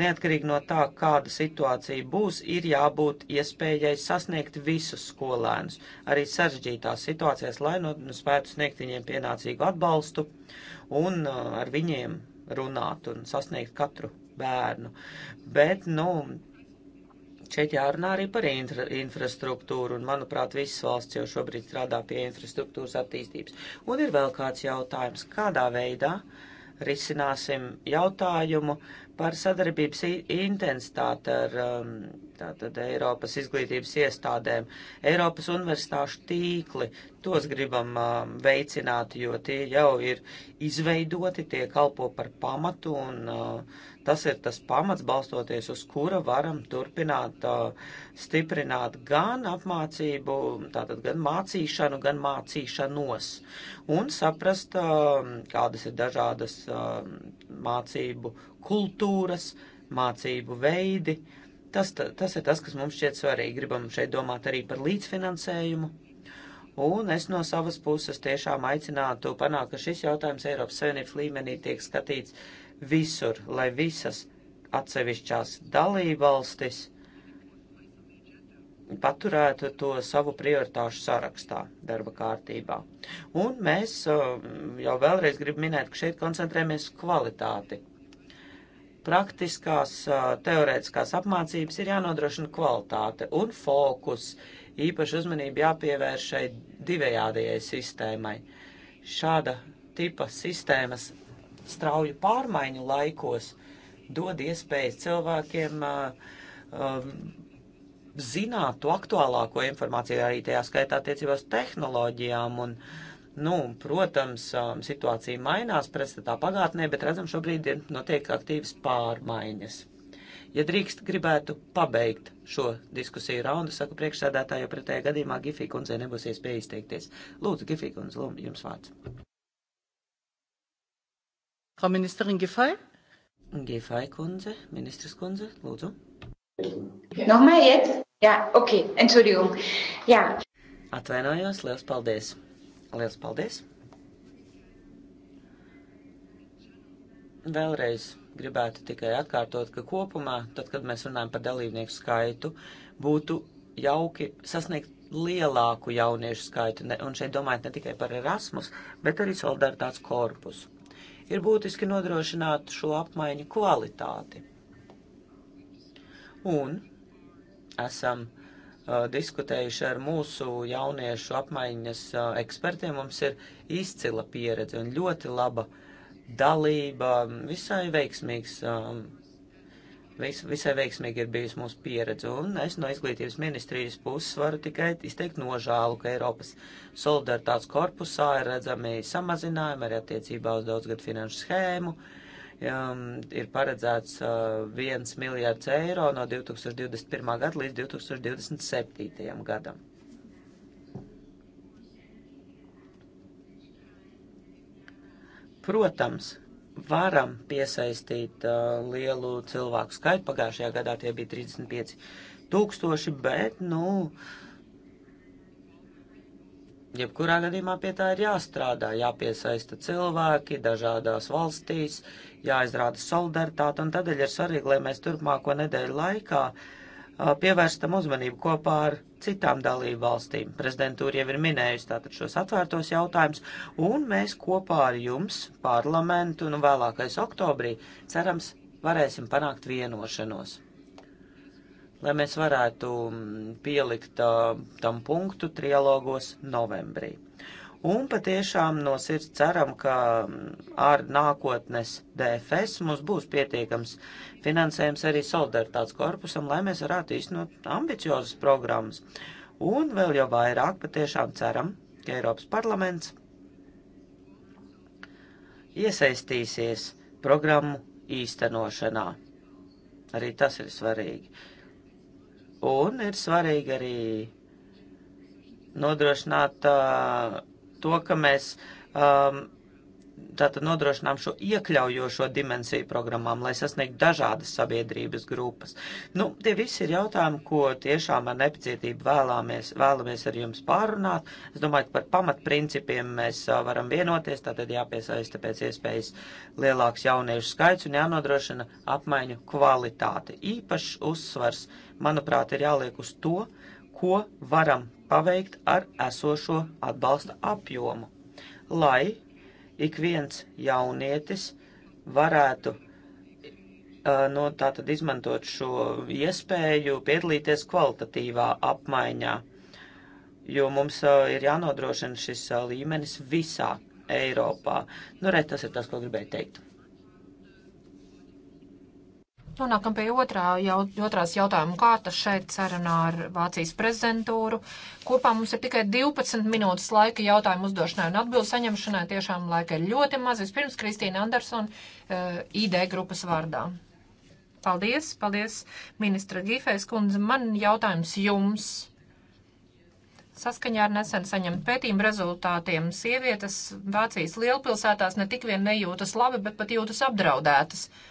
Neatkarīgi no tā, kāda situācija būs, ir jābūt iespējai sasniegt visus skolēnus, arī sarežģītās situācijās, lai nu, spētu sniegt viņiem pienācīgu atbalstu un ar viņiem runāt un sasniegt katru bērnu. Bet, nu, šeit jārunā arī par infra infrastruktūru, un, manuprāt, visas valsts jau šobrīd strādā pie infrastruktūras attīstības. Un ir vēl kāds jautājums, kādā veidā risināsim jautājumu par sadarbības intensitāti ar um, tātad Eiropas izglītības iestādēm, Eiropas universitāšu tīkli, tos gribam um, veicināt, jo tie jau ir izveidoti, tie kalpo par pamatu un uh, tas ir tas pamats, balstoties uz kura varam turpināt uh, stiprināt gan apmācību, tātad gan mācīšanu, gan mācīšanos un saprast, uh, kādas ir dažādas uh, mācību kultūras, mācību veidi. Tas, tas ir tas, kas mums šķiet svarīgi. Gribam šeit domāt arī par līdzfinansējumu. Un es no savas puses tiešām aicinātu panākt, ka šis jautājums Eiropas Savienības līmenī tiek skatīts visur, lai visas atsevišķās dalībvalstis paturētu to savu prioritāšu sarakstā darba kārtībā. Un mēs uh, jau vēlreiz gribam minēt, ka šeit koncentrējamies kvalitāti praktiskās teorētiskās apmācības ir jānodrošina kvalitāte un fokus. Īpaši uzmanību jāpievērš šai divējādajai sistēmai. Šāda tipa sistēmas strauju pārmaiņu laikos dod iespējas cilvēkiem uh, zināt to aktuālāko informāciju arī tajā skaitā attiecībās tehnoloģijām un uh, Nu, protams, um, situācija mainās pretstatā pagātnē, bet redzam, šobrīd ir notiek aktīvas pārmaiņas. Ja drīkst, gribētu pabeigt šo diskusiju raundu, saku priekšsēdētāju, jo pretējā gadījumā Gifī kundze nebūs iespēja izteikties. Lūdzu, Gifī kundze, lūdzu, jums vārds. Frau Ministerin Giffey? Giffey kundze, ministres kundze, lūdzu. Nochmal jetzt? Jā, ok, entschuldigung. Jā. Atvainojos, liels paldies. Liels paldies! Vēlreiz gribētu tikai atkārtot, ka kopumā, tad, kad mēs runājam par dalībnieku skaitu, būtu jauki sasniegt lielāku jauniešu skaitu, ne, un šeit domājot ne tikai par Erasmus, bet arī solidaritātes korpusu. Ir būtiski nodrošināt šo apmaiņu kvalitāti. Un esam Uh, diskutējuši ar mūsu jauniešu apmaiņas uh, ekspertiem. Mums ir izcila pieredze un ļoti laba dalība, visai veiksmīgs. Um, vis, visai veiksmīgi ir bijusi mūsu pieredze, un es no izglītības ministrijas puses varu tikai izteikt nožēlu, ka Eiropas solidaritātes korpusā ir redzami samazinājumi arī attiecībā uz daudzgad finanšu schēmu, uh, um, ir paredzēts uh, 1 miljārds eiro no 2021. gada līdz 2027. gadam. Protams, varam piesaistīt uh, lielu cilvēku skaitu. Pagājušajā gadā tie bija 35 tūkstoši, bet, nu, jebkurā gadījumā pie tā ir jāstrādā, jāpiesaista cilvēki dažādās valstīs, jāizrāda solidaritāte, un tādēļ ir svarīgi, lai mēs turpmāko nedēļu laikā pievērstam uzmanību kopā ar citām dalību valstīm. Prezidentūra jau ir minējusi tātad šos atvērtos jautājumus, un mēs kopā ar jums, parlamentu, nu vēlākais oktobrī, cerams, varēsim panākt vienošanos lai mēs varētu mm, pielikt tā, tam punktu trialogos novembrī. Un patiešām no sirds ceram, ka mm, ar nākotnes DFS mums būs pietiekams finansējums arī solidaritātes korpusam, lai mēs varētu īstenot ambiciozas programmas. Un vēl jau vairāk patiešām ceram, ka Eiropas parlaments iesaistīsies programmu īstenošanā. Arī tas ir svarīgi. Un ir svarīgi arī nodrošināt uh, to, ka mēs um, tātad nodrošinām šo iekļaujošo dimensiju programmām, lai sasniegtu dažādas sabiedrības grupas. Nu, tie visi ir jautājumi, ko tiešām ar nepacietību vēlamies, vēlamies ar jums pārunāt. Es domāju, ka par pamatprincipiem mēs uh, varam vienoties, tātad jāpiesaista pēc iespējas lielāks jauniešu skaits un jānodrošina apmaiņu kvalitāte. Īpašs uzsvars, manuprāt, ir jāliek uz to, ko varam paveikt ar esošo atbalsta apjomu, lai ik viens jaunietis varētu nu, tātad izmantot šo iespēju piedalīties kvalitatīvā apmaiņā, jo mums ir jānodrošina šis līmenis visā Eiropā. Nu, re, tas ir tas, ko gribēju teikt. Nonākam pie otrā, jau, otrās jautājuma kārtas šeit sarunā ar Vācijas prezidentūru. Kopā mums ir tikai 12 minūtes laika jautājumu uzdošanai un atbildu saņemšanai. Tiešām laika ir ļoti maz. Vispirms Kristīna Andersona uh, eh, ID grupas vārdā. Paldies, paldies, ministra Gīfēs kundze. Man jautājums jums. Saskaņā ar nesen saņemt pētījumu rezultātiem, sievietes Vācijas lielpilsētās ne tik vien nejūtas labi, bet pat jūtas apdraudētas. Uh,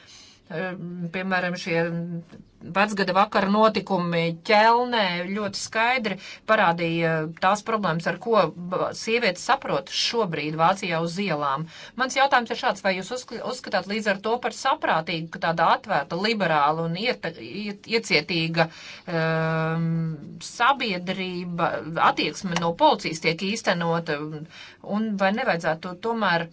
Ehm, piemēram, šie vecgada vakara notikumi ķelnē ļoti skaidri parādīja tās problēmas, ar ko sievietes saprot šobrīd Vācijā uz ielām. Mans jautājums ir šāds, vai jūs uzskatāt līdz ar to par saprātīgu, ka tāda atvērta, liberāla un ieta, iet, iecietīga um, sabiedrība attieksme no policijas tiek īstenota, un vai nevajadzētu tomēr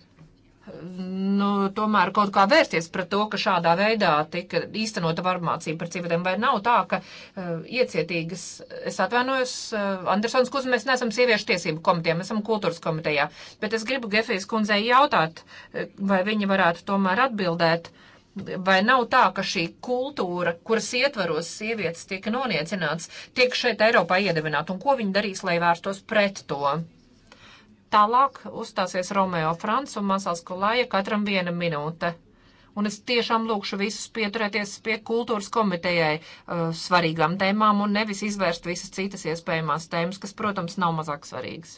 nu, tomēr kaut kā vērsties pret to, ka šādā veidā tika īstenota varmācība par sievietēm, vai nav tā, ka uh, iecietīgas, es atvainojos, uh, Andersons kundze, mēs neesam sieviešu tiesību komitejā, mēs esam kultūras komitejā, bet es gribu Gefijas kundzei jautāt, eh, vai viņa varētu tomēr atbildēt, vai nav tā, ka šī kultūra, kuras ietvaros sievietes tiek noniecināts, tiek šeit Eiropā iedibināta, un ko viņi darīs, lai vērstos pret to? Tālāk uzstāsies Romeo Frants un Masals Kolāja katram viena minūte. Un es tiešām lūkšu visus pieturēties pie kultūras komitejai uh, svarīgām tēmām un nevis izvērst visas citas iespējamās tēmas, kas, protams, nav mazāk svarīgas.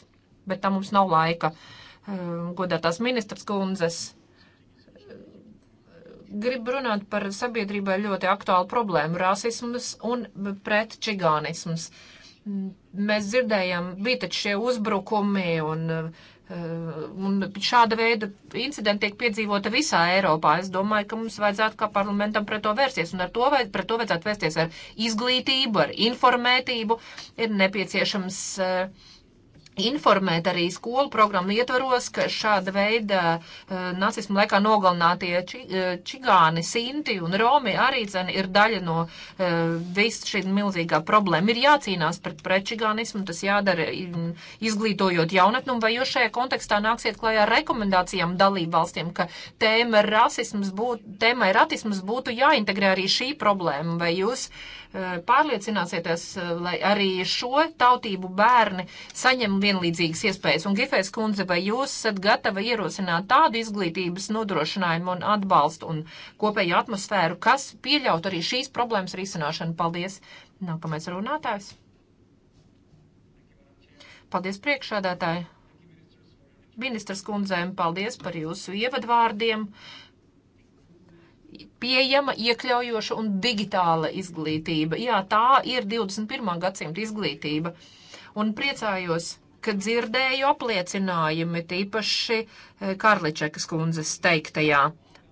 Bet tam mums nav laika. Uh, godātās ministras kundzes uh, grib runāt par sabiedrībai ļoti aktuālu problēmu - rasisms un pret čigānisms. Uh, Mēs dzirdējām, bija taču šie uzbrukumi un, eh, un šāda veida incidenti tiek piedzīvota visā Eiropā. Es domāju, ka mums vajadzētu kā parlamentam pret to vērsties un ar to, vajad, pret to vajadzētu vērsties ar izglītību, ar informētību. Ir nepieciešams uh, informēt arī skolu programmu ietvaros, ka šāda veida uh, nacismu laikā nogalinātie či, uh, čigāni, sinti un romi arī zina, ir daļa no uh, eh, visu šī milzīgā problēma. Ir jācīnās pret prečigānismu, tas jādara mm, izglītojot jaunatnumu, vai jūs šajā kontekstā nāksiet klajā rekomendācijām dalību valstiem, ka tēma rasisms būtu, tēmai ratisms būtu jāintegrē arī šī problēma, vai jūs uh, pārliecināsieties, lai arī šo tautību bērni saņem vienlīdzīgas iespējas. Un Gifēs kundze, vai jūs esat gatava ierosināt tādu izglītības nodrošinājumu un atbalstu un kopēju atmosfēru, kas pieļaut arī šīs problēmas risināšanu? Paldies! Nākamais runātājs. Paldies priekšādātāji! Ministras kundzēm paldies par jūsu ievadvārdiem. Pieejama, iekļaujoša un digitāla izglītība. Jā, tā ir 21. gadsimta izglītība. Un priecājos ka dzirdēju apliecinājumi, tīpaši eh, Karličekas kundzes teiktajā.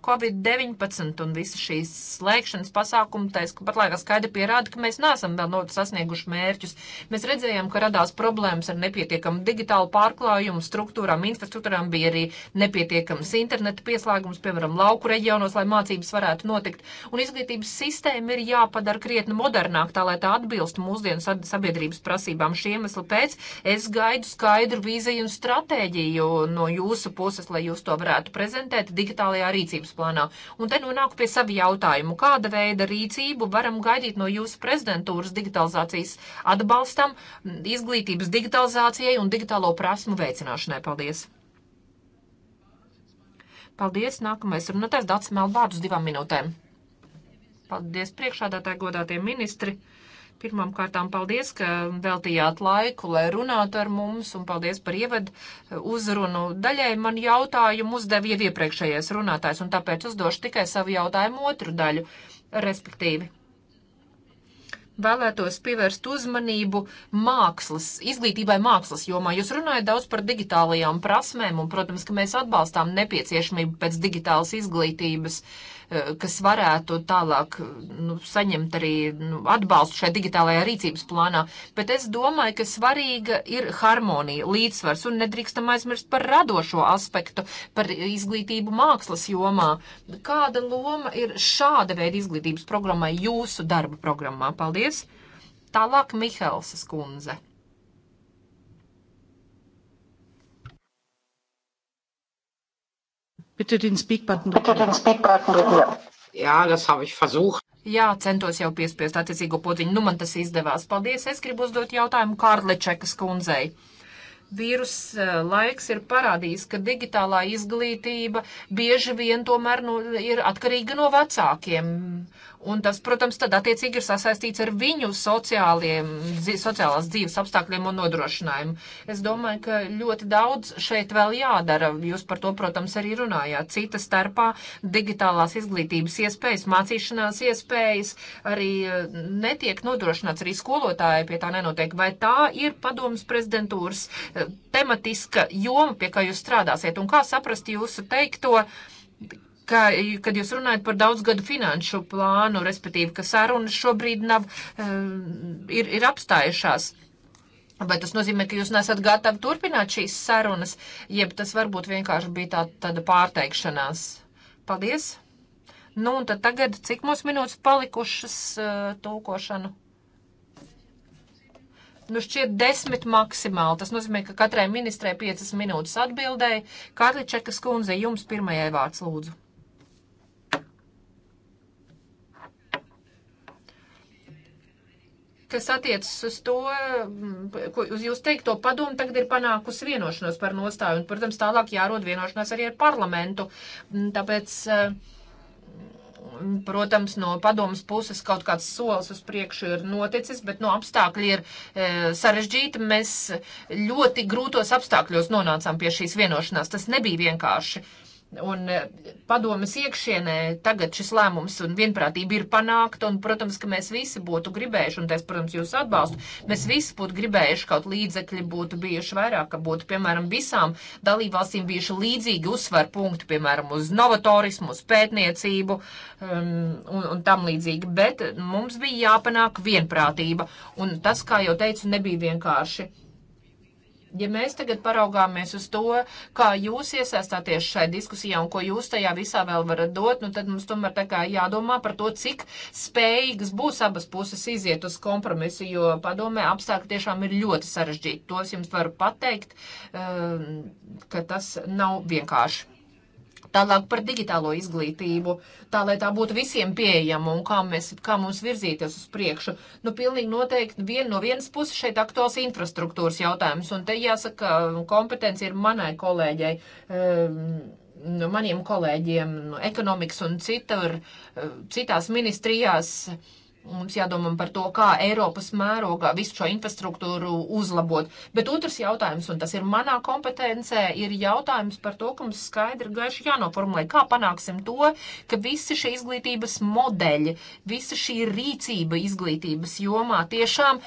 Covid-19 un visas šīs slēgšanas pasākumu, taisa, ka pat laikā skaidri pierāda, ka mēs neesam vēl notu sasnieguši mērķus. Mēs redzējām, ka radās problēmas ar nepietiekamu digitālu pārklājumu struktūrām, infrastruktūrām, bija arī nepietiekams interneta pieslēgums, piemēram, lauku reģionos, lai mācības varētu notikt. Un izglītības sistēma ir jāpadara krietni modernāk, tā lai tā atbilst mūsdienu sabiedrības prasībām. Šī iemesla pēc es gaidu skaidru vīziju un stratēģiju no jūsu puses, lai jūs to varētu prezentēt digitālajā rīcības rīcības plānā. Un te nonāku pie sava jautājuma. Kāda veida rīcību varam gaidīt no jūsu prezidentūras digitalizācijas atbalstam, izglītības digitalizācijai un digitālo prasmu veicināšanai? Paldies! Paldies! Nākamais runātājs Dats Melbārds divām minūtēm. Paldies priekšādātāji godātie ministri! Pirmām kārtām paldies, ka veltījāt laiku, lai runātu ar mums, un paldies par ievadu eh, uzrunu. Daļai man jautājumu uzdev jau iepriekšējais runātājs, un tāpēc uzdošu tikai savu jautājumu otru daļu, respektīvi. Vēlētos pievērst uzmanību mākslas, izglītībai mākslas jomā. Jūs runājat daudz par digitālajām prasmēm, un, protams, ka mēs atbalstām nepieciešamību pēc digitālas izglītības. Uh, kas varētu tālāk nu, saņemt arī nu, atbalstu šai digitālajā rīcības plānā. Bet es domāju, ka svarīga ir harmonija, līdzsvars un nedrīkstam aizmirst par radošo aspektu, par izglītību mākslas jomā. Kāda loma ir šāda veida izglītības programmai jūsu darba programmā? Paldies! Tālāk Mihelsas kundze. Bitte den Speak-Button drücken. Speak ja. Jā, tas jau es versuche. Jā, centos jau piespiest attiecīgo podziņu. Nu, man tas izdevās. Paldies. Es gribu uzdot jautājumu Kārlečekas kundzei. Vīrus eh, laiks ir parādījis, ka digitālā izglītība bieži vien tomēr no, nu, ir atkarīga no vecākiem. Un tas, protams, tad attiecīgi ir sasaistīts ar viņu sociāliem, dzīv, sociālās dzīves apstākļiem un nodrošinājumu. Es domāju, ka ļoti daudz šeit vēl jādara. Jūs par to, protams, arī runājāt. Cita starpā digitālās izglītības iespējas, mācīšanās iespējas arī eh, netiek nodrošināts, arī skolotāji pie tā nenotiek. Vai tā ir padomas prezidentūras eh, tematiska joma, pie kā jūs strādāsiet? Un kā saprast jūsu teikto? ka, kad jūs runājat par daudzgadu finanšu plānu, respektīvi, ka sarunas šobrīd nav, eh, ir, ir apstājušās. Vai tas nozīmē, ka jūs nesat gatavi turpināt šīs sarunas, jeb tas varbūt vienkārši bija tā, tāda pārteikšanās? Paldies! Nu, un tad tagad, cik mums minūtes palikušas uh, tulkošanu? nu, šķiet desmit maksimāli. Tas nozīmē, ka katrai ministrē piecas minūtes atbildēja. Kārličekas kundze, jums pirmajai vārds lūdzu. kas attiecas uz to, mm, ko uz jūs teikto padomu, tagad ir panākusi vienošanos par nostāju. Un, protams, tālāk jārod vienošanās arī ar parlamentu. Mm, tāpēc, eh, mm, protams, no padomas puses kaut kāds solis uz priekšu ir noticis, bet no apstākļi ir e, sarežģīti. Mēs ļoti grūtos apstākļos nonācām pie šīs vienošanās. Tas nebija vienkārši. E, Un e, padomas iekšienē tagad šis lēmums un vienprātība ir panākta, un, protams, ka mēs visi būtu gribējuši, un tas, protams, jūs atbalstu, mēs visi būtu gribējuši kaut līdzekļi būtu bijuši vairāk, ka būtu, piemēram, visām dalībvalstīm bijuši līdzīgi uzsvar punkti, piemēram, uz novatorismu, uz pētniecību um, un, un tam līdzīgi, bet mums bija jāpanāk vienprātība, un tas, kā jau teicu, nebija vienkārši ja mēs tagad paraugāmies uz to, kā jūs iesaistāties šai diskusijā un ko jūs tajā visā vēl varat dot, nu tad mums tomēr tā kā jādomā par to, cik spējīgas būs abas puses iziet uz kompromisu, jo padomē apstākļi tiešām ir ļoti sarežģīti. Tos jums varu pateikt, ehm, ka tas nav vienkārši. Tālāk par digitālo izglītību, tā lai tā būtu visiem pieejama un kā, mēs, kā mums virzīties uz priekšu. Nu, pilnīgi noteikti vien, no vienas puses šeit aktuāls infrastruktūras jautājums, un te jāsaka, kompetence ir manai kolēģei. Um, ehm, no nu, maniem kolēģiem no ekonomikas un citur, eh, citās ministrijās uh, Mums jādomā par to, kā Eiropas mērogā visu šo infrastruktūru uzlabot. Bet otrs jautājums, un tas ir manā kompetencē, ir jautājums par to, ka mums skaidri gaiši jānoformulē, kā panāksim to, ka visi šie izglītības modeļi, visa šī rīcība izglītības jomā tiešām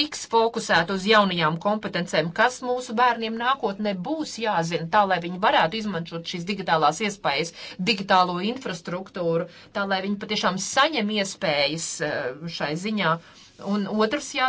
tiks fokusēta uz jaunajām kompetencēm, kas mūsu bērniem nākotnē būs jāzina, tā lai viņi varētu izmantot šīs digitālās iespējas, digitālo infrastruktūru, tā lai viņi patiešām saņem iespējas šai ziņā Un otrs jā,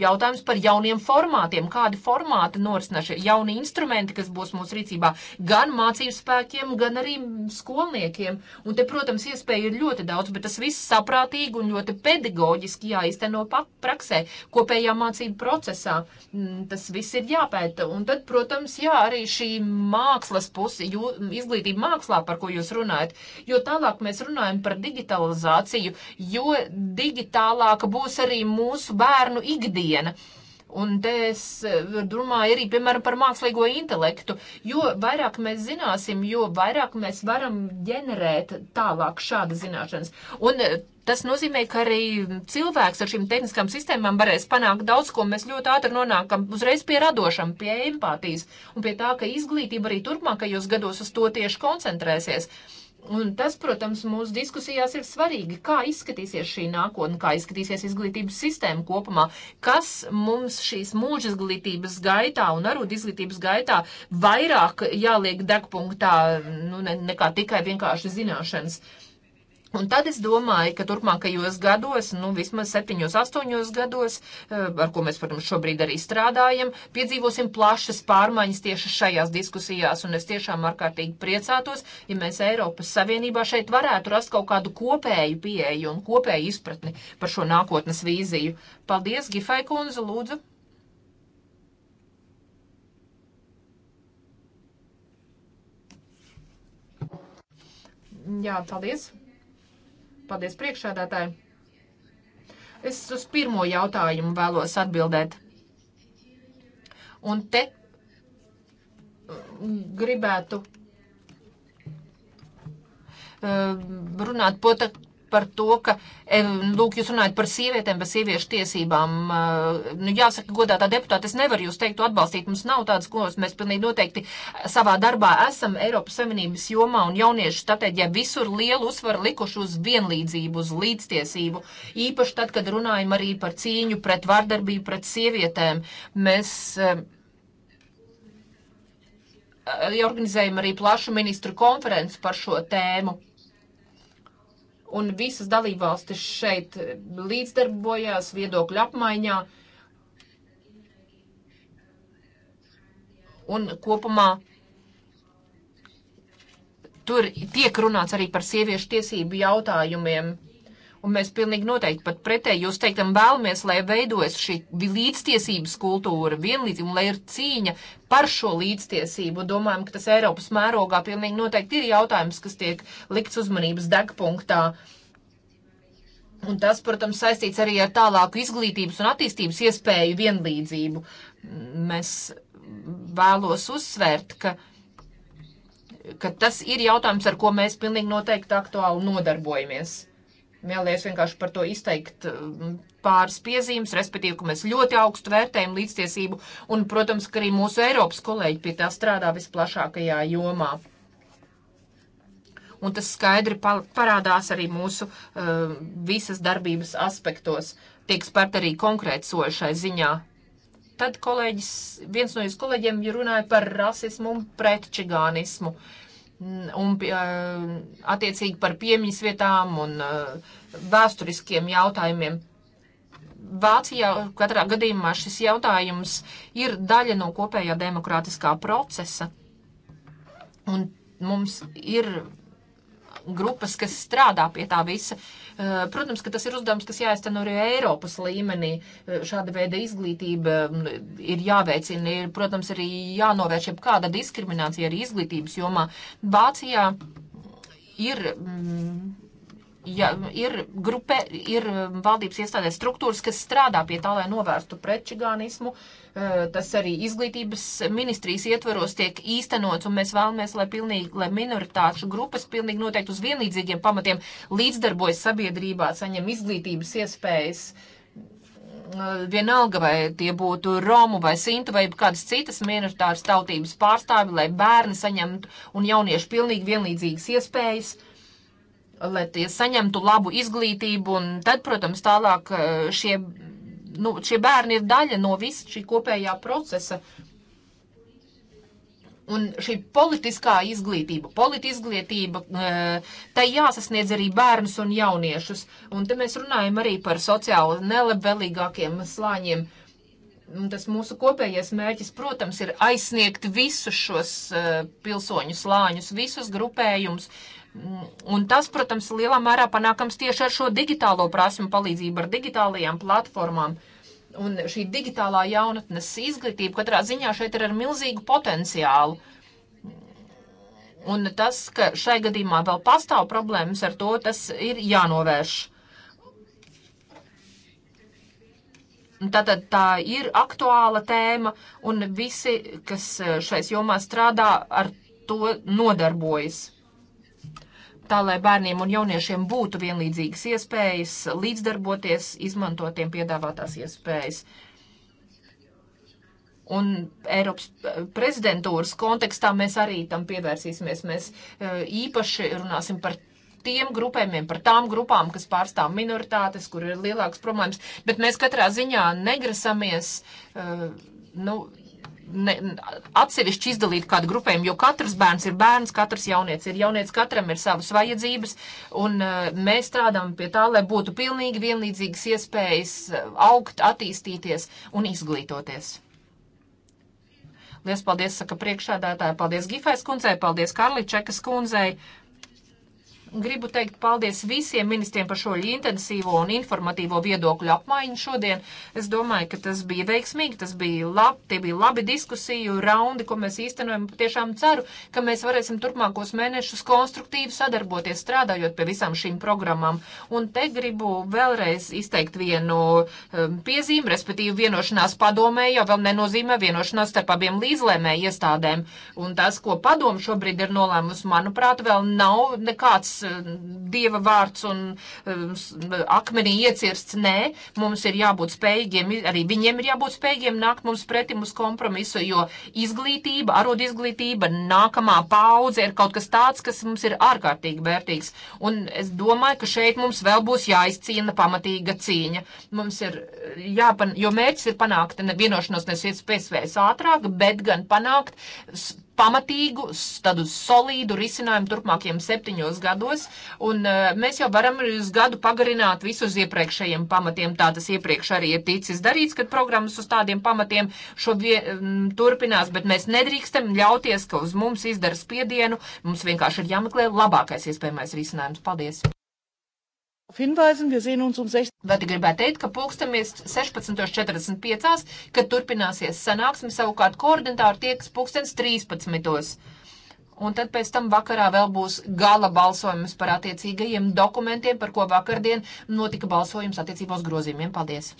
jautājums par jauniem formātiem. Kādi formāti norisinās jauni instrumenti, kas būs mūsu rīcībā gan mācību spēkiem, gan arī skolniekiem. Un te, protams, iespēja ir ļoti daudz, bet tas viss saprātīgi un ļoti pedagoģiski jāizteno praksē, kopējā mācību procesā. Mm, tas viss ir jāpēta. Un tad, protams, jā, arī šī mākslas puse, izglītība mākslā, par ko jūs runājat. Jo tālāk mēs runājam par digitalizāciju, jo digitālāka būs arī arī mūsu bērnu ikdiena. Un te es eh, domāju arī, piemēram, par mākslīgo intelektu. Jo vairāk mēs zināsim, jo vairāk mēs varam ģenerēt tālāk šādas zināšanas. Un eh, tas nozīmē, ka arī cilvēks ar šīm tehniskām sistēmām varēs panākt daudz, ko mēs ļoti ātri nonākam uzreiz pie radošam, pie empātijas un pie tā, ka izglītība arī turpmākajos gados uz to tieši koncentrēsies. Un tas, protams, mūsu diskusijās ir svarīgi, kā izskatīsies šī nākotne, kā izskatīsies izglītības sistēma kopumā, kas mums šīs mūža izglītības gaitā un arūdu izglītības gaitā vairāk jāliek degpunktā, nu, ne, nekā tikai vienkārši zināšanas. Uh, Un tad es domāju, ka turpmākajos gados, nu vismaz septiņos, astoņos gados, eh, ar ko mēs, protams, šobrīd arī strādājam, piedzīvosim plašas pārmaiņas tieši šajās diskusijās. Un es tiešām ārkārtīgi priecātos, ja mēs Eiropas Savienībā šeit varētu rast kaut kādu kopēju pieeju un kopēju izpratni par šo nākotnes vīziju. Paldies, Gifai Kunze, lūdzu! Jā, paldies! Paldies priekšādātāji. Es uz pirmo jautājumu vēlos atbildēt. Un te mm, gribētu eh, runāt par to, ka, lūk, jūs runājat par sievietēm, par sieviešu tiesībām. Eh, nu, jāsaka, godātā deputāte, es nevaru jūs teikt atbalstīt. Mums nav tādas, ko mēs pilnīgi noteikti savā darbā esam Eiropas Savienības jomā un jauniešu strateģijā visur lielu uzsvaru likuši uz vienlīdzību, uz līdztiesību. Īpaši tad, kad runājam arī par cīņu pret vardarbību, pret sievietēm. Mēs, eh, eh, organizējam arī plašu ministru konferenci par šo tēmu un visas dalībvalstis šeit līdzdarbojās viedokļu apmaiņā. Un kopumā tur tiek runāts arī par sieviešu tiesību jautājumiem. Un mēs pilnīgi noteikti pat pretēji jūs teiktam vēlamies, lai veidojas šī līdztiesības kultūra, vienlīdzība, lai ir cīņa par šo līdztiesību. Domājam, ka tas Eiropas mērogā pilnīgi noteikti ir jautājums, kas tiek likts uzmanības degpunktā. Un tas, protams, saistīts arī ar tālāku izglītības un attīstības iespēju vienlīdzību. Mēs vēlos uzsvērt, ka, ka tas ir jautājums, ar ko mēs pilnīgi noteikti aktuāli nodarbojamies. Vēlējos vienkārši par to izteikt um, pāris piezīmes, respektīvi, ka mēs ļoti augstu vērtējam līdztiesību un, protams, ka arī mūsu Eiropas kolēģi pie tā strādā visplašākajā jomā. Un tas skaidri parādās arī mūsu uh, visas darbības aspektos. Tiek spērt arī konkrēti soļi šai ziņā. Tad kolēģis, viens no jūsu kolēģiem runāja par rasismu un pretčigānismu. Uh, un eh, attiecīgi par piemiņas vietām un eh, vēsturiskiem jautājumiem. Vācijā katrā gadījumā šis jautājums ir daļa no kopējā demokrātiskā procesa, un mums ir grupas, kas strādā pie tā visa. Eh, protams, ka tas ir uzdevums, kas jāizteno arī Eiropas līmenī. Eh, šāda veida izglītība mm, ir jāveicina, ir, protams, arī jānovērš jau kāda diskriminācija arī izglītības jomā. Vācijā ir. Mm, ja ir grupe, ir um, valdības iestādē struktūras, kas strādā pie tā, lai novērstu pretčigānismu. Uh, tas arī izglītības ministrijas ietveros tiek īstenots, un mēs vēlamies, lai, pilnīgi, lai minoritāšu grupas pilnīgi noteikti uz vienlīdzīgiem pamatiem līdzdarbojas sabiedrībā, saņem izglītības iespējas uh, vienalga, vai tie būtu Romu vai Sintu vai kādas citas minoritāras tautības pārstāvi, lai bērni saņemtu un jaunieši pilnīgi vienlīdzīgas iespējas lai tie saņemtu labu izglītību, un tad, protams, tālāk eh, šie, nu, šie bērni ir daļa no visa šī kopējā procesa. Un šī politiskā izglītība, politizglītība, eh, tai jāsasniedz arī bērnus un jauniešus. Un te mēs runājam arī par sociāli nelabvēlīgākiem slāņiem. Un tas mūsu kopējais mērķis, protams, ir aizsniegt visus šos eh, pilsoņu slāņus, visus grupējumus, uh, Un tas, protams, lielā mērā panākams tieši ar šo digitālo prasmu palīdzību, ar digitālajām platformām. Un šī digitālā jaunatnes izglītība katrā ziņā šeit ir ar milzīgu potenciālu. Un tas, ka šai gadījumā vēl pastāv problēmas ar to, tas ir jānovērš. Tātad tā ir aktuāla tēma, un visi, kas šais jomā strādā, ar to nodarbojas tā lai bērniem un jauniešiem būtu vienlīdzīgas iespējas līdzdarboties, izmantotiem piedāvātās iespējas. Un Eiropas eh, prezidentūras kontekstā mēs arī tam pievērsīsimies. Mēs eh, īpaši runāsim par tiem grupējumiem, par tām grupām, kas pārstāv minoritātes, kur ir lielākas problēmas, bet mēs katrā ziņā negrasamies, eh, nu, ne, atsevišķi izdalīt kādu grupējumu, jo katrs bērns ir bērns, katrs jaunietis ir jaunietis, katram ir savas vajadzības, un uh, mēs strādājam pie tā, lai būtu pilnīgi vienlīdzīgas iespējas uh, augt, attīstīties un izglītoties. Lielas paldies, saka priekšādātāja, paldies Gifais kundzei, paldies Karličekas kundzei gribu teikt paldies visiem ministriem par šo intensīvo un informatīvo viedokļu apmaiņu šodien. Es domāju, ka tas bija veiksmīgi, tas bija labi, tie bija labi diskusiju raundi, ko mēs īstenojam. Tiešām ceru, ka mēs varēsim turpmākos mēnešus konstruktīvi sadarboties, strādājot pie visām šīm programmām. Un te gribu vēlreiz izteikt vienu um, piezīmi, respektīvi vienošanās padomē, jo vēl nenozīmē vienošanās starp abiem līdzlēmē iestādēm. Un tas, ko padomu šobrīd ir nolēmusi, manuprāt, vēl nav nekāds Eh, dieva vārds un eh, akmenī iecirsts. Nē, mums ir jābūt spējīgiem, arī viņiem ir jābūt spējīgiem nākt mums pretim uz kompromisu, jo izglītība, arod izglītība, nākamā paudze ir kaut kas tāds, kas mums ir ārkārtīgi vērtīgs. Un es domāju, ka šeit mums vēl būs jāizcīna pamatīga cīņa. Mums ir eh, jāpan, jo mērķis ir panākt vienošanos nevis pēc iespējas ātrāk, bet gan panākt pamatīgu, tādu solīdu risinājumu turpmākajiem septiņos gados, un e, mēs jau varam uz gadu pagarināt visus iepriekšējiem pamatiem. Tā tas iepriekš arī ir ticis darīts, kad programmas uz tādiem pamatiem šo vie, m, turpinās, bet mēs nedrīkstam ļauties, ka uz mums izdara spiedienu. Mums vienkārši ir jāmeklē labākais iespējamais risinājums. Paldies! Hinweisen, wir sehen uns um 16. Vēl gribētu teikt, ka pulkstamies 16.45, kad turpināsies sanāksme, savukārt koordinātori tieks pulkstens 13. Un tad pēc tam vakarā vēl būs gala balsojums par attiecīgajiem dokumentiem, par ko vakardien notika balsojums attiecībos grozījumiem. Paldies!